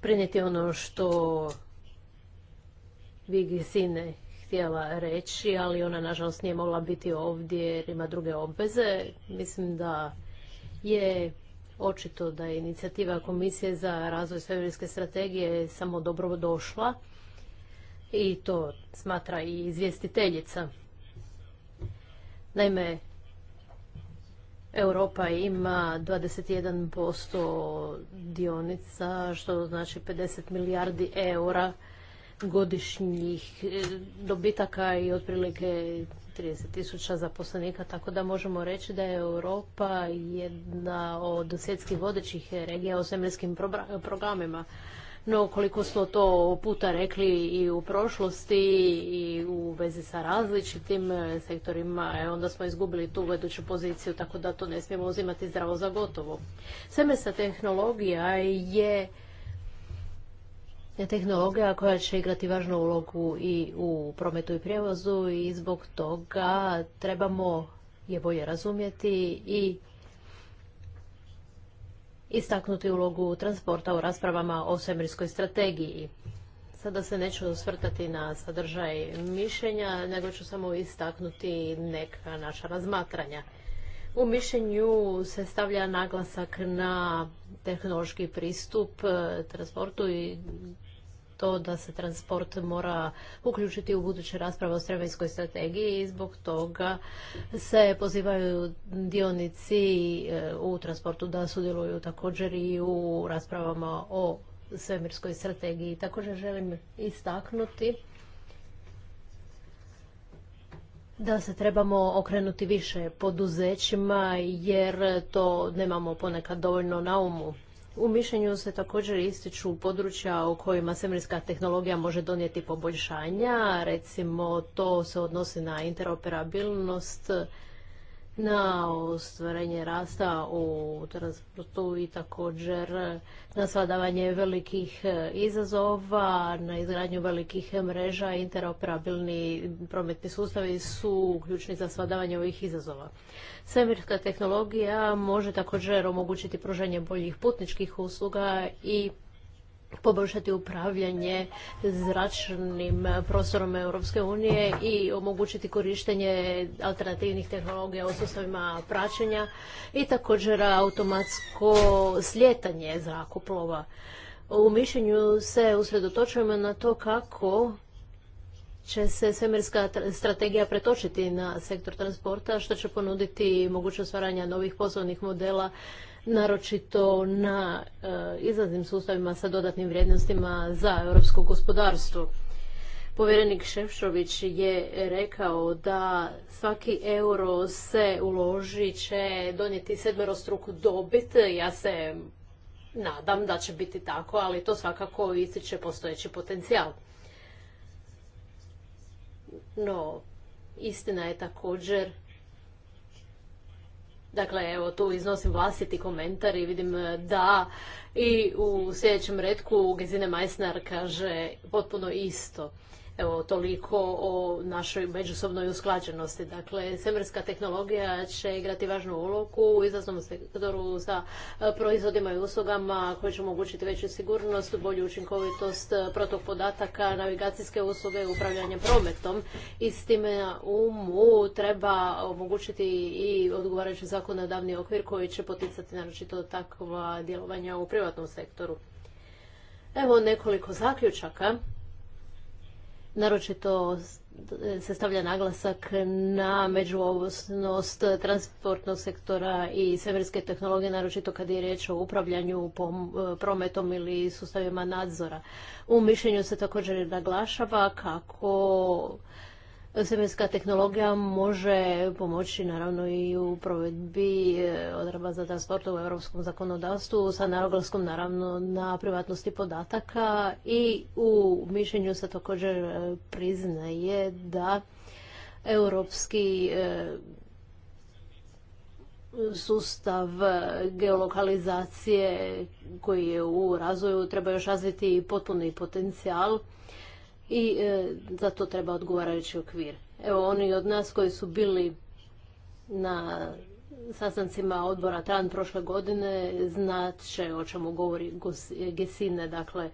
prenijeti ono što vi Sine htjela reći, ali ona nažalost nije mogla biti ovdje jer ima druge obveze. Mislim da je očito da je inicijativa Komisije za razvoj svevrijske strategije samo dobro došla i to smatra i izvjestiteljica. Naime, Europa ima 21% dionica, što znači 50 milijardi eura godišnjih e, dobitaka i otprilike 30 tisuća zaposlenika, tako da možemo reći da je Europa jedna od svjetskih vodećih regija o svemirskim programima. No, koliko smo to puta rekli i u prošlosti i u vezi sa različitim e, sektorima, e, onda smo izgubili tu vedeću poziciju, tako da to ne smijemo uzimati zdravo za gotovo. Semesta tehnologija je tehnologija koja će igrati važnu ulogu i u prometu i prijevozu i zbog toga trebamo je bolje razumjeti i istaknuti ulogu transporta u raspravama o svemirskoj strategiji. Sada se neću osvrtati na sadržaj mišljenja, nego ću samo istaknuti neka naša razmatranja. U mišljenju se stavlja naglasak na tehnološki pristup e, transportu i to da se transport mora uključiti u buduće rasprave o sremenjskoj strategiji i zbog toga se pozivaju dionici e, u transportu da sudjeluju također i u raspravama o svemirskoj strategiji. Također želim istaknuti da se trebamo okrenuti više poduzećima jer to nemamo ponekad dovoljno na umu. U mišljenju se također ističu područja u kojima semirska tehnologija može donijeti poboljšanja, recimo to se odnosi na interoperabilnost, na ostvarenje rasta u transportu i također na svadavanje velikih e, izazova, na izgradnju velikih mreža, interoperabilni prometni sustavi su ključni za svadavanje ovih izazova. Svemirska tehnologija može također omogućiti pružanje boljih putničkih usluga i poboljšati upravljanje zračnim prostorom Europske unije i omogućiti korištenje alternativnih tehnologija u sustavima praćenja i također automatsko slijetanje zrakoplova. U mišljenju se usredotočujemo na to kako će se svemirska strategija pretočiti na sektor transporta, što će ponuditi mogućnost stvaranja novih poslovnih modela naročito na eh, izlaznim sustavima sa dodatnim vrijednostima za europsko gospodarstvo. Povjerenik Šefšović je rekao da svaki euro se uloži će donijeti sedmerostruku dobit. Ja se nadam da će biti tako, ali to svakako ističe postojeći potencijal. No, istina je također Dakle, evo tu iznosim vlastiti komentar i vidim e, da i u sljedećem retku Gezine Meissner kaže potpuno isto. Evo, toliko o našoj međusobnoj usklađenosti. Dakle, semerska tehnologija će igrati važnu ulogu u izaznom sektoru za e, proizvodima i uslugama koje će omogućiti veću sigurnost, bolju učinkovitost e, protok podataka, navigacijske usluge upravljanje prometom. I s time umu treba omogućiti i odgovarajući zakonodavni okvir koji će poticati naročito takva djelovanja u privatnom sektoru. Evo nekoliko zaključaka. Naročito se stavlja naglasak na međuovosnost transportnog sektora i svemirske tehnologije, naročito kad je riječ o upravljanju prometom ili sustavima nadzora. U mišljenju se također naglašava kako SMS-ka tehnologija može pomoći naravno i u provedbi e, odreba za transport u europskom zakonodavstvu sa naroglaskom naravno na privatnosti podataka i u mišljenju se također e, priznaje da europski e, sustav geolokalizacije koji je u razvoju treba još razviti potpuni potencijal i e, za to treba odgovarajući okvir. Evo oni od nas koji su bili na sastancima odbora TRAN prošle godine će o čemu govori Gesine, dakle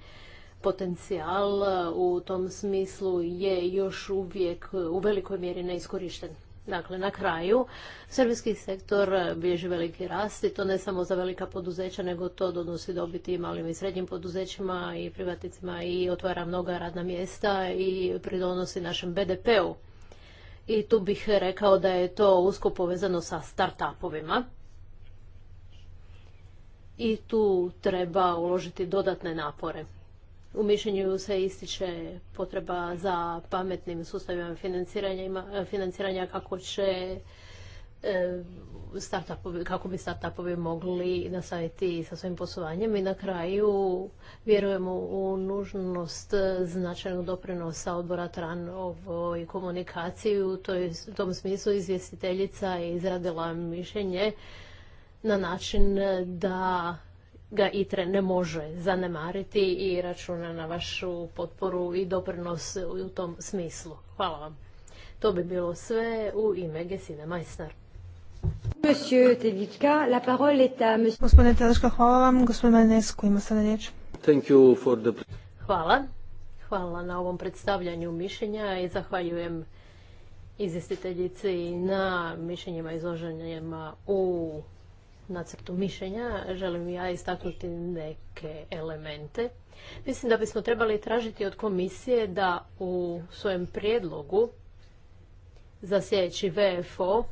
potencijal u tom smislu je još uvijek u velikoj mjeri neiskorišten. Dakle, na kraju, servijski sektor bilježi veliki rast i to ne samo za velika poduzeća, nego to donosi dobiti i malim i srednjim poduzećima i privatnicima i otvara mnoga radna mjesta i pridonosi našem BDP-u. I tu bih rekao da je to usko povezano sa start-upovima. I tu treba uložiti dodatne napore. U mišljenju se ističe potreba za pametnim sustavima financiranja, kako će e, kako bi startupovi mogli nastaviti sa svojim poslovanjem i na kraju vjerujemo u nužnost značajnog doprinosa odbora TRAN ovoj komunikaciji. U tom smislu izvjestiteljica je izradila mišljenje na način da ga ITRE ne može zanemariti i računa na vašu potporu i doprinos u tom smislu. Hvala vam. To bi bilo sve u ime Gesine Majsnar. Monsieur Telička, Gospodine hvala vam. Gospodine Manesku ima sada riječ. Hvala. Hvala na ovom predstavljanju mišljenja i zahvaljujem izvjestiteljici na mišljenjima izloženjima u nacrtu mišljenja želim ja istaknuti neke elemente. Mislim da bismo trebali tražiti od komisije da u svojem prijedlogu za sljedeći VFO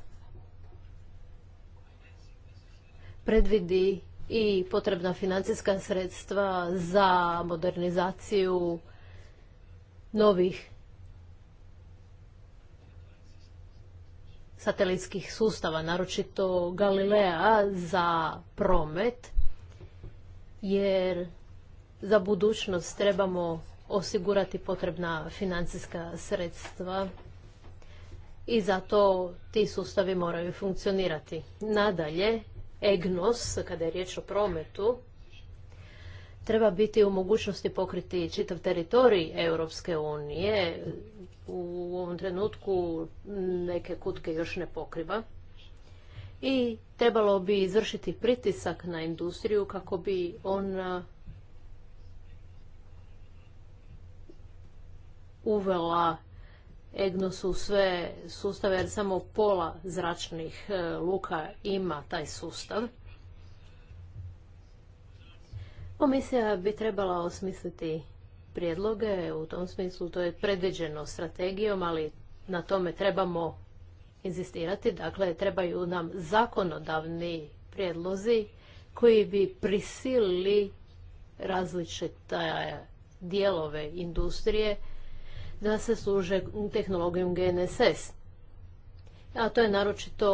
predvidi i potrebna financijska sredstva za modernizaciju novih satelitskih sustava, naročito Galilea za promet, jer za budućnost trebamo osigurati potrebna financijska sredstva i zato ti sustavi moraju funkcionirati. Nadalje, EGNOS, kada je riječ o prometu, treba biti u mogućnosti pokriti čitav teritorij Europske unije. U ovom trenutku neke kutke još ne pokriva. I trebalo bi izvršiti pritisak na industriju kako bi ona uvela EGNOS u sve sustave, jer samo pola zračnih e, luka ima taj sustav. Komisija bi trebala osmisliti prijedloge, u tom smislu to je predviđeno strategijom, ali na tome trebamo inzistirati, dakle trebaju nam zakonodavni prijedlozi koji bi prisilili različite dijelove industrije da se služe tehnologijom GNSS. A to je naročito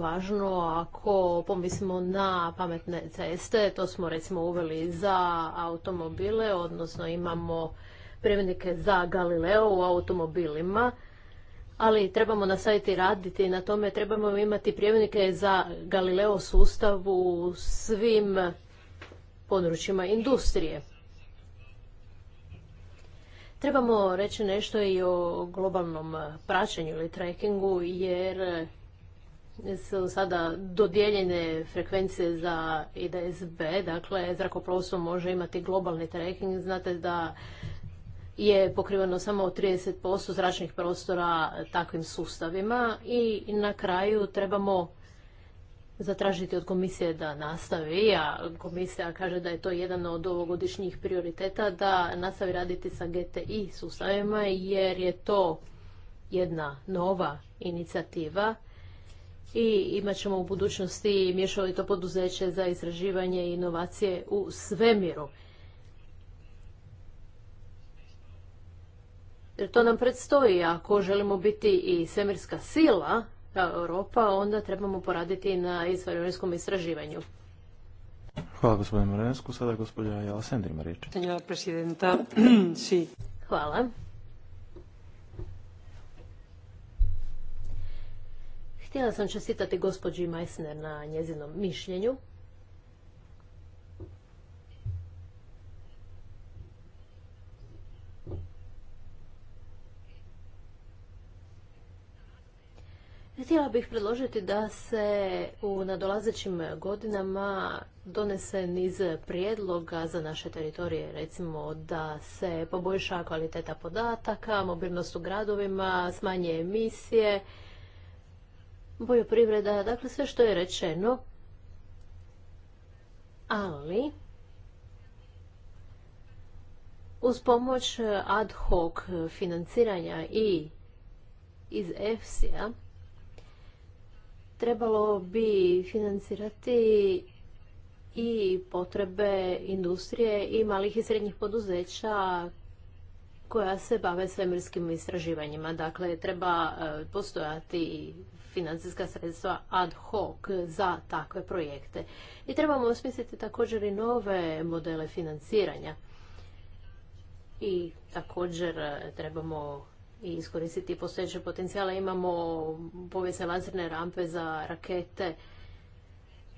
važno ako pomislimo na pametne ceste, to smo recimo uveli za automobile, odnosno imamo prijemnike za Galileo u automobilima, ali trebamo na sajti raditi na tome, trebamo imati prijemnike za Galileo sustav u svim područjima industrije. Trebamo reći nešto i o globalnom praćenju ili trackingu, jer su sada dodijeljene frekvencije za IDSB, dakle zrakoplovstvo može imati globalni tracking. Znate da je pokriveno samo 30% zračnih prostora takvim sustavima i na kraju trebamo zatražiti od komisije da nastavi, a komisija kaže da je to jedan od ovogodišnjih prioriteta da nastavi raditi sa GTI sustavima jer je to jedna nova inicijativa i imat ćemo u budućnosti to poduzeće za istraživanje i inovacije u svemiru. Jer to nam predstoji ako želimo biti i svemirska sila, kao Europa, onda trebamo poraditi na izvanjskom istraživanju. Hvala gospodinu Morensku. Sada gospođa Jela Sender ima riječ. presidenta, si. Hvala. Htjela sam čestitati gospođi Meissner na njezinom mišljenju. Htjela bih predložiti da se u nadolazećim godinama donese niz prijedloga za naše teritorije, recimo da se poboljša kvaliteta podataka, mobilnost u gradovima, smanje emisije, poljoprivreda, dakle sve što je rečeno. Ali, uz pomoć ad hoc financiranja i iz EFSI-a, trebalo bi financirati i potrebe industrije i malih i srednjih poduzeća koja se bave svemirskim istraživanjima. Dakle, treba e, postojati financijska sredstva ad hoc za takve projekte. I trebamo osmisliti također i nove modele financiranja. I također e, trebamo i iskoristiti postojeće potencijale. Imamo povijesne lazerne rampe za rakete,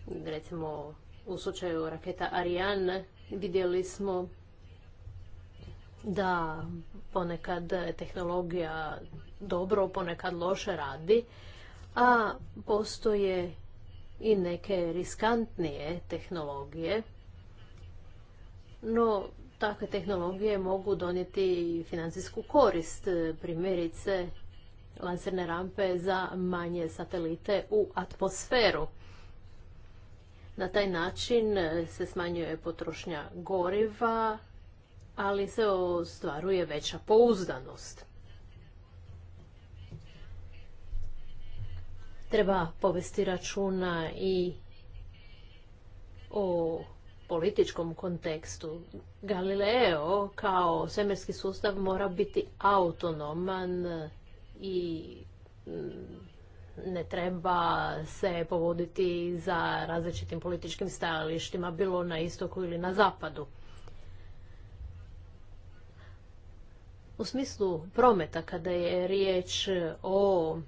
recimo u slučaju raketa Ariane vidjeli smo da ponekad tehnologija dobro, ponekad loše radi, a postoje i neke riskantnije tehnologije. No, takve tehnologije mogu donijeti financijsku korist, e, primjerice lanserne rampe za manje satelite u atmosferu. Na taj način e, se smanjuje potrošnja goriva, ali se ostvaruje veća pouzdanost. Treba povesti računa i o političkom kontekstu. Galileo kao svemirski sustav mora biti autonoman i mm, ne treba se povoditi za različitim političkim stajalištima, bilo na istoku ili na zapadu. U smislu prometa, kada je riječ o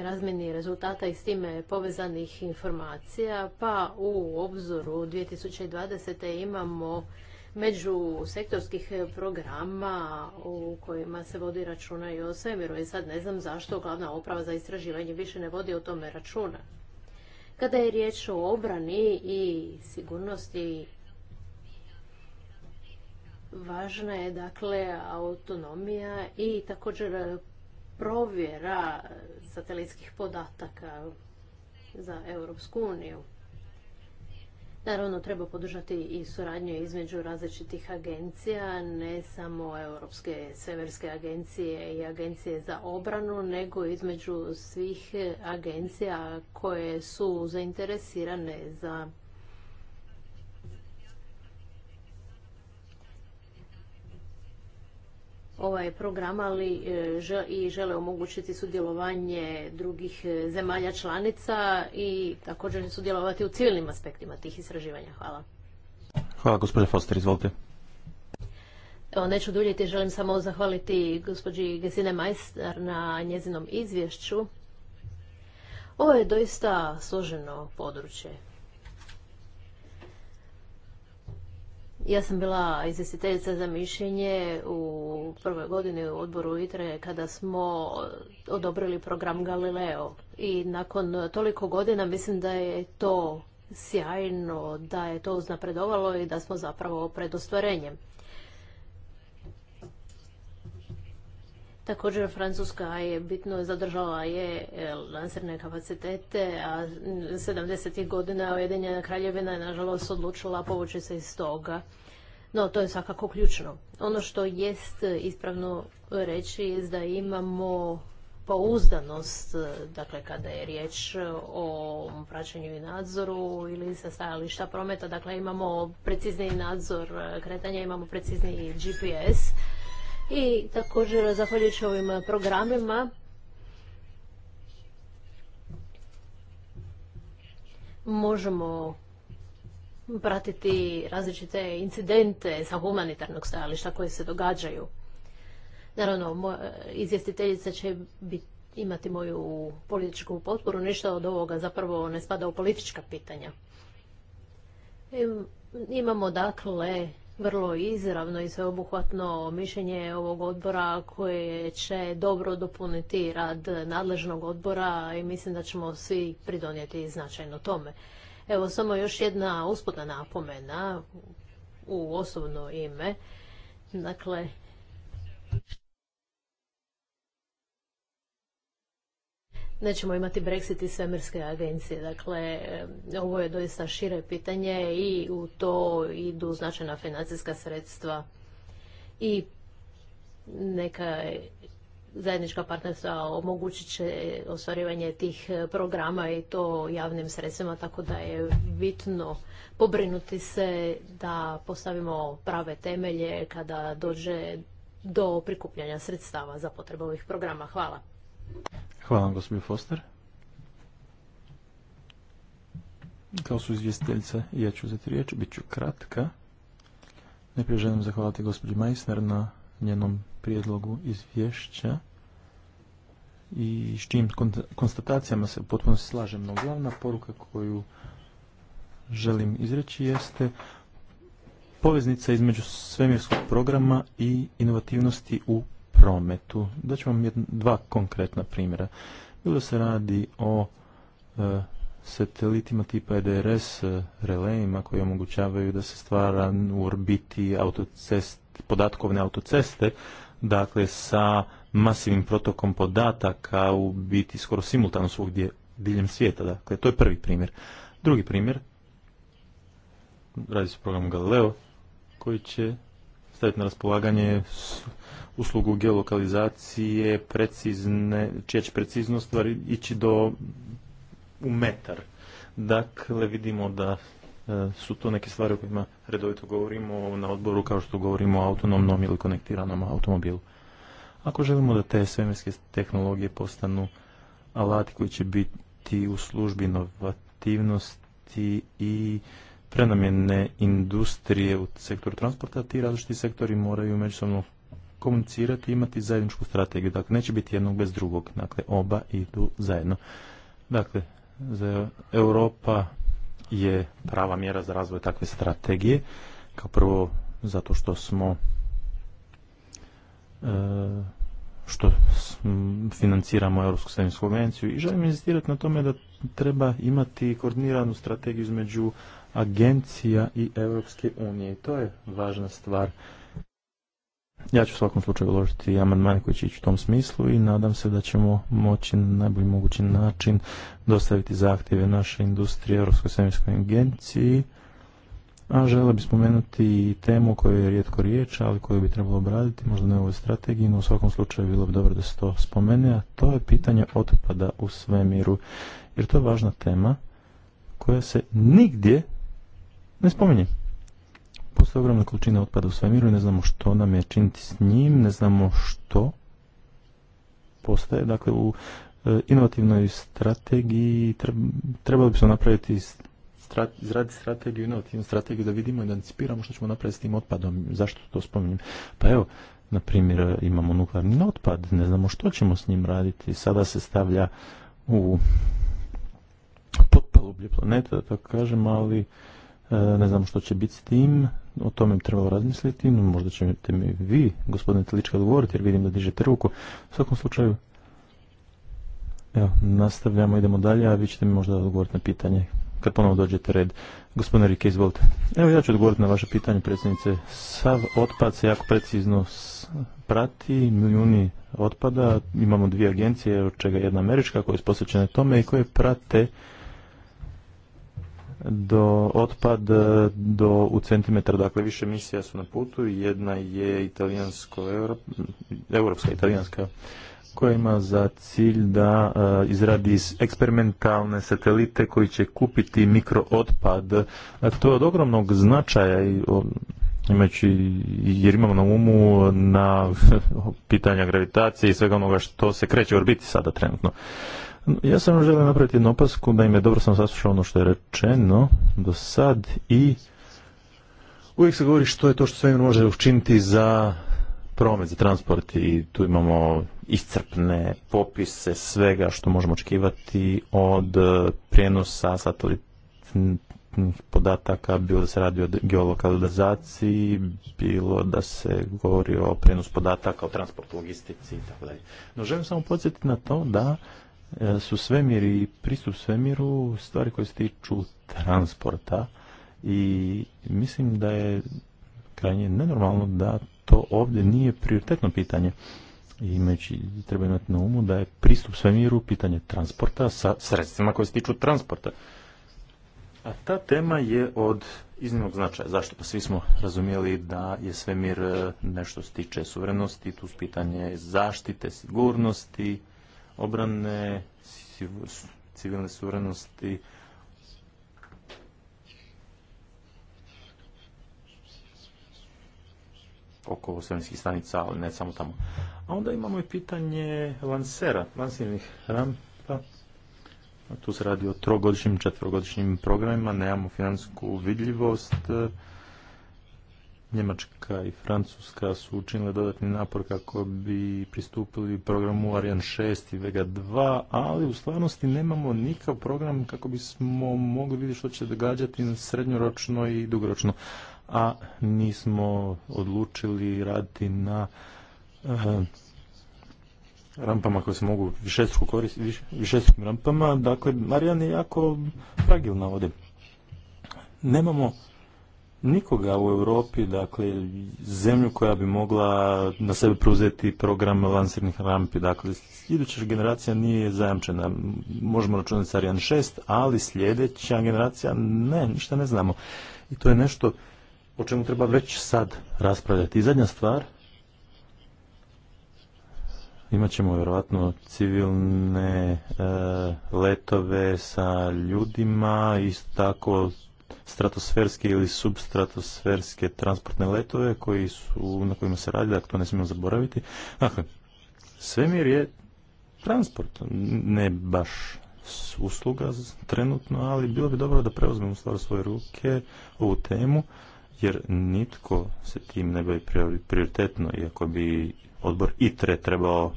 razmjeni rezultata i s time povezanih informacija, pa u obzoru 2020. imamo među sektorskih programa u kojima se vodi računa i o svemiru. I e sad ne znam zašto glavna oprava za istraživanje više ne vodi o tome računa. Kada je riječ o obrani i sigurnosti, važna je dakle autonomija i također provjera satelitskih podataka za Europsku uniju. Naravno, treba podržati i suradnju između različitih agencija, ne samo Europske severske agencije i agencije za obranu, nego između svih agencija koje su zainteresirane za ovaj program, ali e, i žele omogućiti sudjelovanje drugih e, zemalja članica i također sudjelovati u civilnim aspektima tih istraživanja. Hvala. Hvala, gospođa Foster, izvolite. Evo, neću duljiti, želim samo zahvaliti gospođi Gesine Majstar na njezinom izvješću. Ovo je doista složeno područje. Ja sam bila izvjestiteljica za mišljenje u prvoj godini u odboru ITRE kada smo odobrili program Galileo i nakon toliko godina mislim da je to sjajno, da je to uznapredovalo i da smo zapravo pred ostvarenjem. Također Francuska je bitno zadržala je e, lanserne kapacitete, a 70. godina Ujedinjena kraljevina je nažalost odlučila povući se iz toga. No, to je svakako ključno. Ono što jest ispravno reći je da imamo pouzdanost, dakle kada je riječ o praćenju i nadzoru ili sa stajališta prometa, dakle imamo precizniji nadzor kretanja, imamo precizniji GPS i također zahvaljujući ovim programima možemo pratiti različite incidente sa humanitarnog stajališta koji se događaju. Naravno, izvjestiteljica će imati moju političku potporu, ništa od ovoga zapravo ne spada u politička pitanja. Imamo dakle vrlo izravno i sveobuhvatno mišljenje ovog odbora koje će dobro dopuniti rad nadležnog odbora i mislim da ćemo svi pridonijeti značajno tome. Evo samo još jedna usputna napomena u osobno ime. Dakle, nećemo imati Brexit i svemirske agencije. Dakle, ovo je doista šire pitanje i u to idu značajna financijska sredstva i neka zajednička partnerstva omogućit će ostvarivanje tih e, programa i to javnim sredstvima, tako da je bitno pobrinuti se da postavimo prave temelje kada dođe do prikupljanja sredstava za potrebe ovih programa. Hvala. Hvala vam, gospodin Foster. Kao su izvjestiteljica, ja ću uzeti riječ, bit ću kratka. Najprije želim zahvaliti gospođi Majsner na njenom prijedlogu izvješća i s čijim konstatacijama se potpuno slažem. No glavna poruka koju želim izreći jeste poveznica između svemirskog programa i inovativnosti u prometu. Da ću vam dva konkretna primjera. Bilo se radi o e, satelitima tipa EDRS e, relejima koji omogućavaju da se stvara u orbiti autocest, podatkovne autoceste, dakle sa masivnim protokom podataka u biti skoro simultano svugdje diljem svijeta. Dakle, to je prvi primjer. Drugi primjer, radi se o programu Galileo, koji će staviti na raspolaganje uslugu geolokalizacije, precizne, čija će preciznost stvari ići do u metar. Dakle, vidimo da e, su to neke stvari o kojima redovito govorimo na odboru kao što govorimo o autonomnom ili konektiranom automobilu. Ako želimo da te svemirske tehnologije postanu alati koji će biti u službi inovativnosti i prenamjene industrije u sektoru transporta, ti različiti sektori moraju međusobno komunicirati i imati zajedničku strategiju. Dakle, neće biti jednog bez drugog. Dakle, oba idu zajedno. Dakle, za Europa je prava mjera za razvoj takve strategije. Kao prvo, zato što smo e, što financiramo Europsku svemirsku konvenciju i želim inzistirati na tome da treba imati koordiniranu strategiju između agencija i Europske unije. I To je važna stvar. Ja ću u svakom slučaju uložiti amandmane koji će ići u tom smislu i nadam se da ćemo moći na najbolji mogući način dostaviti zahtjeve naše industrije Europskoj svemirskoj agenciji. A žele bi spomenuti i temu koju je rijetko riječ, ali koju bi trebalo obraditi, možda ne u ovoj strategiji, no u svakom slučaju bilo bi dobro da se to spomene, a to je pitanje otpada u svemiru, jer to je važna tema koja se nigdje ne spominje. Postoje ogromna količina otpada u svemiru i ne znamo što nam je činiti s njim, ne znamo što postaje. Dakle, u e, inovativnoj strategiji trebali bismo napraviti izraditi strategiju, inovativnu strategiju da vidimo i da anticipiramo što ćemo napraviti s tim otpadom. Zašto to spominjem? Pa evo, na primjer, e, imamo nuklearni otpad, ne znamo što ćemo s njim raditi. Sada se stavlja u potpalublje planeta, da tako kažem, ali E, ne znam što će biti s tim, o tome bi trebalo razmisliti, no, možda ćete mi vi, gospodine Telička, odgovoriti jer vidim da dižete ruku. U svakom slučaju, evo, nastavljamo, idemo dalje, a vi ćete mi možda odgovoriti na pitanje kad ponovo dođete red. Gospodine Rike, izvolite. Evo ja ću odgovoriti na vaše pitanje, predsjednice. Sav otpad se jako precizno prati, milijuni otpada, imamo dvije agencije, od čega jedna američka koja je posvećena tome i koje prate do otpad e, do u centimetar, dakle više misija su na putu, jedna je italijansko europska italijanska koja ima za cilj da e, izradi eksperimentalne satelite koji će kupiti mikrootpad. a to je od ogromnog značaja i imajući, jer imamo na umu na pitanja gravitacije i svega onoga što se kreće u orbiti sada trenutno. Ja sam želim napraviti jednu opasku, da je dobro sam saslušao ono što je rečeno do sad i uvijek se govori što je to što sve može učiniti za promet, za transport i tu imamo iscrpne popise svega što možemo očekivati od prijenosa satelitnih podataka, bilo da se radi o geolokalizaciji, bilo da se govori o prijenosu podataka, o transportu, logistici i tako dalje. No želim samo podsjetiti na to da E, su svemir i pristup svemiru stvari koje se tiču transporta i mislim da je krajnje nenormalno da to ovdje nije prioritetno pitanje. I imajući, treba imati na umu da je pristup svemiru pitanje transporta sa sredstvima koje se tiču transporta. A ta tema je od iznimnog značaja. Zašto? Pa svi smo razumijeli da je svemir e, nešto se tiče suverenosti, tu su pitanje zaštite, sigurnosti, obrane, civilne suverenosti, oko svemirskih stanica, ali ne samo tamo. A onda imamo i pitanje lansera, lansirnih rampa. Tu se radi o trogodišnjim, četvrogodišnjim programima, nemamo financijsku vidljivost, Njemačka i Francuska su učinile dodatni napor kako bi pristupili programu Arian 6 i Vega 2, ali u stvarnosti nemamo nikakav program kako bismo mogli vidjeti što će događati srednjoročno i dugoročno. A nismo odlučili raditi na eh, rampama koje se mogu višestruko koristiti, višestrukim rampama. Dakle, Marijan je jako fragilna ovdje. Nemamo nikoga u Europi, dakle zemlju koja bi mogla na sebe preuzeti program lansirnih rampi. Dakle, sljedeća generacija nije zajamčena. Možemo računati Sarijan 6, ali sljedeća generacija ne, ništa ne znamo. I to je nešto o čemu treba već sad raspravljati. I zadnja stvar, imat ćemo vjerojatno civilne e, letove sa ljudima, isto tako stratosferske ili substratosferske transportne letove koji su, na kojima se radi, dakle to ne smijemo zaboraviti. Dakle, svemir je transport, ne baš usluga trenutno, ali bilo bi dobro da preuzmemo stvar svoje ruke ovu temu, jer nitko se tim ne bavi prioritetno, iako bi odbor ITRE trebao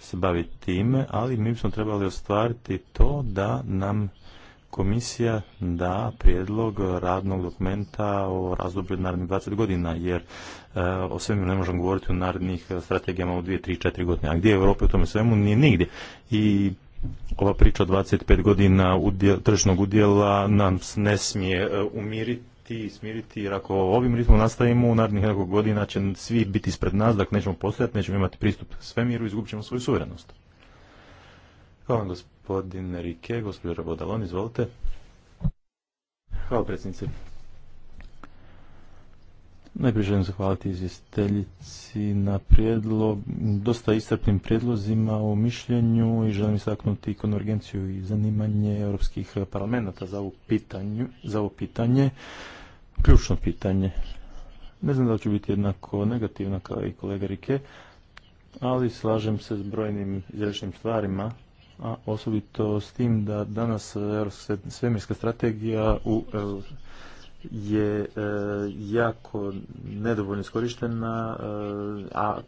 se baviti time, ali mi bismo trebali ostvariti to da nam komisija da prijedlog radnog dokumenta o razdoblju od narednih 20 godina, jer e, o svemu ne možemo govoriti o narednih e, strategijama u 2, 3, 4 godine. A gdje je Europa u tome svemu? Nije nigdje. I ova priča 25 godina tržišnog tržnog udjela nam ne smije e, umiriti i smiriti, jer ako ovim ritmom nastavimo u narednih nekoliko godina će svi biti ispred nas, dakle nećemo postojati, nećemo imati pristup svemiru, izgubit ćemo svoju suverenost. Hvala gospodin Rike, gospođo Rabodalon, izvolite. Hvala predsjednice. Najprije želim zahvaliti izvjestiteljici na prijedlog, dosta istrpnim prijedlozima o mišljenju i želim istaknuti konvergenciju i zanimanje europskih parlamenta za ovo pitanje, pitanje ključno pitanje. Ne znam da ću biti jednako negativna kao i kolega Rike, ali slažem se s brojnim izrečnim stvarima a osobito s tim da danas svemirska strategija u je e, jako nedovoljno iskorištena, e, a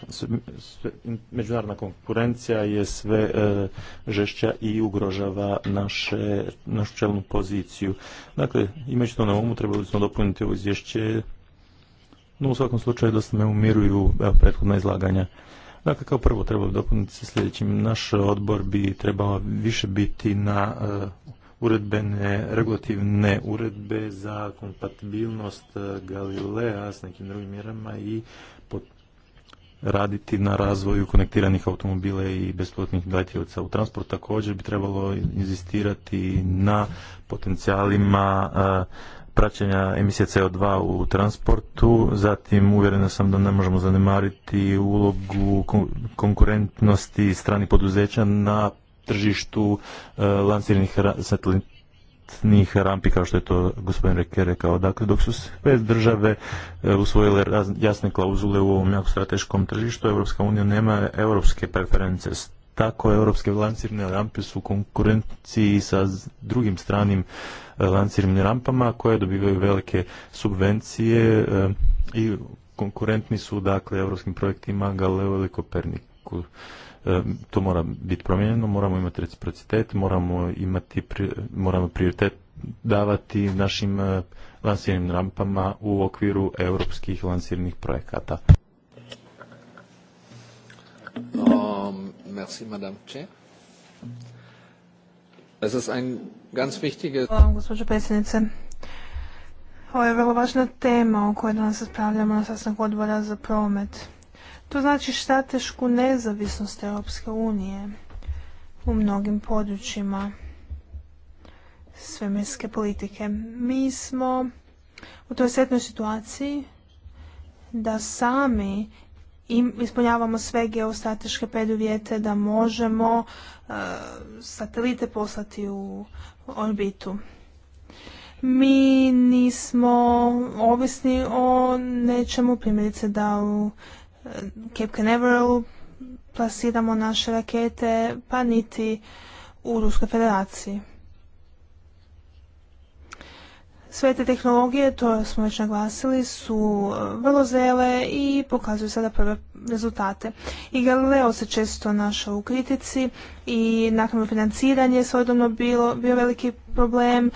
međunarodna konkurencija je sve e, žešća i ugrožava naše, našu čelnu poziciju. Dakle, imajući to na umu, trebali smo dopuniti ovo izvješće, no u svakom slučaju dosta me umiruju prethodna izlaganja. Dakle, kao prvo treba dopuniti sa sljedećim. Naš odbor bi trebao više biti na e, uredbene, regulativne uredbe za kompatibilnost e, Galilea s nekim drugim mjerama i raditi na razvoju konektiranih automobila i besplatnih letjelica. U transport također bi trebalo inzistirati na potencijalima e, praćenja emisije CO2 u transportu, zatim uvjerena sam da ne možemo zanemariti ulogu konkurentnosti stranih poduzeća na tržištu e, satelita satelitnih rampi, kao što je to gospodin Reke rekao. Dakle, dok su sve države e, usvojile jasne klauzule u ovom jako strateškom tržištu, EU unija nema europske preference tako europske lancirne rampe su u konkurenciji sa drugim stranim e, lancirnim rampama koje dobivaju velike subvencije e, i konkurentni su dakle europskim projektima Galileo i Koperniku. E, to mora biti promijenjeno, moramo imati reciprocitet, moramo imati moramo prioritet davati našim lansirnim rampama u okviru europskih lansirnih projekata. Um, Merci, Madame Chair. ist ein ganz wichtiges... Hvala gospođo predsjednice. Ovo je vrlo važna tema o kojoj danas raspravljamo na sastanku odbora za promet. To znači stratešku nezavisnost Europske unije u mnogim područjima svemirske politike. Mi smo u toj sretnoj situaciji da sami ispunjavamo sve geostrateške preduvjete da možemo e, satelite poslati u orbitu. Mi nismo ovisni o nečemu, primjerice da u e, Cape Canaveral plasiramo naše rakete, pa niti u Ruskoj federaciji. Sve te tehnologije, to smo već naglasili, su e, vrlo zele i pokazuju sada prve rezultate. I Galileo se često našao u kritici i nakon financiranje je bilo, bio veliki problem. E,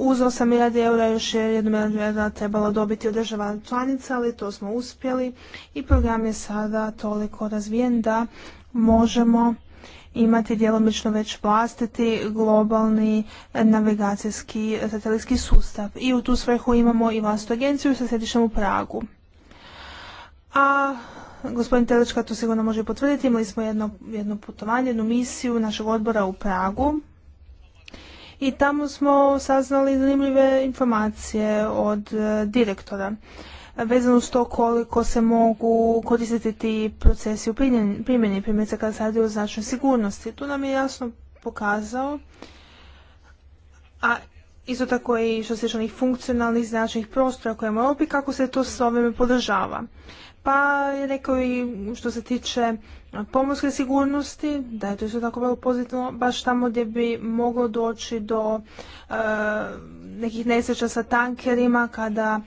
uz 8 milijardi eura još je 1 milijarda trebalo dobiti od država članica, ali to smo uspjeli i program je sada toliko razvijen da možemo imati djelomično već vlastiti globalni eh, navigacijski eh, satelitski sustav. I u tu svrhu imamo i vlastu agenciju sa središnjom u Pragu. A gospodin Telečka to sigurno može potvrditi, imali smo jedno, jedno putovanje, jednu misiju našeg odbora u Pragu. I tamo smo saznali zanimljive informacije od eh, direktora vezano uz to koliko se mogu koristiti ti procesi u primjeni, primjerice kada se radi o značnoj sigurnosti. Tu nam je jasno pokazao, a isto tako i što se tiče onih funkcionalnih značajnih prostora koje imamo Europi, kako se to s ovim podržava. Pa je rekao i što se tiče pomorske sigurnosti, da je to isto tako vrlo pozitivno, baš tamo gdje bi moglo doći do nekih nesreća sa tankerima, kada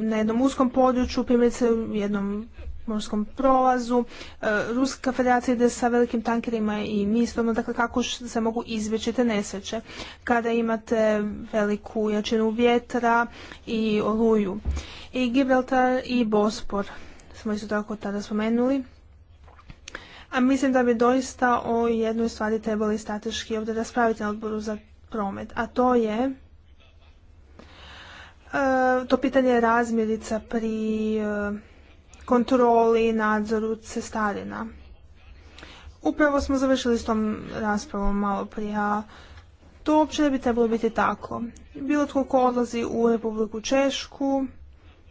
na jednom uskom području, primjerice u jednom morskom prolazu. E, Ruska federacija ide sa velikim tankerima i mislimo dakle, kako se mogu izbjeći te nesreće kada imate veliku jačinu vjetra i oluju. I Gibraltar i Bospor smo isto tako tada spomenuli. A mislim da bi doista o jednoj stvari trebali strateški ovdje raspraviti na odboru za promet, a to je e, to pitanje razmirica pri e, kontroli i nadzoru cestarina. Upravo smo završili s tom raspravom malo prije, a to uopće ne bi trebalo biti tako. Bilo tko ko odlazi u Republiku Češku,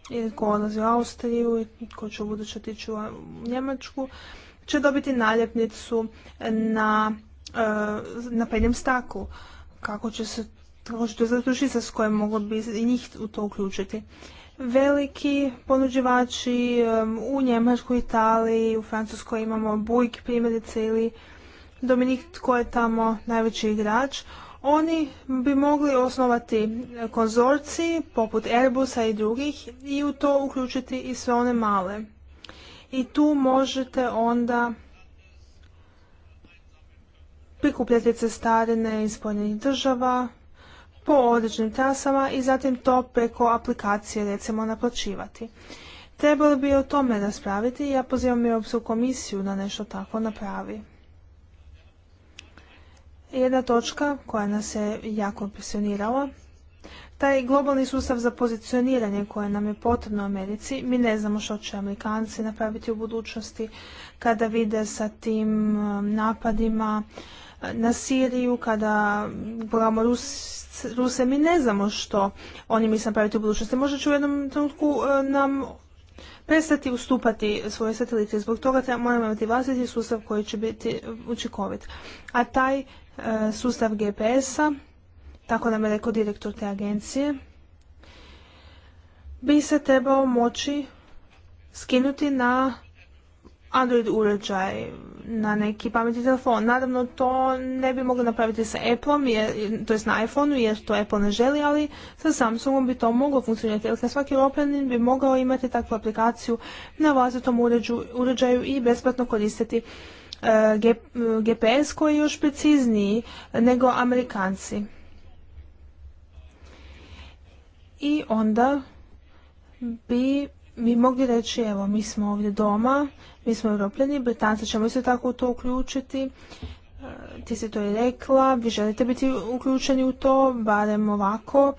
ili tko odlazi u Austriju, i tko će u buduće otići u Njemačku, će dobiti naljepnicu na, e, na penjem staklu. Kako će se kako će to zaključiti s kojim moglo bi i njih u to uključiti veliki ponuđivači u Njemačkoj, Italiji, u Francuskoj imamo Bujk primjerice ili Dominik tko je tamo najveći igrač. Oni bi mogli osnovati konzorci poput Airbusa i drugih i u to uključiti i sve one male. I tu možete onda prikupljati cestarine iz pojedinih država, po određenim trasama i zatim to preko aplikacije recimo naplaćivati. Trebalo bi o tome raspraviti i ja pozivam i Europsku komisiju da nešto tako napravi. Jedna točka koja nas je jako impresionirala, taj globalni sustav za pozicioniranje koje nam je potrebno u Americi, mi ne znamo što će Amerikanci napraviti u budućnosti kada vide sa tim um, napadima na Siriju, kada gledamo Ruse, mi ne znamo što oni misle napraviti u budućnosti. Možda će u jednom trenutku e, nam prestati ustupati svoje satelite. Zbog toga treba, moramo imati vlastiti sustav koji će biti učinkovit. A taj e, sustav GPS-a, tako nam je rekao direktor te agencije, bi se trebao moći skinuti na Android uređaj na neki pametni telefon. Naravno, to ne bi mogli napraviti sa Apple-om, to je na iPhone-u, jer to Apple ne želi, ali sa Samsungom bi to moglo funkcionirati. Jer svaki europljanin bi mogao imati takvu aplikaciju na vlastitom uređaju i besplatno koristiti e, GPS koji je još precizniji nego Amerikanci. I onda bi mi mogli reći, evo, mi smo ovdje doma, mi smo europljeni, Britanci ćemo isto tako u to uključiti. E, ti si to i rekla, vi želite biti uključeni u to, barem ovako,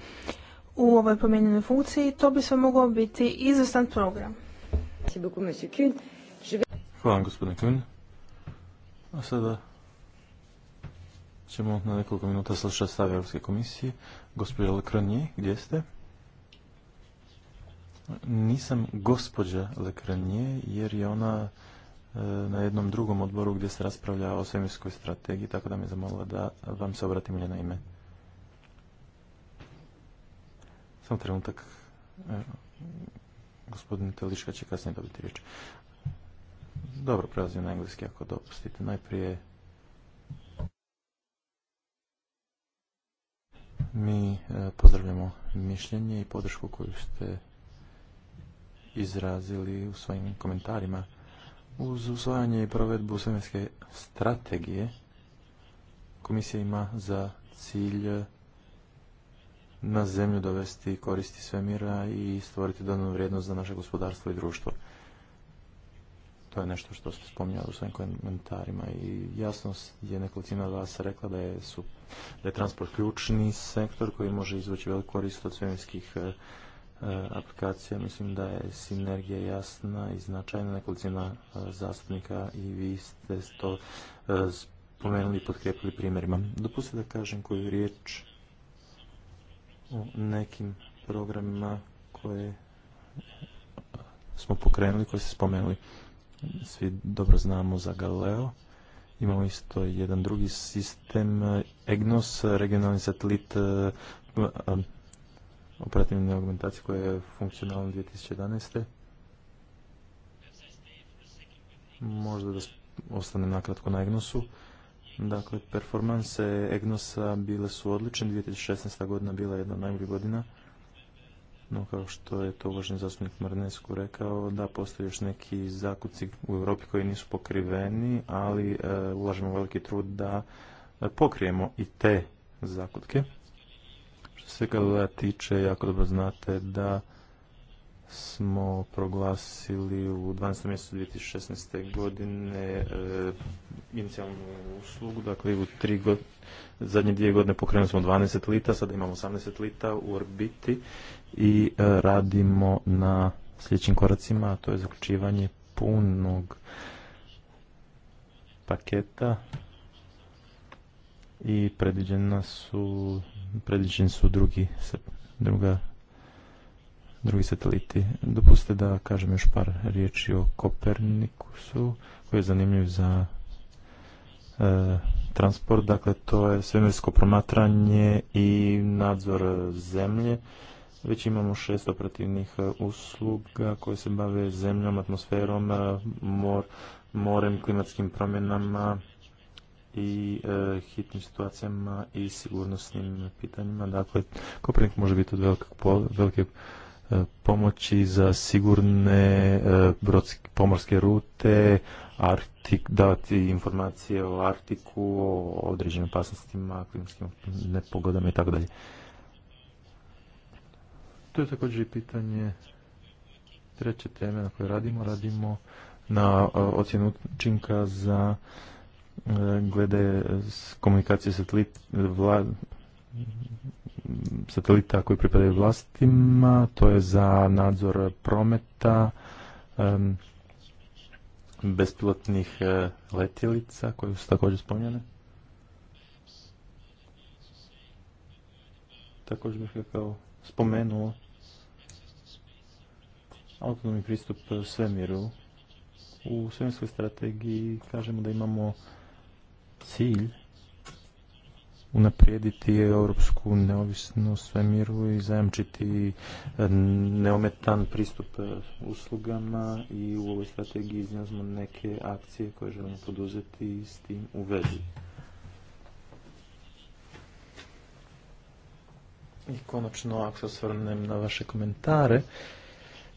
u ovoj promijenjenoj funkciji. To bi sve moglo biti izvrstan program. Hvala vam, gospodine Kuhn. A sada ćemo na nekoliko minuta slušati Europske komisije. Gospodine gdje ste? Nisam gospođa Lekranje jer je ona e, na jednom drugom odboru gdje se raspravlja o svemirskoj strategiji, tako da je zamolila da vam se obratim na ime. Samo trenutak. E, gospodin Teliška će kasnije dobiti riječ. Dobro, prelazim na engleski ako dopustite. Najprije mi e, pozdravljamo mišljenje i podršku koju ste izrazili u svojim komentarima. Uz usvajanje i provedbu svemirske strategije komisija ima za cilj na zemlju dovesti koristi svemira i stvoriti dodanu vrijednost za naše gospodarstvo i društvo. To je nešto što ste spominjali u svojim komentarima i jasno je nekolicina od vas rekla da je, su, da je transport ključni sektor koji može izvući veliku korist od svemirskih eh, E, aplikacija. Mislim da je sinergija jasna i značajna nekolicina e, zastupnika i vi ste to e, spomenuli i potkrijepili primjerima. Dopustite da kažem koju riječ o nekim programima koje smo pokrenuli, koje ste spomenuli. Svi dobro znamo za Galileo. Imamo isto jedan drugi sistem EGNOS, regionalni satelit operativne augmentacije koja je funkcionalna 2011. Možda da ostanem nakratko na EGNOS-u. Dakle, performanse EGNOS-a bile su odlične, 2016. godina bila jedna od najboljih godina. No, kao što je to uvaženi zastupnik Marnesku rekao, da postoje još neki zakuci u Europi koji nisu pokriveni, ali e, ulažemo veliki trud da pokrijemo i te zakutke se kada tiče, jako dobro znate da smo proglasili u 12. mjesecu 2016. godine e, inicijalnu uslugu, dakle u tri zadnje dvije godine pokrenuli smo 12 lita, sada imamo 18 lita u orbiti i e, radimo na sljedećim koracima, a to je zaključivanje punog paketa i predviđena su predviđeni su drugi, druga, drugi sateliti. Dopustite da kažem još par riječi o Kopernikusu, koji je zanimljiv za e, transport. Dakle, to je svemirsko promatranje i nadzor zemlje. Već imamo šest operativnih e, usluga koje se bave zemljom, atmosferom, e, morem, klimatskim promjenama, i e, hitnim situacijama i sigurnosnim pitanjima. Dakle, koprenik može biti od velike e, pomoći za sigurne e, pomorske rute, Arktik, dati informacije o Artiku, o određenim opasnostima, klimatskim nepogodama i tako dalje. To je također i pitanje treće teme na kojoj radimo. Radimo na ocjenu učinka za glede eh, komunikacije satelit, satelita koji pripadaju vlastima, to je za nadzor prometa, bespilotnih eh, letjelica koje su također spominjane. Također bih kao spomenuo autonomni pristup svemiru. U svemirskoj strategiji kažemo da imamo cilj unaprijediti europsku neovisnost svemiru i zajamčiti e, neometan pristup e, uslugama i u ovoj strategiji iznazmo neke akcije koje želimo poduzeti s tim u vezi. I konačno, ako se osvrnem na vaše komentare,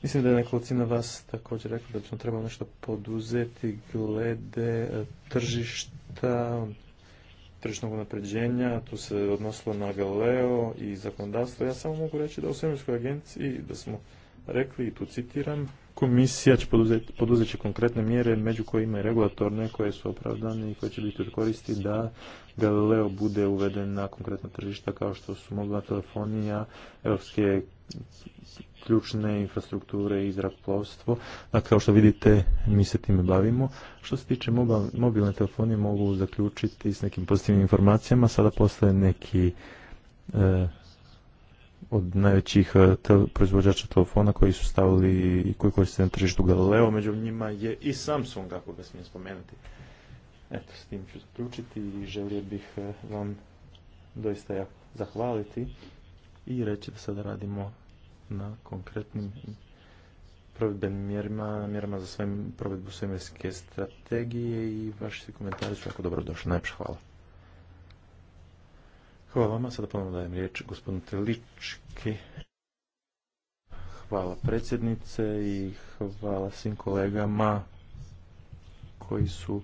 Mislim da je nekolicina vas također rekla da smo trebali nešto poduzeti glede e, tržišta, tržišnog napređenja. tu se odnosilo na Galileo i zakonodavstvo. Ja samo mogu reći da u Svemirskoj agenciji, da smo rekli, i tu citiram, komisija će poduzeti, konkretne mjere, među kojima i regulatorne, koje su opravdane i koje će biti od koristi da Galileo bude uveden na konkretna tržišta kao što su mogla telefonija, europske ključne infrastrukture i zrakoplovstvo. Dakle, kao što vidite, mi se time bavimo. Što se tiče mobilne telefonije, mogu zaključiti s nekim pozitivnim informacijama. Sada postoje neki e, od najvećih e, proizvođača telefona koji su stavili i koji koriste na tržištu Galileo. Među njima je i Samsung, ako ga smijem spomenuti. Eto, s tim ću zaključiti i želio bih e, vam doista jako zahvaliti i reći da sada radimo na konkretnim provedbenim mjerima, mjerama za svojim provedbu svemirske strategije i vaši komentari su jako dobro došli. Najpša hvala. Hvala vama. Sada ponovno dajem riječ gospodinu Telički. Hvala predsjednice i hvala svim kolegama koji su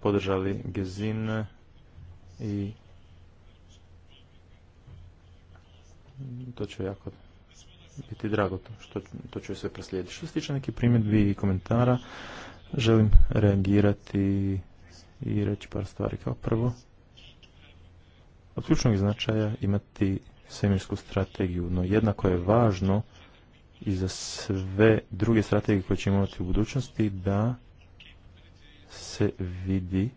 podržali Gezin i to će jako biti drago to, što to ću sve proslijediti. Što se tiče nekih primjedbi i komentara, želim reagirati i reći par stvari. Kao prvo, od ključnog značaja imati svemirsku strategiju, no jednako je važno i za sve druge strategije koje ćemo imati u budućnosti da se vidi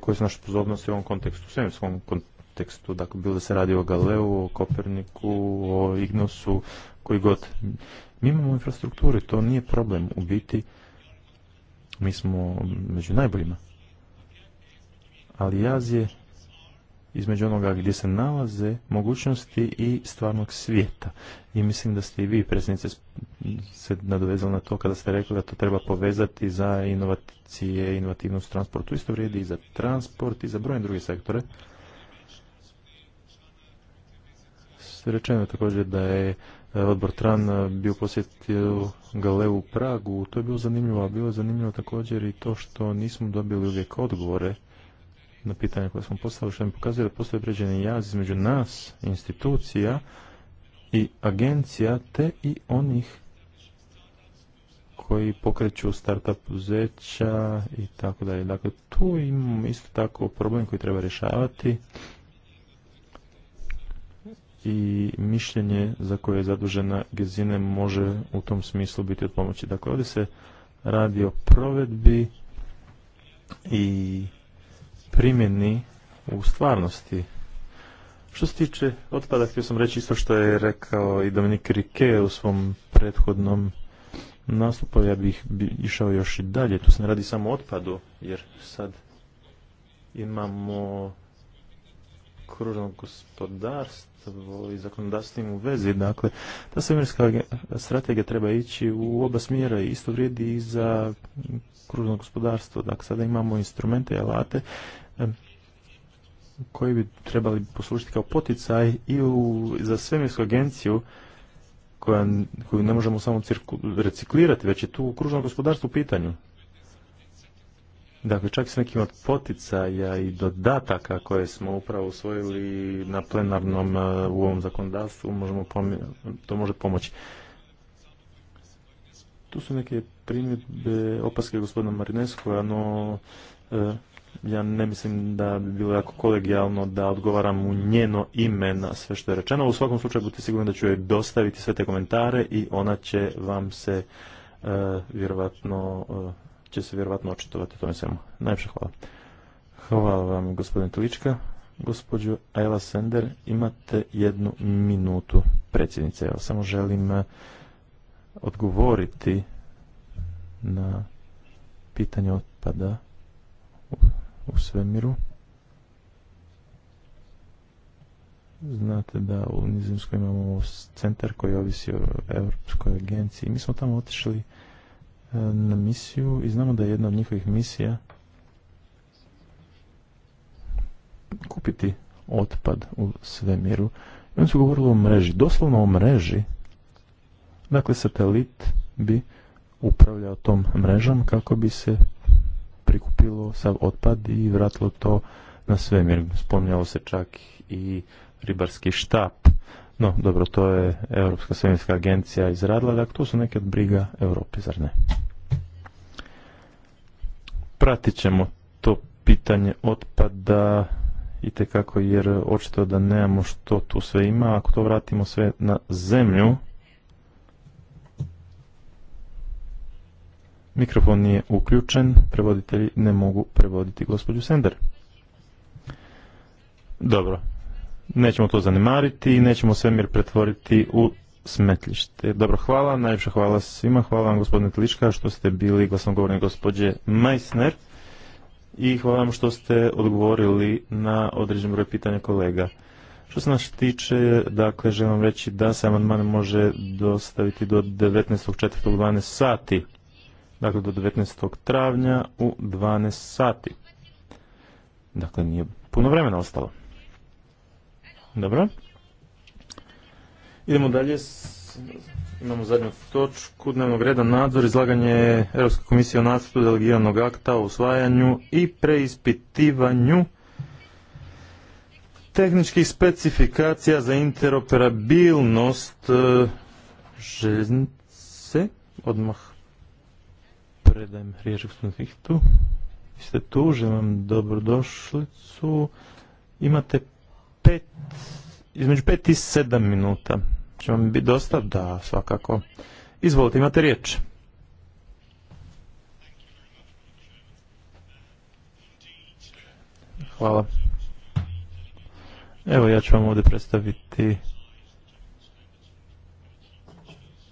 koje su naše pozornosti u ovom kontekstu, u svemirskom kontekstu tekstu. dakle bilo da se radi o Galeu, o Koperniku, o Ignosu, koji god. Mi imamo infrastrukturu to nije problem u biti. Mi smo među najboljima. Ali jaz je između onoga gdje se nalaze mogućnosti i stvarnog svijeta. I mislim da ste i vi, predsjednice, se nadovezali na to kada ste rekli da to treba povezati za inovacije, inovativnost transportu. Isto vrijedi i za transport i za brojne druge sektore. Rečeno je također da je e, odbor Tran e, bio posjetio Galeu u Pragu. To je bilo zanimljivo, a bilo je zanimljivo također i to što nismo dobili uvijek odgovore na pitanje koje smo postavili, što mi pokazuje da postoje određeni jaz između nas, institucija i agencija, te i onih koji pokreću startup uzeća i tako dalje. Dakle, tu imamo isto tako problem koji treba rješavati i mišljenje za koje je zadužena Gezine može u tom smislu biti od pomoći. Dakle, ovdje se radi o provedbi i primjeni u stvarnosti. Što se tiče otpada, htio sam reći isto što je rekao i Dominik Rike u svom prethodnom nastupu, ja bih išao još i dalje. Tu se ne radi samo o otpadu, jer sad imamo kružno gospodarstvo i zakonodavstvim u vezi. Dakle, ta svemirska strategija treba ići u oba smjera i isto vrijedi i za kružno gospodarstvo. Dakle, sada imamo instrumente i alate koji bi trebali poslušiti kao poticaj i u, za svemirsku agenciju koja, koju ne možemo samo cirku, reciklirati, već je tu kružno gospodarstvo u pitanju. Dakle, čak s nekim od poticaja i dodataka koje smo upravo usvojili na plenarnom e, u ovom zakonodavstvu, možemo to može pomoći. Tu su neke primjedbe, opaske gospodina Marineskoja, no e, ja ne mislim da bi bilo jako kolegijalno da odgovaram u njeno ime na sve što je rečeno. U svakom slučaju budite sigurni da ću joj dostaviti sve te komentare i ona će vam se e, vjerovatno e, će se vjerovatno očitovati o tome svemu. najljepše hvala. Hvala vam, gospodine Tilička. Gospođo Ayla Sender, imate jednu minutu predsjednice. Ja samo želim eh, odgovoriti na pitanje otpada u svemiru. Znate da u Nizinskoj imamo centar koji ovisi o Europskoj agenciji. Mi smo tamo otišli na misiju i znamo da je jedna od njihovih misija kupiti otpad u svemiru. I oni su govorili o mreži, doslovno o mreži. Dakle, satelit bi upravljao tom mrežom kako bi se prikupilo sav otpad i vratilo to na svemir. Spomnjalo se čak i ribarski štap. No, dobro, to je Europska svemirska agencija izradila, dakle, to su neke od briga Europi, zar ne? pratit ćemo to pitanje otpada i tekako jer očito da nemamo što tu sve ima. Ako to vratimo sve na zemlju, Mikrofon nije uključen, prevoditelji ne mogu prevoditi gospođu Sender. Dobro, nećemo to zanemariti i nećemo svemir pretvoriti u smetlište. Dobro, hvala, Najviše hvala svima, hvala vam gospodine Telička što ste bili glasnogovorni gospođe Meissner i hvala vam što ste odgovorili na određen broj pitanja kolega. Što se nas tiče, dakle, želim vam reći da se amandman može dostaviti do 19.4.12 sati, dakle do 19. travnja u 12 sati. Dakle, nije puno vremena ostalo. Dobro. Idemo dalje. Imamo zadnju točku dnevnog reda nadzor, izlaganje Europske komisije o nacrtu delegiranog akta o usvajanju i preispitivanju tehničkih specifikacija za interoperabilnost e, željeznice. Odmah predajem riječ u Fihtu. ste tu, želim vam dobrodošlicu. Imate pet između pet i sedam minuta. Će vam biti dosta? Da, svakako. Izvolite, imate riječ. Hvala. Evo ja ću vam ovdje predstaviti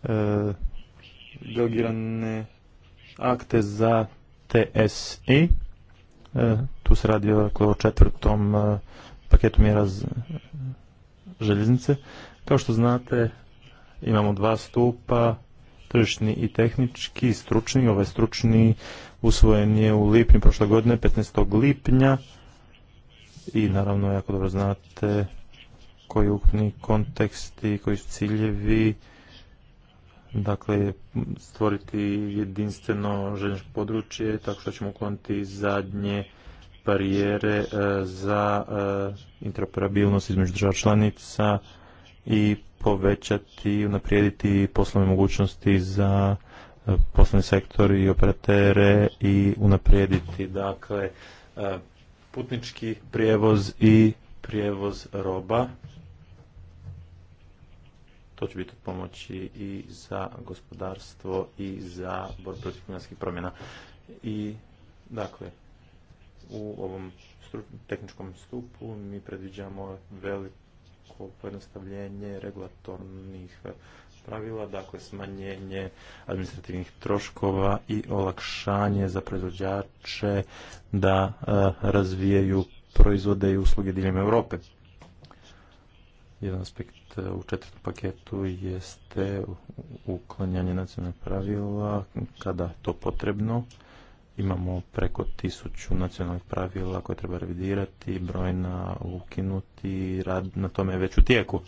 e, akte za TSI. E, tu se radi o dakle, četvrtom e, paketu mjera željeznice. Kao što znate, imamo dva stupa, tržišni i tehnički, stručni. Ovaj stručni usvojen je u lipnju prošle godine, 15. lipnja. I naravno, jako dobro znate koji je ukupni kontekst i koji su ciljevi. Dakle, stvoriti jedinstveno željezničko područje, tako što ćemo ukloniti zadnje barijere e, za e, interoperabilnost između država članica i povećati, unaprijediti poslovne mogućnosti za e, poslovni sektor i operatere i unaprijediti dakle putnički prijevoz i prijevoz roba. To će biti pomoći i za gospodarstvo i za borbu protiv klimatskih promjena. I dakle, u ovom tehničkom stupu mi predviđamo veliko pojednostavljenje regulatornih pravila, dakle smanjenje administrativnih troškova i olakšanje za proizvođače da e, razvijaju proizvode i usluge diljem Europe. Jedan aspekt e, u četvrtom paketu jeste uklanjanje nacionalnih pravila kada je to potrebno Imamo preko tisuću nacionalnih pravila koje treba revidirati, brojna ukinuti, rad na tome je već u tijeku.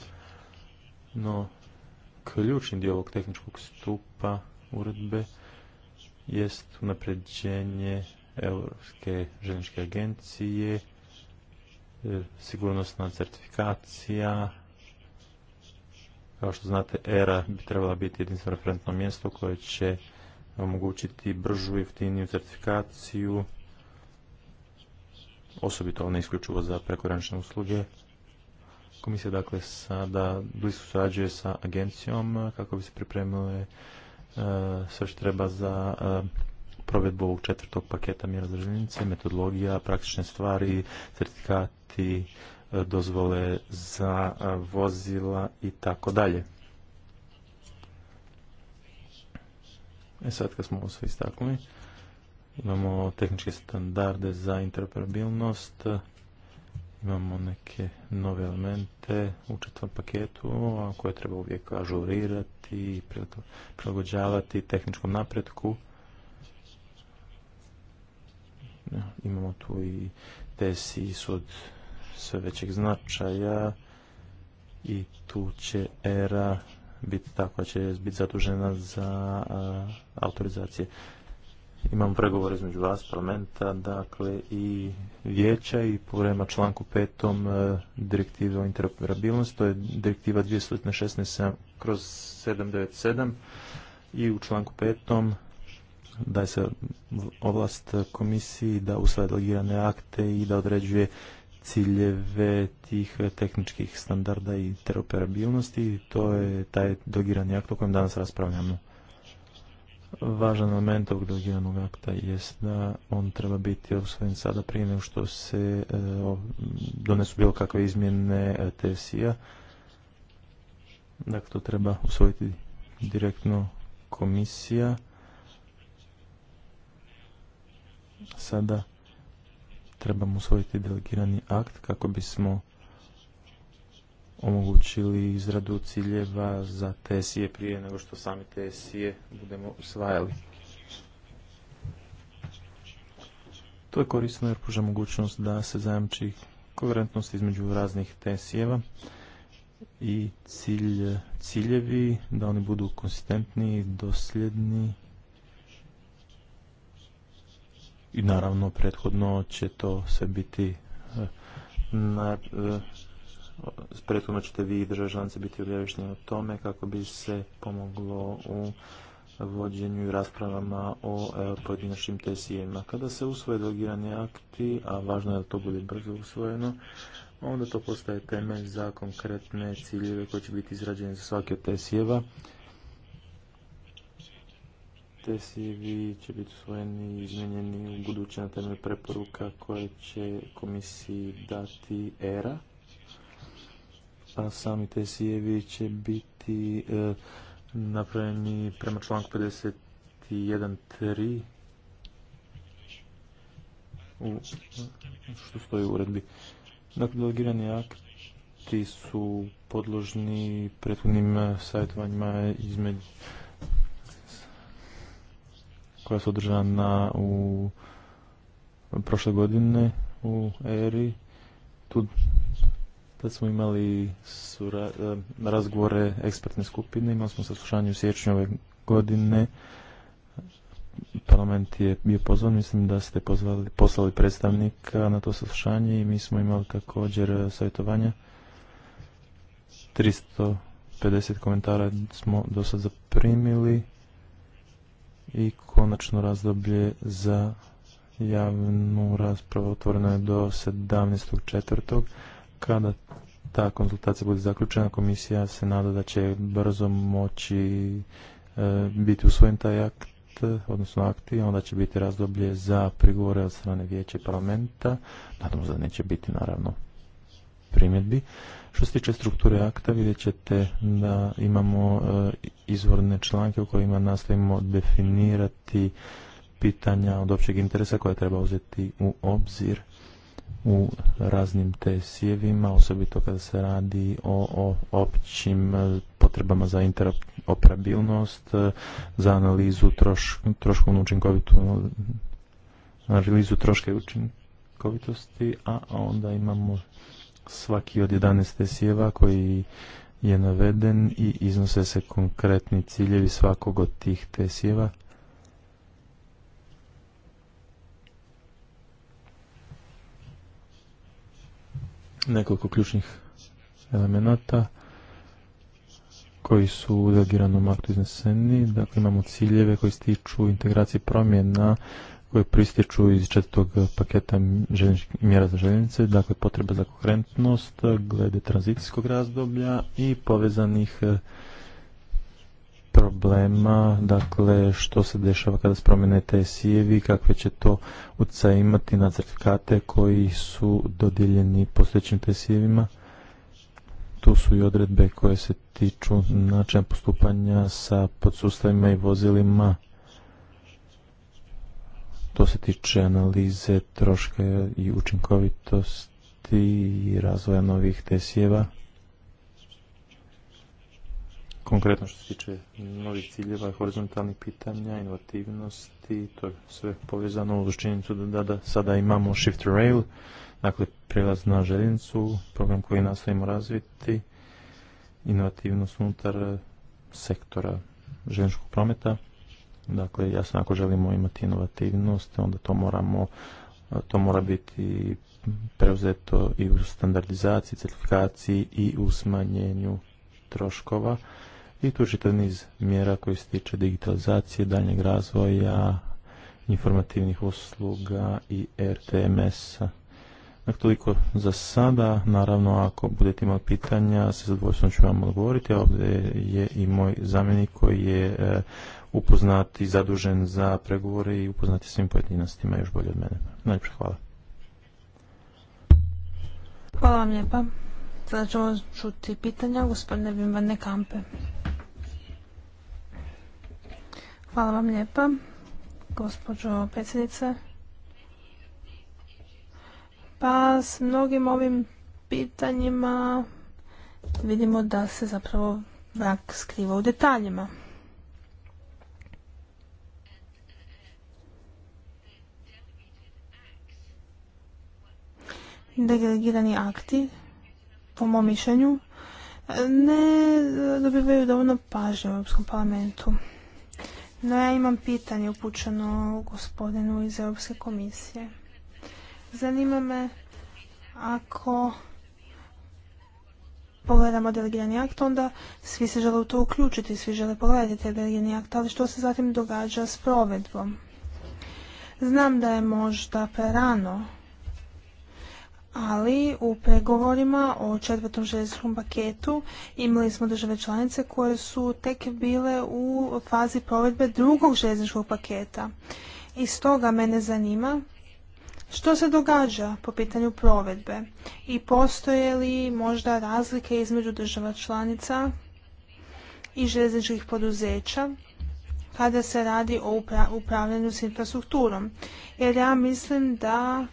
No, ključni dio ovog tehničkog stupa uredbe jest unapređenje Europske željezničke agencije, sigurnosna certifikacija, kao što znate, ERA bi trebala biti jedinstveno referentno mjesto koje će omogućiti bržu, jeftiniju certifikaciju, osobito ne isključivo za prekoranične usluge. Komisija dakle sada blisko surađuje sa agencijom kako bi se pripremile e, sve što treba za e, provedbu ovog četvrtog paketa mjera za metodologija, praktične stvari, certifikati, e, dozvole za vozila i tako dalje. E sad kad smo ovo sve istaknuli, imamo tehničke standarde za interoperabilnost, imamo neke nove elemente u četvrtom paketu koje treba uvijek ažurirati i prilagođavati tehničkom napretku. Imamo tu i su od sve većeg značaja i tu će era biti ta koja će biti zadužena za autorizacije. Imamo pregovore između vas, parlamenta, dakle i vijeća i prema članku petom e, direktive o interoperabilnosti, to je direktiva 216 kroz 797 i u članku petom daje se ovlast komisiji da usvaja delegirane akte i da određuje ciljeve tih tehničkih standarda i interoperabilnosti. To je taj dogirani akt o kojem danas raspravljamo. Važan element ovog dogiranog akta jest da on treba biti osvojen sada prije nego što se e, donesu bilo kakve izmjene e, TSI-a. Dakle, to treba usvojiti direktno komisija. Sada trebamo usvojiti delegirani akt kako bismo omogućili izradu ciljeva za tesije prije nego što sami tesije budemo usvajali. To je korisno jer pruža mogućnost da se zajamči koherentnost između raznih tesijeva i cilj, ciljevi, da oni budu konsistentni, dosljedni i naravno prethodno će to sve biti e, na, e, prethodno ćete vi i državljanice biti objavišnjeni o tome kako bi se pomoglo u vođenju i raspravama o e, pojedinačnim tesijima. Kada se usvoje delegirani akti, a važno je da to bude brzo usvojeno, onda to postaje temelj za konkretne ciljeve koje će biti izrađene za svake tesijeva te CV će biti usvojeni i izmenjeni u na temelju preporuka koje će komisiji dati ERA. A sami te CV će biti e, napravljeni prema članku 51.3 u, što stoji u uredbi. Dakle, delegirani akti su podložni prethodnim savjetovanjima između koja su održana u prošle godine u ERI. Tu tad smo imali sura, eh, razgovore ekspertne skupine, imali smo saslušanje u siječnju ove godine. Parlament je bio pozvan, mislim da ste pozvali, poslali predstavnika na to saslušanje i mi smo imali također eh, savjetovanja. 350 komentara smo do sad zaprimili i konačno razdoblje za javnu raspravu otvoreno je do 17.4. Kada ta konzultacija bude zaključena, komisija se nada da će brzo moći biti e, biti usvojen taj akt, odnosno akti, onda će biti razdoblje za prigovore od strane vijeća parlamenta. Nadamo se da neće biti, naravno, primjedbi. Što se tiče strukture akta, vidjet ćete da imamo e, izvorne članke u kojima nastavimo definirati pitanja od općeg interesa koja treba uzeti u obzir u raznim tesijevima, osobito kada se radi o, općim e, potrebama za interoperabilnost, e, za analizu troš, troškovnu učinkovitu analizu troške učinkovitosti, a onda imamo svaki od 11 sjeva koji je naveden i iznose se konkretni ciljevi svakog od tih tesijeva. Nekoliko ključnih elemenata koji su u delegiranom aktu izneseni. Dakle, imamo ciljeve koji stiču integraciji promjena koje prističu iz četvrtog eh, paketa mjera za željeznice, dakle potreba za koherentnost eh, glede tranzicijskog razdoblja i povezanih eh, problema, dakle što se dešava kada se promjene tsi kakve će to utjecaje imati na certifikate koji su dodijeljeni postojećim TSI-evima. Tu su i odredbe koje se tiču načina postupanja sa podsustavima i vozilima što se tiče analize troška i učinkovitosti i razvoja novih tesijeva. Konkretno što se tiče novih ciljeva, horizontalnih pitanja, inovativnosti, to je sve povezano uz činjenicu da, da sada imamo Shift Rail, dakle prelaz na željenicu, program koji nastavimo razviti, inovativnost unutar sektora željezničkog prometa. Dakle, jasno, ako želimo imati inovativnost, onda to moramo to mora biti preuzeto i u standardizaciji, certifikaciji i u smanjenju troškova. I tu je niz mjera koji se tiče digitalizacije, daljnjeg razvoja, informativnih usluga i RTMS-a. Dakle, toliko za sada. Naravno, ako budete imali pitanja, sa zadovoljstvom ću vam odgovoriti. Ovdje je i moj zamjenik koji je e, upoznati, zadužen za pregovore i upoznati svim pojedinostima još bolje od mene. Najljepše hvala. Hvala vam lijepa. Sada ćemo čuti pitanja gospodine Vimvane Kampe. Hvala vam lijepa, gospođo predsjednice. Pa s mnogim ovim pitanjima vidimo da se zapravo vrak skriva u detaljima. delegirani akti, po mom mišljenju, ne dobivaju dovoljno pažnje u Europskom parlamentu. No ja imam pitanje upućeno gospodinu iz Europske komisije. Zanima me ako pogledamo delegirani akt, onda svi se žele u to uključiti, svi žele pogledati delegirani akt, ali što se zatim događa s provedbom? Znam da je možda prerano ali u pregovorima o četvrtom željezničkom paketu imali smo države članice koje su tek bile u fazi provedbe drugog željezničkog paketa. I stoga mene zanima što se događa po pitanju provedbe i postoje li možda razlike između država članica i željezničkih poduzeća kada se radi o upravljanju s infrastrukturom. Jer ja mislim da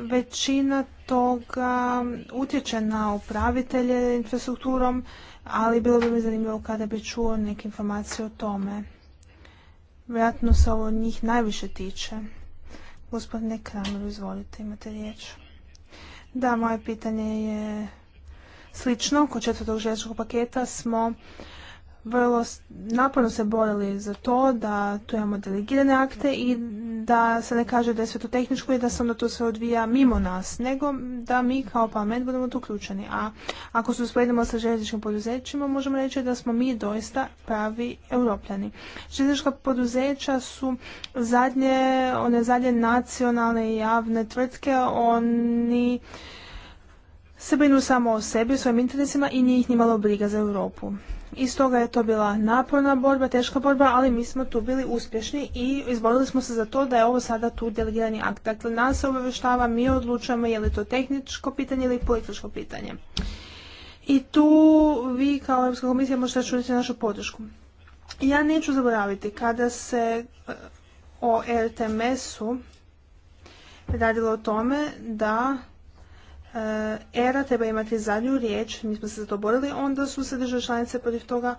većina toga utječe na upravitelje infrastrukturom, ali bilo bi mi zanimljivo kada bi čuo neke informacije o tome. Vjerojatno se ovo njih najviše tiče. Gospodine Kramer, izvolite, imate riječ. Da, moje pitanje je slično. Kod četvrtog željezničkog paketa smo vrlo naporno se borili za to da tu imamo delegirane akte i da se ne kaže da je sve to tehničko i da se onda to sve odvija mimo nas, nego da mi kao parlament budemo tu uključeni. A ako se usporedimo sa željezničkim poduzećima, možemo reći da smo mi doista pravi europljani. Željeznička poduzeća su zadnje, one zadnje nacionalne i javne tvrtke, oni se brinu samo o sebi, o svojim interesima i njih malo briga za Europu. I stoga je to bila naporna borba, teška borba, ali mi smo tu bili uspješni i izborili smo se za to da je ovo sada tu delegirani akt. Dakle, nas se obavještava, mi odlučujemo je li to tehničko pitanje ili političko pitanje. I tu vi kao Europska komisija možete čuditi našu podršku. Ja neću zaboraviti kada se eh, o RTMS-u radilo o tome da E, ERA treba imati zadnju riječ, mi smo se za to borili, onda su se države članice protiv toga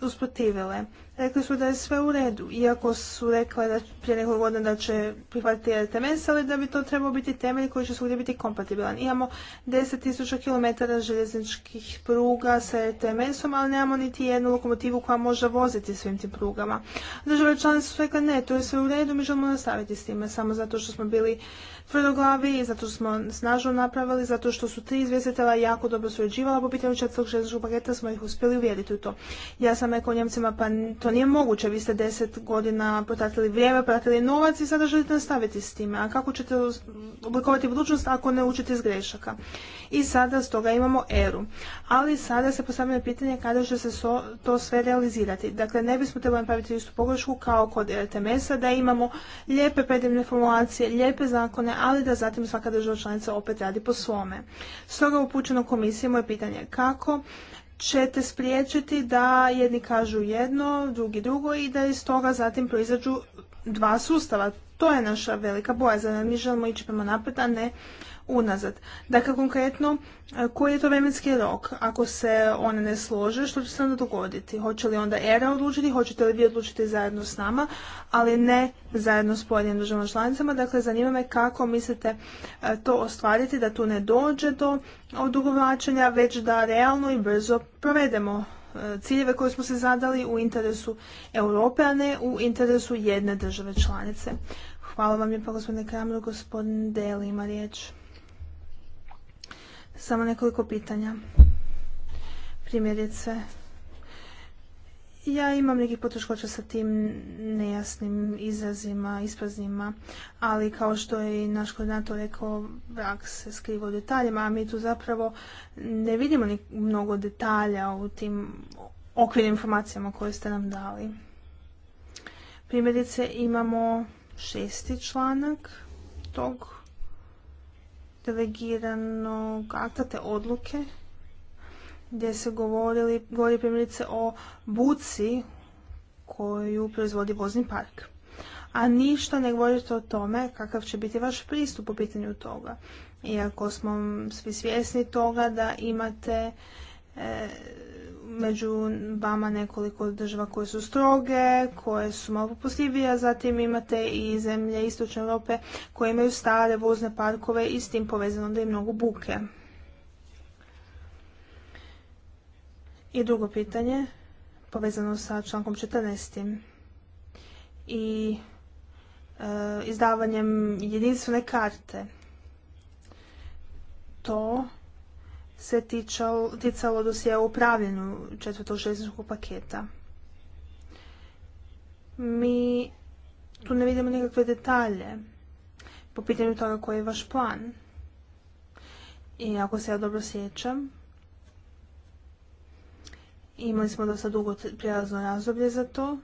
usprotivile. Rekli su da je sve u redu, iako su rekle da prije nekog godina da će prihvatiti RTMS, ali da bi to trebao biti temelj koji će svugdje biti kompatibilan. Imamo 10.000 km željezničkih pruga sa RTMS-om, ali nemamo niti jednu lokomotivu koja može voziti svim tim prugama. Države članice su rekle ne, to je sve u redu, mi želimo nastaviti s time, samo zato što smo bili tvrdoglavi, zato što smo snažno napravili, zato što su tri izvjestitelja jako dobro surađivala po pitanju četvrtog željezničkog paketa, smo ih uspjeli uvjeriti u to. Ja sam rekao Njemcima, pa to nije moguće, vi ste deset godina potratili vrijeme, pratili novac i sada želite nastaviti s time. A kako ćete oblikovati budućnost ako ne učite iz grešaka? I sada stoga imamo eru. Ali sada se postavlja pitanje kada će se to sve realizirati. Dakle, ne bismo trebali napraviti istu pogrešku kao kod RTMS-a, da imamo lijepe predivne formulacije, lijepe zakone, ali da zatim svaka država članica opet radi po svome. Stoga upućeno komisiji moje pitanje kako ćete spriječiti da jedni kažu jedno, drugi drugo i da iz toga zatim proizađu dva sustava. To je naša velika bojazan. Mi želimo ići prema naprijed, a ne unazad. Dakle, konkretno, e, koji je to vremenski rok? Ako se one ne slože, što će se onda dogoditi? Hoće li onda ERA odlučiti, hoćete li vi odlučiti zajedno s nama, ali ne zajedno s pojedinim državama članicama? Dakle, zanima me kako mislite e, to ostvariti, da tu ne dođe do odugovlačenja, već da realno i brzo provedemo e, ciljeve koje smo se zadali u interesu Europe, a ne u interesu jedne države članice. Hvala vam lijepa gospodine Kramru, gospodin Deli ima riječ. Samo nekoliko pitanja. Primjerice, ja imam nekih poteškoća sa tim nejasnim izrazima, ispraznima, ali kao što je i naš koordinator rekao, vrak se skriva u detaljima, a mi tu zapravo ne vidimo ni mnogo detalja u tim okvirnim informacijama koje ste nam dali. Primjerice imamo šesti članak tog delegiranog akta odluke gdje se govorili, govori primjerice o buci koju proizvodi vozni park. A ništa ne govorite o tome kakav će biti vaš pristup u pitanju toga. Iako smo svi svjesni toga da imate e, među vama nekoliko država koje su stroge, koje su malo popustljivije, a zatim imate i zemlje Istočne Europe koje imaju stare vozne parkove i s tim povezano da je mnogo buke. I drugo pitanje, povezano sa člankom 14. i e, izdavanjem jedinstvene karte. To se ticalo dosije o upravljanju četvrtog željezničkog paketa. Mi tu ne vidimo nikakve detalje po pitanju toga koji je vaš plan. I ako se ja dobro sjećam, imali smo dosta dugo prijelazno razdoblje za to,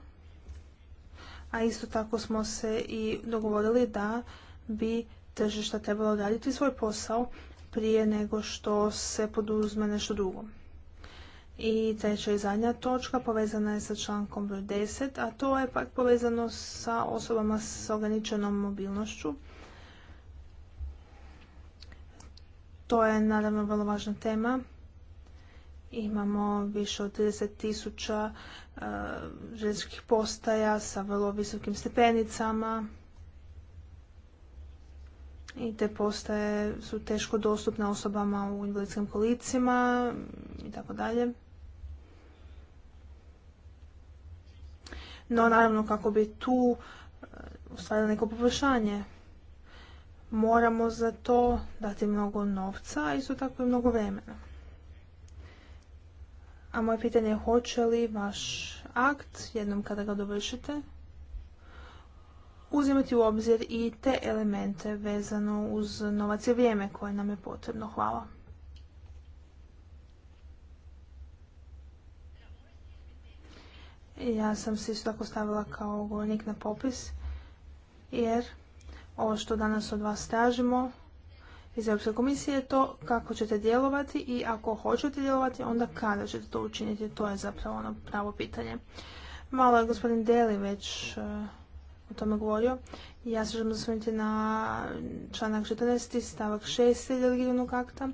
a isto tako smo se i dogovorili da bi tržišta trebalo raditi svoj posao, prije nego što se poduzme nešto drugo. I treća i zadnja točka povezana je sa člankom broj 10, a to je pak povezano sa osobama s ograničenom mobilnošću. To je naravno vrlo važna tema. Imamo više od 30 tisuća eh, postaja sa vrlo visokim stepenicama i te postaje su teško dostupne osobama u invalidskim kolicima i tako dalje. No naravno kako bi tu e, ostvarili neko poboljšanje, moramo za to dati mnogo novca, i isto tako i mnogo vremena. A moje pitanje je hoće li vaš akt, jednom kada ga dovršite, uzimati u obzir i te elemente vezano uz novac i vrijeme koje nam je potrebno. Hvala. Ja sam se isto tako stavila kao govornik na popis, jer ovo što danas od vas tražimo iz Europske komisije je to kako ćete djelovati i ako hoćete djelovati, onda kada ćete to učiniti, to je zapravo ono pravo pitanje. Malo je gospodin Deli već eh, o tome govorio. Ja se želim osvrnuti na članak 14. stavak 6. delegiranog akta.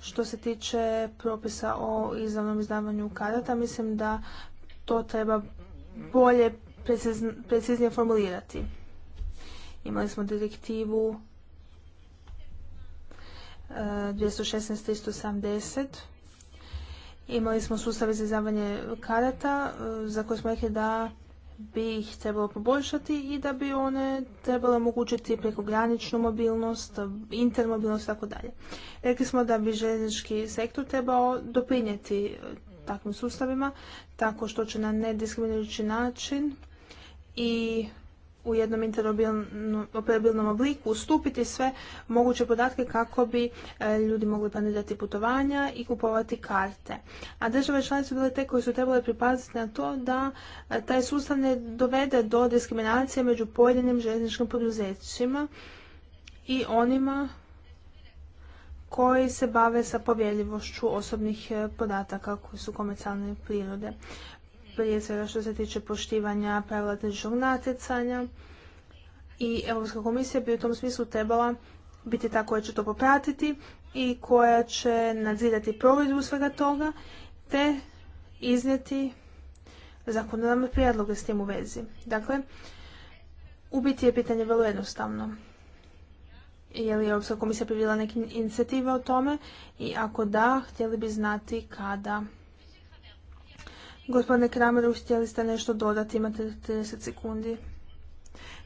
Što se tiče propisa o izravnom izdavanju karata, mislim da to treba bolje, preciznije formulirati. Imali smo direktivu 216.370. Eh, Imali smo sustave za izdavanje karata eh, za koje smo rekli da bi ih trebalo poboljšati i da bi one trebalo omogućiti prekograničnu mobilnost, intermobilnost i tako dalje. Rekli smo da bi željeznički sektor trebao doprinijeti e, takvim sustavima tako što će na nediskriminirajući način i u jednom interoperabilnom obliku ustupiti sve moguće podatke kako bi e, ljudi mogli planirati putovanja i kupovati karte. A države članice bile te koje su trebale pripaziti na to da e, taj sustav ne dovede do diskriminacije među pojedinim željezničkim poduzećima i onima koji se bave sa povjeljivošću osobnih e, podataka koji su komercijalne prirode prije svega što se tiče poštivanja pravila tržišnog natjecanja i Europska komisija bi u tom smislu trebala biti ta koja će to popratiti i koja će nadzirati provedbu svega toga te iznijeti zakonodavne prijedloge s tim u vezi. Dakle, u biti je pitanje vrlo jednostavno. Je li Europska komisija privila neke inicijative o tome i ako da, htjeli bi znati kada Gospodine Krameru, htjeli ste nešto dodati, imate 30 sekundi.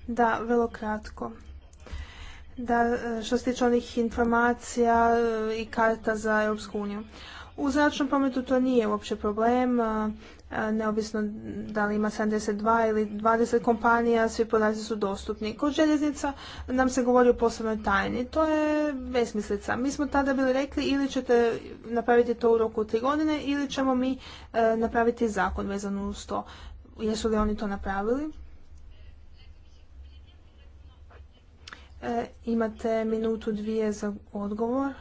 Da, vrlo kratko. Da, e, što se tiče onih informacija e, i karta za Europsku uniju. U zračnom prometu to nije uopće problem neovisno da li ima 72 ili 20 kompanija, svi podaci su dostupni. Kod željeznica nam se govori o poslovnoj tajni. To je besmislica. Mi smo tada bili rekli ili ćete napraviti to u roku tri godine ili ćemo mi e, napraviti zakon vezan uz to. Jesu li oni to napravili? E, imate minutu dvije za odgovor.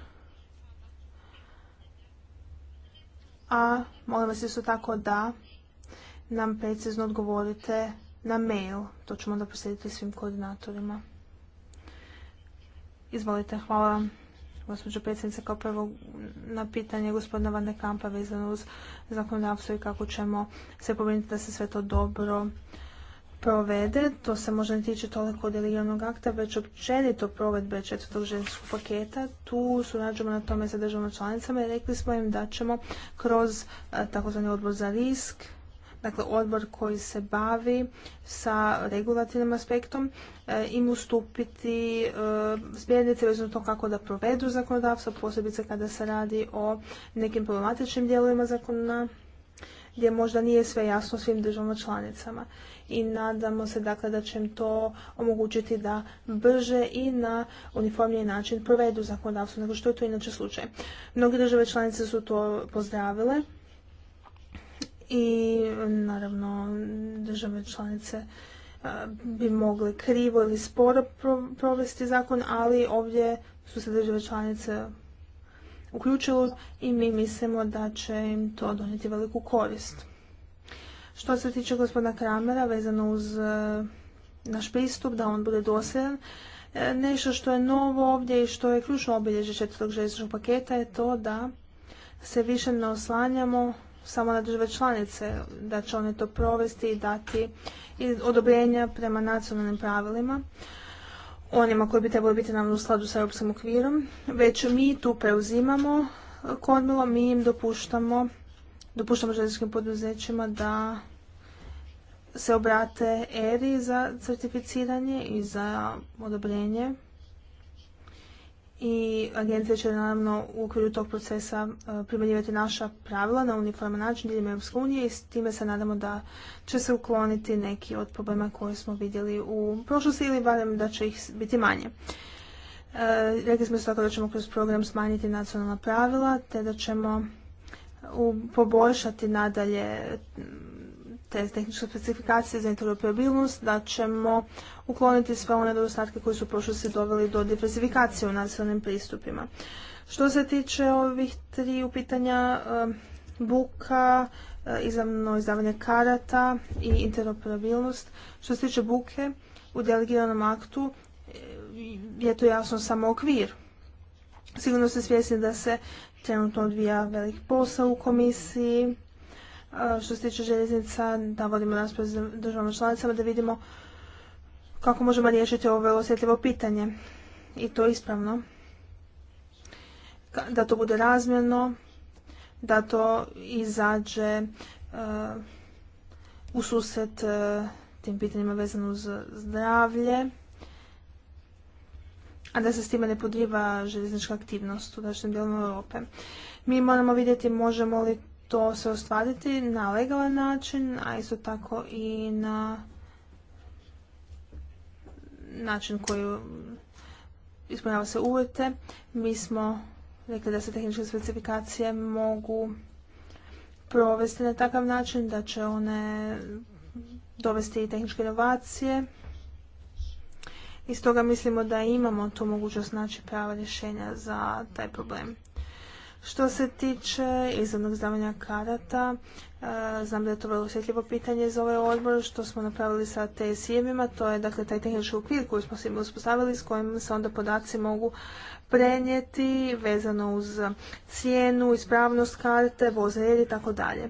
A Molim vas isto tako da nam precizno odgovorite na mail. To ćemo onda poslijediti svim koordinatorima. Izvolite, hvala gospođo predsjednice, kao prvo na pitanje gospodina Van Kampa vezano uz zakonodavstvo i kako ćemo se pobrinuti da se sve to dobro provede, to se možda ne tiče toliko delegiranog akta, već općenito provedbe četvrtog ženskog paketa. Tu surađujemo na tome sa državama članicama i rekli smo im da ćemo kroz e, takozvani odbor za risk, dakle odbor koji se bavi sa regulativnim aspektom, e, im ustupiti e, smjernice vezano to kako da provedu zakonodavstvo, posebice kada se radi o nekim problematičnim dijelovima zakona gdje možda nije sve jasno svim državama članicama i nadamo se dakle da će im to omogućiti da brže i na uniformniji način provedu zakonodavstvo nego što je to inače slučaj. Mnoge države članice su to pozdravile i naravno države članice e, bi mogle krivo ili sporo provesti zakon, ali ovdje su se države članice uključile i mi mislimo da će im to donijeti veliku korist. Što se tiče gospodina Kramera, vezano uz e, naš pristup, da on bude dosljedan, e, nešto što je novo ovdje i što je ključno obilježje četvrtog željezničkog paketa je to da se više ne oslanjamo samo na države članice, da će one to provesti i dati odobrenja prema nacionalnim pravilima onima koji bi trebali biti nam u skladu sa europskim okvirom, već mi tu preuzimamo e, kormilo, mi im dopuštamo dopuštamo željezničkim poduzećima da se obrate ERI za certificiranje i za odobrenje. I agencija će naravno u okviru tog procesa e, primjenjivati naša pravila na uniforman način diljem Europske unije i s time se nadamo da će se ukloniti neki od problema koje smo vidjeli u prošlosti ili barem da će ih biti manje. E, rekli smo se tako da ćemo kroz program smanjiti nacionalna pravila te da ćemo poboljšati nadalje te tehničke specifikacije za interoperabilnost, da ćemo ukloniti sve one nedostatke koji su u prošlosti doveli do diversifikacije u nacionalnim pristupima. Što se tiče ovih tri pitanja buka, e, izravno izdavanje karata i interoperabilnost, što se tiče buke, u delegiranom aktu e, je to jasno samo okvir. Sigurno ste svjesni da se trenutno odvija velik posao u komisiji. Što se tiče željeznica, da vodimo raspravu s državama članicama, da vidimo kako možemo riješiti ovo osjetljivo pitanje. I to ispravno. Da to bude razmjerno, da to izađe e, u susret e, tim pitanjima vezano uz zdravlje a da se s time ne podriva željeznička aktivnost u našem dijelu Europe. Mi moramo vidjeti možemo li to se ostvariti na legalan način, a isto tako i na način koji ispunjava se uvjete. Mi smo rekli da se tehničke specifikacije mogu provesti na takav način da će one dovesti i tehničke inovacije i stoga mislimo da imamo tu mogućnost naći prava rješenja za taj problem. Što se tiče izvodnog izdavanja karata, e, znam da je to vrlo osjetljivo pitanje za ovaj odbor, što smo napravili sa TSI-evima, to je dakle taj tehnički okvir koji smo svi uspostavili s kojim se onda podaci mogu prenijeti vezano uz cijenu, ispravnost karte, voze i tako dalje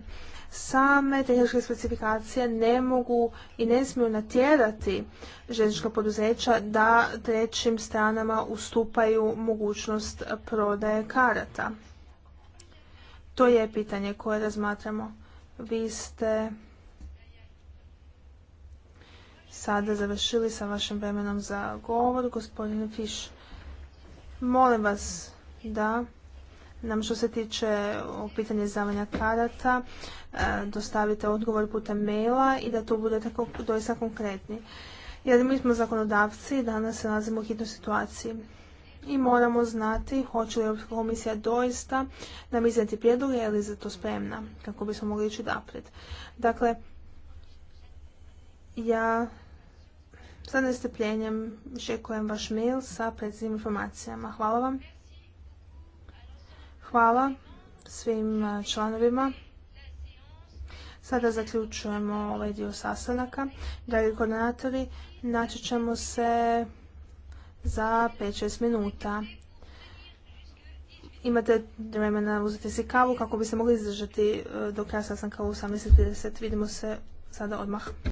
same tehničke specifikacije ne mogu i ne smiju natjerati željeznička poduzeća da trećim stranama ustupaju mogućnost prodaje karata. To je pitanje koje razmatramo. Vi ste sada završili sa vašim vremenom za govor. Gospodine Fiš, molim vas da nam što se tiče pitanja pitanje izdavanja karata e, dostavite odgovor putem maila i da to bude tako doista konkretni. Jer mi smo zakonodavci i danas se nalazimo u hitnoj situaciji. I moramo znati hoće li Europska komisija doista nam izdati prijedloge ili za to spremna kako bismo mogli ići naprijed. Dakle, ja sa nestrpljenjem šekujem vaš mail sa predsjednim informacijama. Hvala vam. Hvala svim e, članovima. Sada zaključujemo ovaj dio sastanaka. Dragi koordinatori, naći ćemo se za 5-6 minuta. Imate vremena uzeti si kavu kako bi se mogli izdržati e, do kraja sastanka u 18.30. Vidimo se sada odmah.